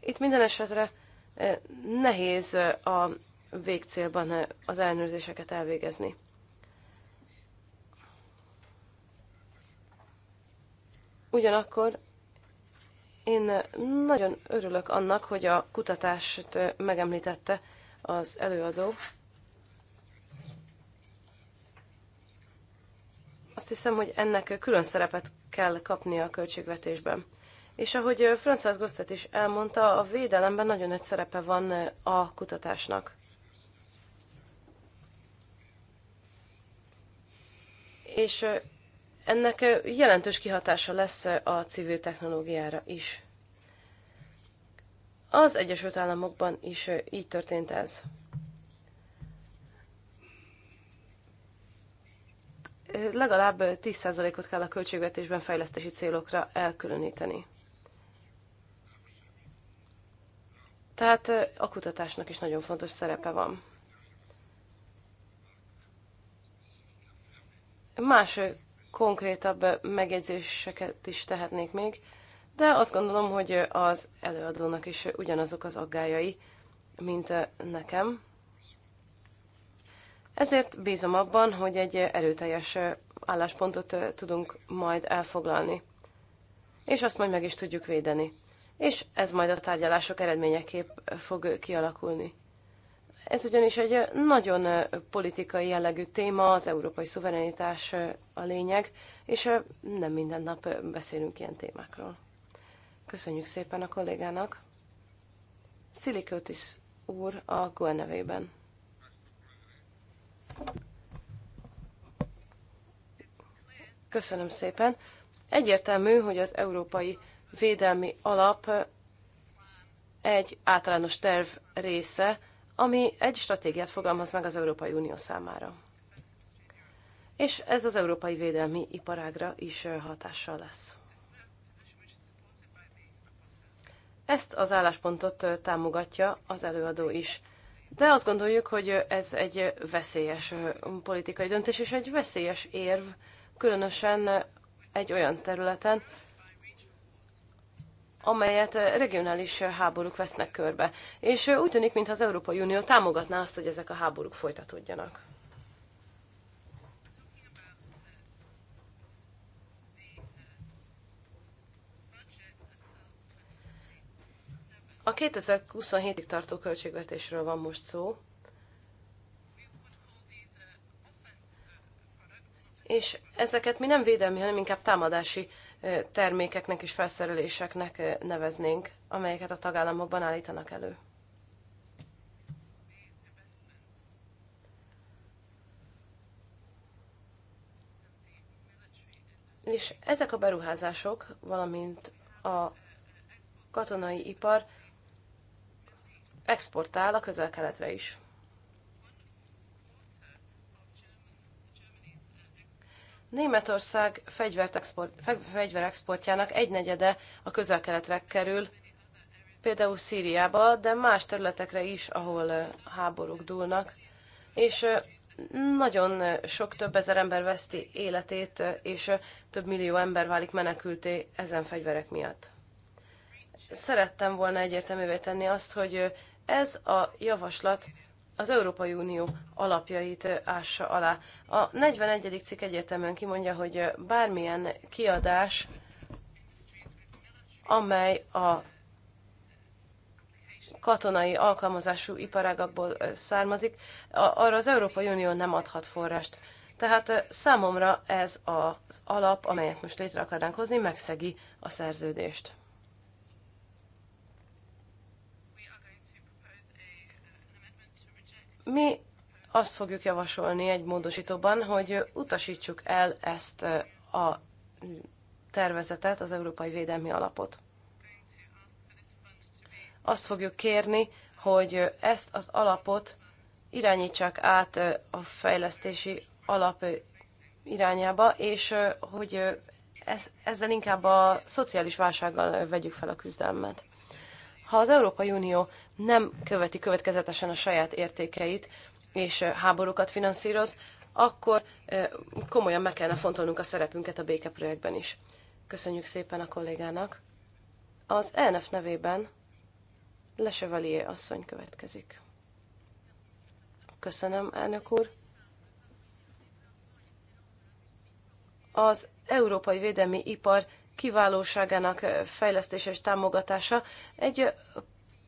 Itt minden esetre eh, nehéz eh, a végcélban eh, az ellenőrzéseket elvégezni. Ugyanakkor Én nagyon örülök annak, hogy a kutatást megemlítette az előadó. Azt hiszem, hogy ennek külön szerepet kell kapnia a költségvetésben. És ahogy François Gosztet is elmondta, a védelemben nagyon nagy szerepe van a kutatásnak. És ennek jelentős kihatása lesz a civil technológiára is. Az Egyesült Államokban is így történt ez. Legalább 10%-ot kell a költségvetésben fejlesztési célokra elkülöníteni. Tehát a kutatásnak is nagyon fontos szerepe van. Más konkrétabb megjegyzéseket is tehetnék még, de azt gondolom, hogy az előadónak is ugyanazok az aggájai, mint nekem. Ezért bízom abban, hogy egy erőteljes álláspontot tudunk majd elfoglalni. És azt majd meg is tudjuk védeni. És ez majd a tárgyalások eredményeképp fog kialakulni. Ez ugyanis egy nagyon politikai jellegű téma, az európai szuverenitás a lényeg, és nem minden nap beszélünk ilyen témákról. Köszönjük szépen a kollégának. Szilikőtis úr a GOL nevében. Köszönöm szépen. Egyértelmű, hogy az Európai Védelmi Alap egy általános terv része, ami egy stratégiát fogalmaz meg az Európai Unió számára. És ez az európai védelmi iparágra is hatással lesz. Ezt az álláspontot támogatja az előadó is. De azt gondoljuk, hogy ez egy veszélyes politikai döntés, és egy veszélyes érv, különösen egy olyan területen, amelyet eh, regionális eh, háborúk vesznek körbe. És eh, úgy tűnik, mintha az Európai Unió támogatná azt, hogy ezek a háborúk folytatódjanak. A 2027-ig tartó költségvetésről van most szó. És ezeket mi nem védelmi, hanem inkább támadási termékeknek és felszereléseknek neveznénk, amelyeket a tagállamokban állítanak elő. És ezek a beruházások, valamint a katonai ipar exportál a közel-keletre is. Németország fegyverexport, fegyverexportjának egynegyede a közel-keletre kerül, például Szíriába, de más területekre is, ahol háborúk dúlnak, és nagyon sok több ezer ember veszti életét, és több millió ember válik menekülté ezen fegyverek miatt. Szerettem volna egyértelművé tenni azt, hogy ez a javaslat az Európai Unió alapjait ássa alá. A 41. cikk egyértelműen kimondja, hogy bármilyen kiadás, amely a katonai alkalmazású iparágakból származik, arra az Európai Unió nem adhat forrást. Tehát számomra ez az alap, amelyet most létre akarnánk hozni, megszegi a szerződést. Mi azt fogjuk javasolni egy módosítóban, hogy utasítsuk el ezt a tervezetet, az Európai Védelmi Alapot. Azt fogjuk kérni, hogy ezt az alapot irányítsák át a fejlesztési alap irányába, és hogy ezzel inkább a szociális válsággal vegyük fel a küzdelmet. Ha az Európai Unió nem követi következetesen a saját értékeit, és háborúkat finanszíroz, akkor komolyan meg kellene fontolnunk a szerepünket a békeprojektben is. Köszönjük szépen a kollégának. Az ELNF nevében Lesevalié asszony következik. Köszönöm, elnök úr. Az európai védelmi ipar kiválóságának fejlesztése és támogatása egy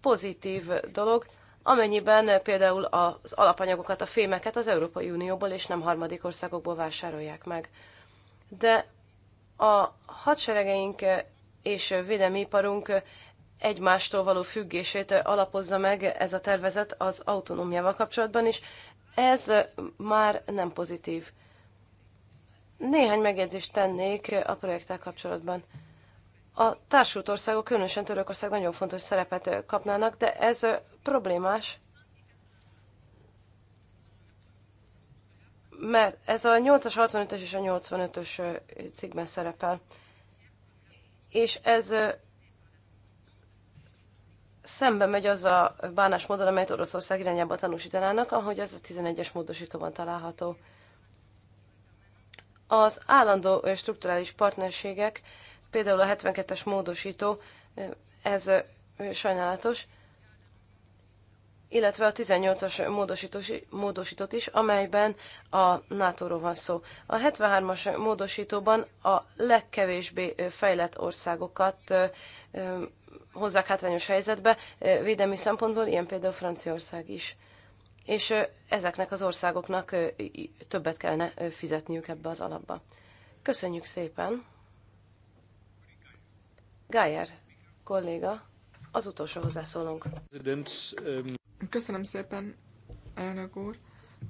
pozitív dolog, amennyiben például az alapanyagokat, a fémeket az Európai Unióból és nem harmadik országokból vásárolják meg. De a hadseregeink és védelmi iparunk egymástól való függését alapozza meg ez a tervezet az autonómiával kapcsolatban is. Ez már nem pozitív. Néhány megjegyzést tennék a projekttel kapcsolatban. A társult országok, különösen Törökország nagyon fontos szerepet kapnának, de ez problémás, mert ez a 8-as, 65-ös és a 85-ös cikkben szerepel. És ez szembe megy az a bánásmód, amelyet Oroszország irányába tanúsítanának, ahogy ez a 11-es módosítóban található. Az állandó strukturális partnerségek Például a 72-es módosító, ez sajnálatos, illetve a 18-as módosítót is, amelyben a nato van szó. A 73-as módosítóban a legkevésbé fejlett országokat hozzák hátrányos helyzetbe védelmi szempontból, ilyen például Franciaország is. És ezeknek az országoknak többet kellene fizetniük ebbe az alapba. Köszönjük szépen! Gájer kolléga, az utolsó hozzászólónk. Um, Köszönöm szépen, elnök úr.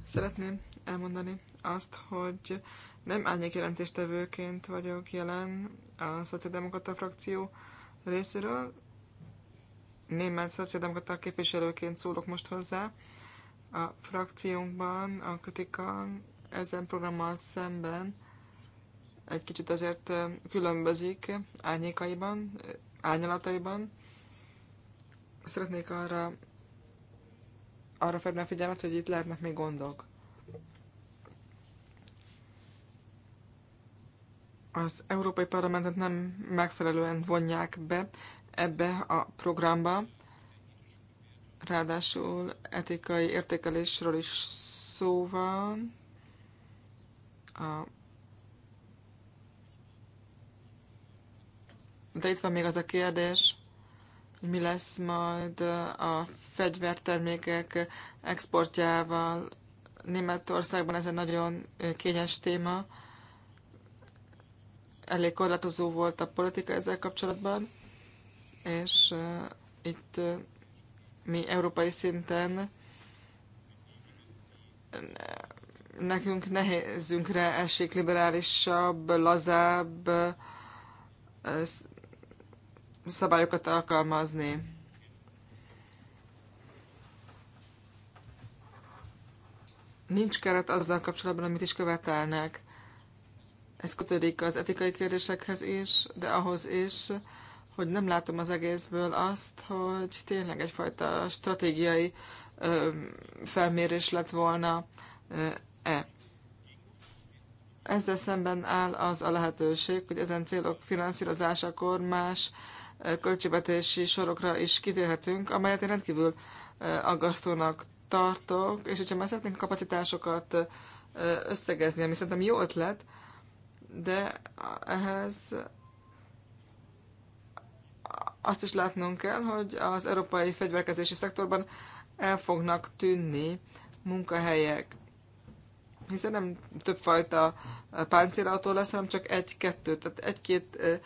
Szeretném elmondani azt, hogy nem árnyék jelentéstevőként vagyok jelen a Szociáldemokrata frakció részéről. Német szociáldemokrata képviselőként szólok most hozzá. A frakciónkban a kritika ezen programmal szemben egy kicsit azért különbözik árnyékaiban, árnyalataiban. Szeretnék arra, arra felvenni a figyelmet, hogy itt lehetnek még gondok. Az Európai Parlamentet nem megfelelően vonják be ebbe a programba. Ráadásul etikai értékelésről is szó van. A De itt van még az a kérdés, hogy mi lesz majd a fegyvertermékek exportjával. Németországban ez egy nagyon kényes téma. Elég korlátozó volt a politika ezzel kapcsolatban, és eh, itt eh, mi európai szinten eh, nekünk nehézünkre esik liberálisabb, lazább szabályokat alkalmazni. Nincs keret azzal kapcsolatban, amit is követelnek. Ez kötődik az etikai kérdésekhez is, de ahhoz is, hogy nem látom az egészből azt, hogy tényleg egyfajta stratégiai ö, felmérés lett volna e. Ezzel szemben áll az a lehetőség, hogy ezen célok finanszírozásakor más költségvetési sorokra is kitérhetünk, amelyet én rendkívül eh, aggasztónak tartok, és hogyha már szeretnénk a kapacitásokat eh, összegezni, ami szerintem jó ötlet, de ehhez azt is látnunk kell, hogy az európai fegyverkezési szektorban el fognak tűnni munkahelyek, hiszen nem többfajta páncélautó lesz, hanem csak egy-kettő, tehát egy-két eh,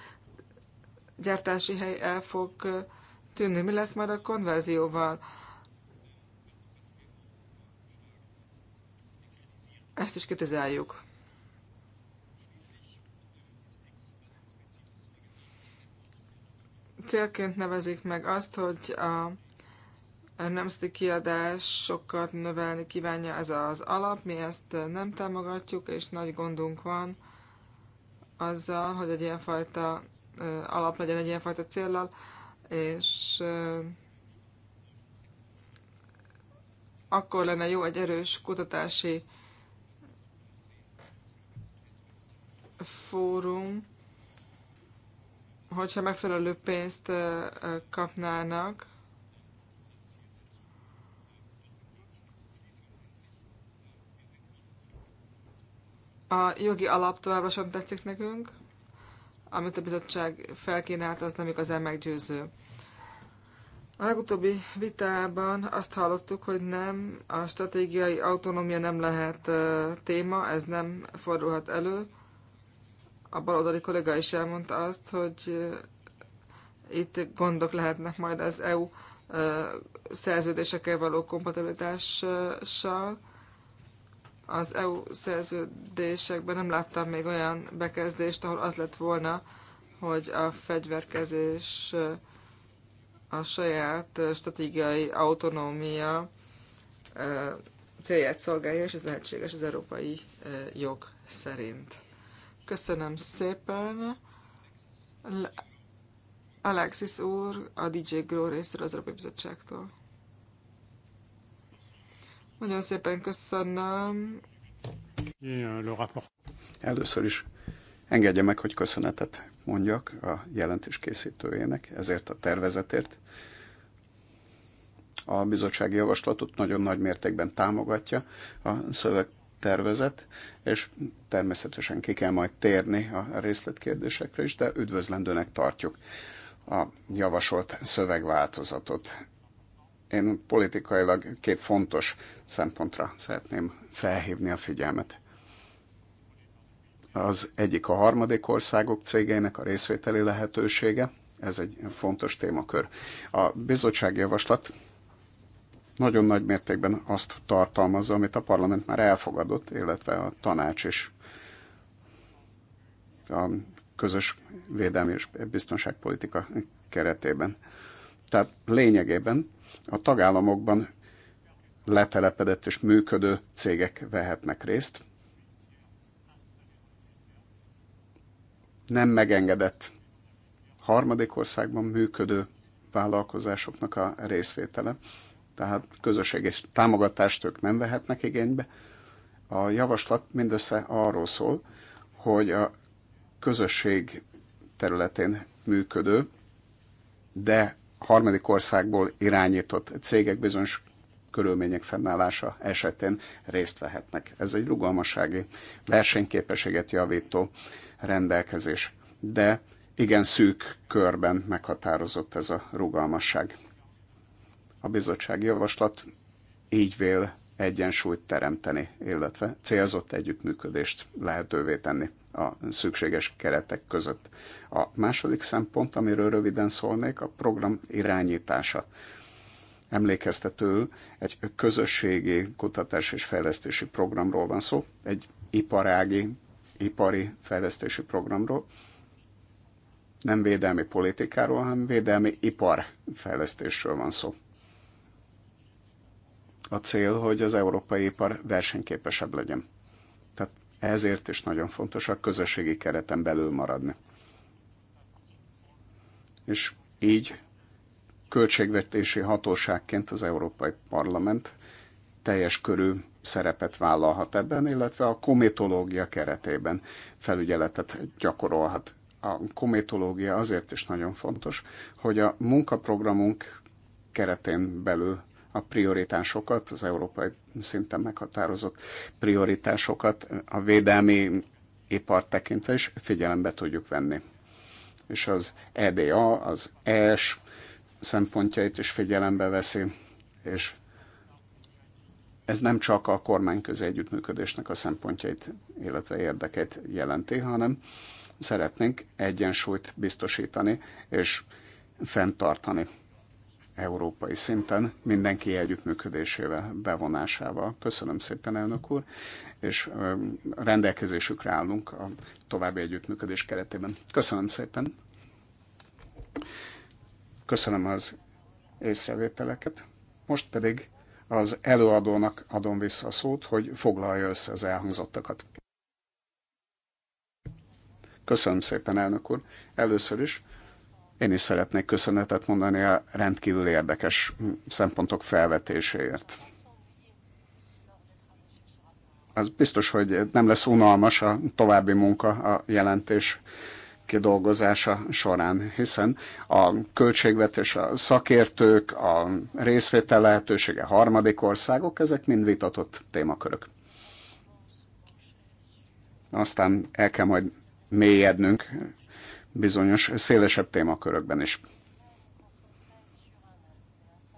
gyártási hely el fog tűnni. Mi lesz majd a konverzióval? Ezt is kritizáljuk. Célként nevezik meg azt, hogy a nemzeti sokat növelni kívánja ez az alap, mi ezt nem támogatjuk, és nagy gondunk van azzal, hogy egy ilyenfajta alap legyen egy ilyenfajta céllal, és akkor lenne jó egy erős kutatási fórum, hogyha megfelelő pénzt kapnának, a jogi alap továbbra sem tetszik nekünk amit a bizottság felkínált, az nem igazán meggyőző. A legutóbbi vitában azt hallottuk, hogy nem, a stratégiai autonómia nem lehet téma, ez nem fordulhat elő. A baloldali kollega is elmondta azt, hogy itt gondok lehetnek majd az EU szerződésekkel való kompatibilitással az EU szerződésekben nem láttam még olyan bekezdést, ahol az lett volna, hogy a fegyverkezés a saját stratégiai autonómia célját szolgálja, és ez lehetséges az európai jog szerint. Köszönöm szépen. Alexis úr, a DJ Grow részről az Európai Bizottságtól. Nagyon szépen köszönöm. Először is engedje meg, hogy köszönetet mondjak a jelentés készítőjének ezért a tervezetért. A bizottsági javaslatot nagyon nagy mértékben támogatja a szöveg tervezet, és természetesen ki kell majd térni a részletkérdésekre is, de üdvözlendőnek tartjuk a javasolt szövegváltozatot. Én politikailag két fontos szempontra szeretném felhívni a figyelmet. Az egyik a harmadik országok cégeinek a részvételi lehetősége, ez egy fontos témakör. A bizottsági javaslat nagyon nagy mértékben azt tartalmazza, amit a parlament már elfogadott, illetve a tanács is. A közös védelmi és biztonságpolitika keretében. Tehát lényegében a tagállamokban letelepedett és működő cégek vehetnek részt. Nem megengedett harmadik országban működő vállalkozásoknak a részvétele, tehát közösségi támogatást ők nem vehetnek igénybe. A javaslat mindössze arról szól, hogy a közösség területén működő, de harmadik országból irányított cégek bizonyos körülmények fennállása esetén részt vehetnek. Ez egy rugalmassági versenyképességet javító rendelkezés, de igen szűk körben meghatározott ez a rugalmasság. A bizottsági javaslat így vél egyensúlyt teremteni, illetve célzott együttműködést lehetővé tenni a szükséges keretek között. A második szempont, amiről röviden szólnék, a program irányítása. Emlékeztetőül egy közösségi kutatás és fejlesztési programról van szó, egy iparági, ipari fejlesztési programról, nem védelmi politikáról, hanem védelmi iparfejlesztésről van szó. A cél, hogy az európai ipar versenyképesebb legyen Ezért is nagyon fontos a közösségi kereten belül maradni. És így költségvetési hatóságként az Európai Parlament teljes körű szerepet vállalhat ebben, illetve a kométológia keretében felügyeletet gyakorolhat. A kométológia azért is nagyon fontos, hogy a munkaprogramunk keretén belül a prioritásokat, az európai szinten meghatározott prioritásokat a védelmi ipart tekintve is figyelembe tudjuk venni. És az EDA, az ES szempontjait is figyelembe veszi, és ez nem csak a közé együttműködésnek a szempontjait, illetve érdekeit jelenti, hanem szeretnénk egyensúlyt biztosítani és fenntartani európai szinten, mindenki együttműködésével, bevonásával. Köszönöm szépen, elnök úr, és rendelkezésükre állunk a további együttműködés keretében. Köszönöm szépen. Köszönöm az észrevételeket. Most pedig az előadónak adom vissza a szót, hogy foglalja össze az elhangzottakat. Köszönöm szépen, elnök úr. Először is Én is szeretnék köszönetet mondani a rendkívül érdekes szempontok felvetéséért. Az biztos, hogy nem lesz unalmas a további munka a jelentés kidolgozása során, hiszen a költségvetés, a szakértők, a részvétel lehetősége, harmadik országok, ezek mind vitatott témakörök. Aztán el kell majd mélyednünk bizonyos szélesebb témakörökben is.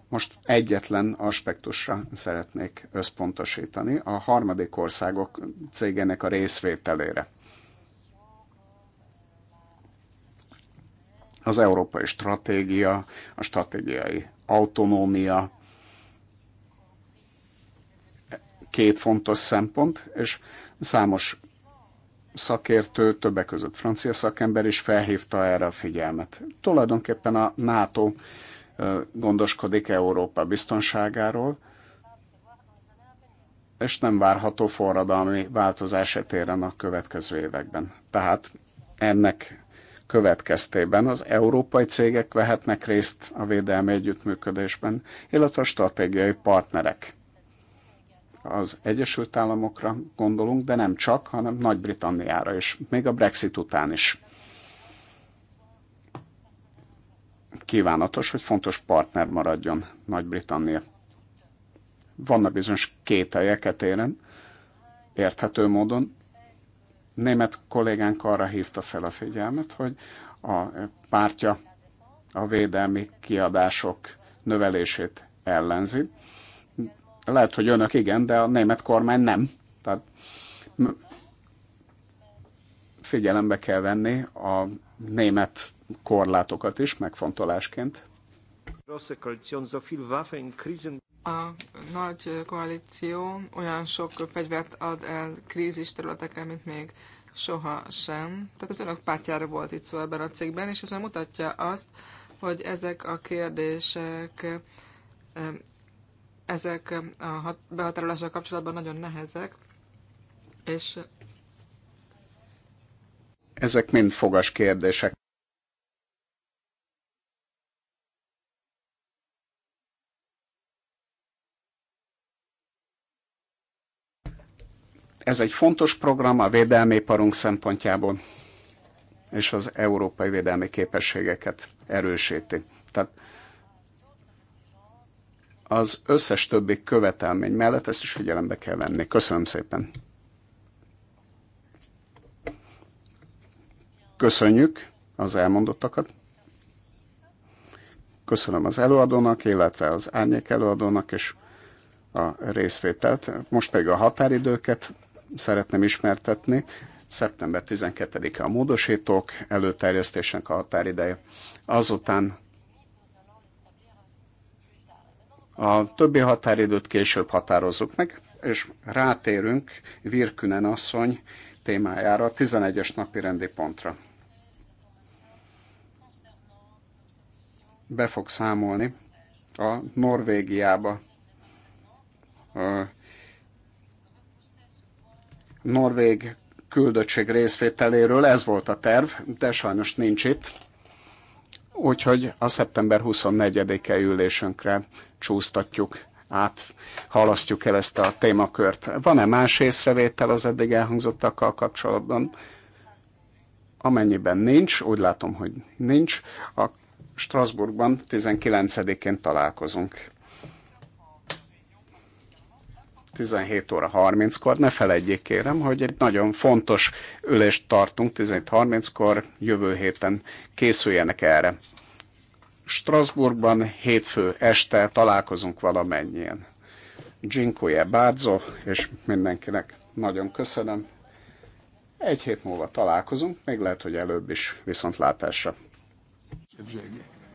Most egyetlen aspektusra szeretnék összpontosítani, a harmadik országok cégének a részvételére. Az európai stratégia, a stratégiai autonómia két fontos szempont, és számos szakértő, többek között francia szakember is felhívta erre a figyelmet. Tulajdonképpen a NATO gondoskodik Európa biztonságáról, és nem várható forradalmi változás etéren a következő években. Tehát ennek következtében az európai cégek vehetnek részt a védelmi együttműködésben, illetve a stratégiai partnerek az Egyesült Államokra gondolunk, de nem csak, hanem Nagy-Britanniára, és még a Brexit után is. Kívánatos, hogy fontos partner maradjon Nagy-Britannia. Vannak bizonyos helyeket etéren, érthető módon. Német kollégánk arra hívta fel a figyelmet, hogy a pártja a védelmi kiadások növelését ellenzi Lehet, hogy önök igen, de a német kormány nem. Tehát figyelembe kell venni a német korlátokat is megfontolásként. A nagy koalíció olyan sok fegyvert ad el krízis területeken, mint még soha sem. Tehát az önök pártjára volt itt szó ebben a cikkben, és ez már mutatja azt, hogy ezek a kérdések ezek a behatárolással kapcsolatban nagyon nehezek, és ezek mind fogas kérdések. Ez egy fontos program a védelmi parunk szempontjából, és az európai védelmi képességeket erősíti. Tehát az összes többi követelmény mellett ezt is figyelembe kell venni. Köszönöm szépen. Köszönjük az elmondottakat. Köszönöm az előadónak, illetve az árnyék előadónak és a részvételt. Most pedig a határidőket szeretném ismertetni. Szeptember 12-e a módosítók előterjesztésnek a határideje. Azután A többi határidőt később határozzuk meg, és rátérünk Virkünen asszony témájára, a 11-es napi rendi pontra. Be fog számolni a Norvégiába a norvég küldöttség részvételéről. Ez volt a terv, de sajnos nincs itt. Úgyhogy a szeptember 24-e ülésünkre csúsztatjuk át, halasztjuk el ezt a témakört. Van-e más észrevétel az eddig elhangzottakkal kapcsolatban? Amennyiben nincs, úgy látom, hogy nincs, a Strasbourgban 19-én találkozunk. 17 óra 30-kor. Ne felejtjék kérem, hogy egy nagyon fontos ülést tartunk 17.30-kor, jövő héten készüljenek erre. Strasbourgban hétfő este találkozunk valamennyien. Dziękuję bardzo, és mindenkinek nagyon köszönöm. Egy hét múlva találkozunk, még lehet, hogy előbb is viszontlátásra. Köszönjük.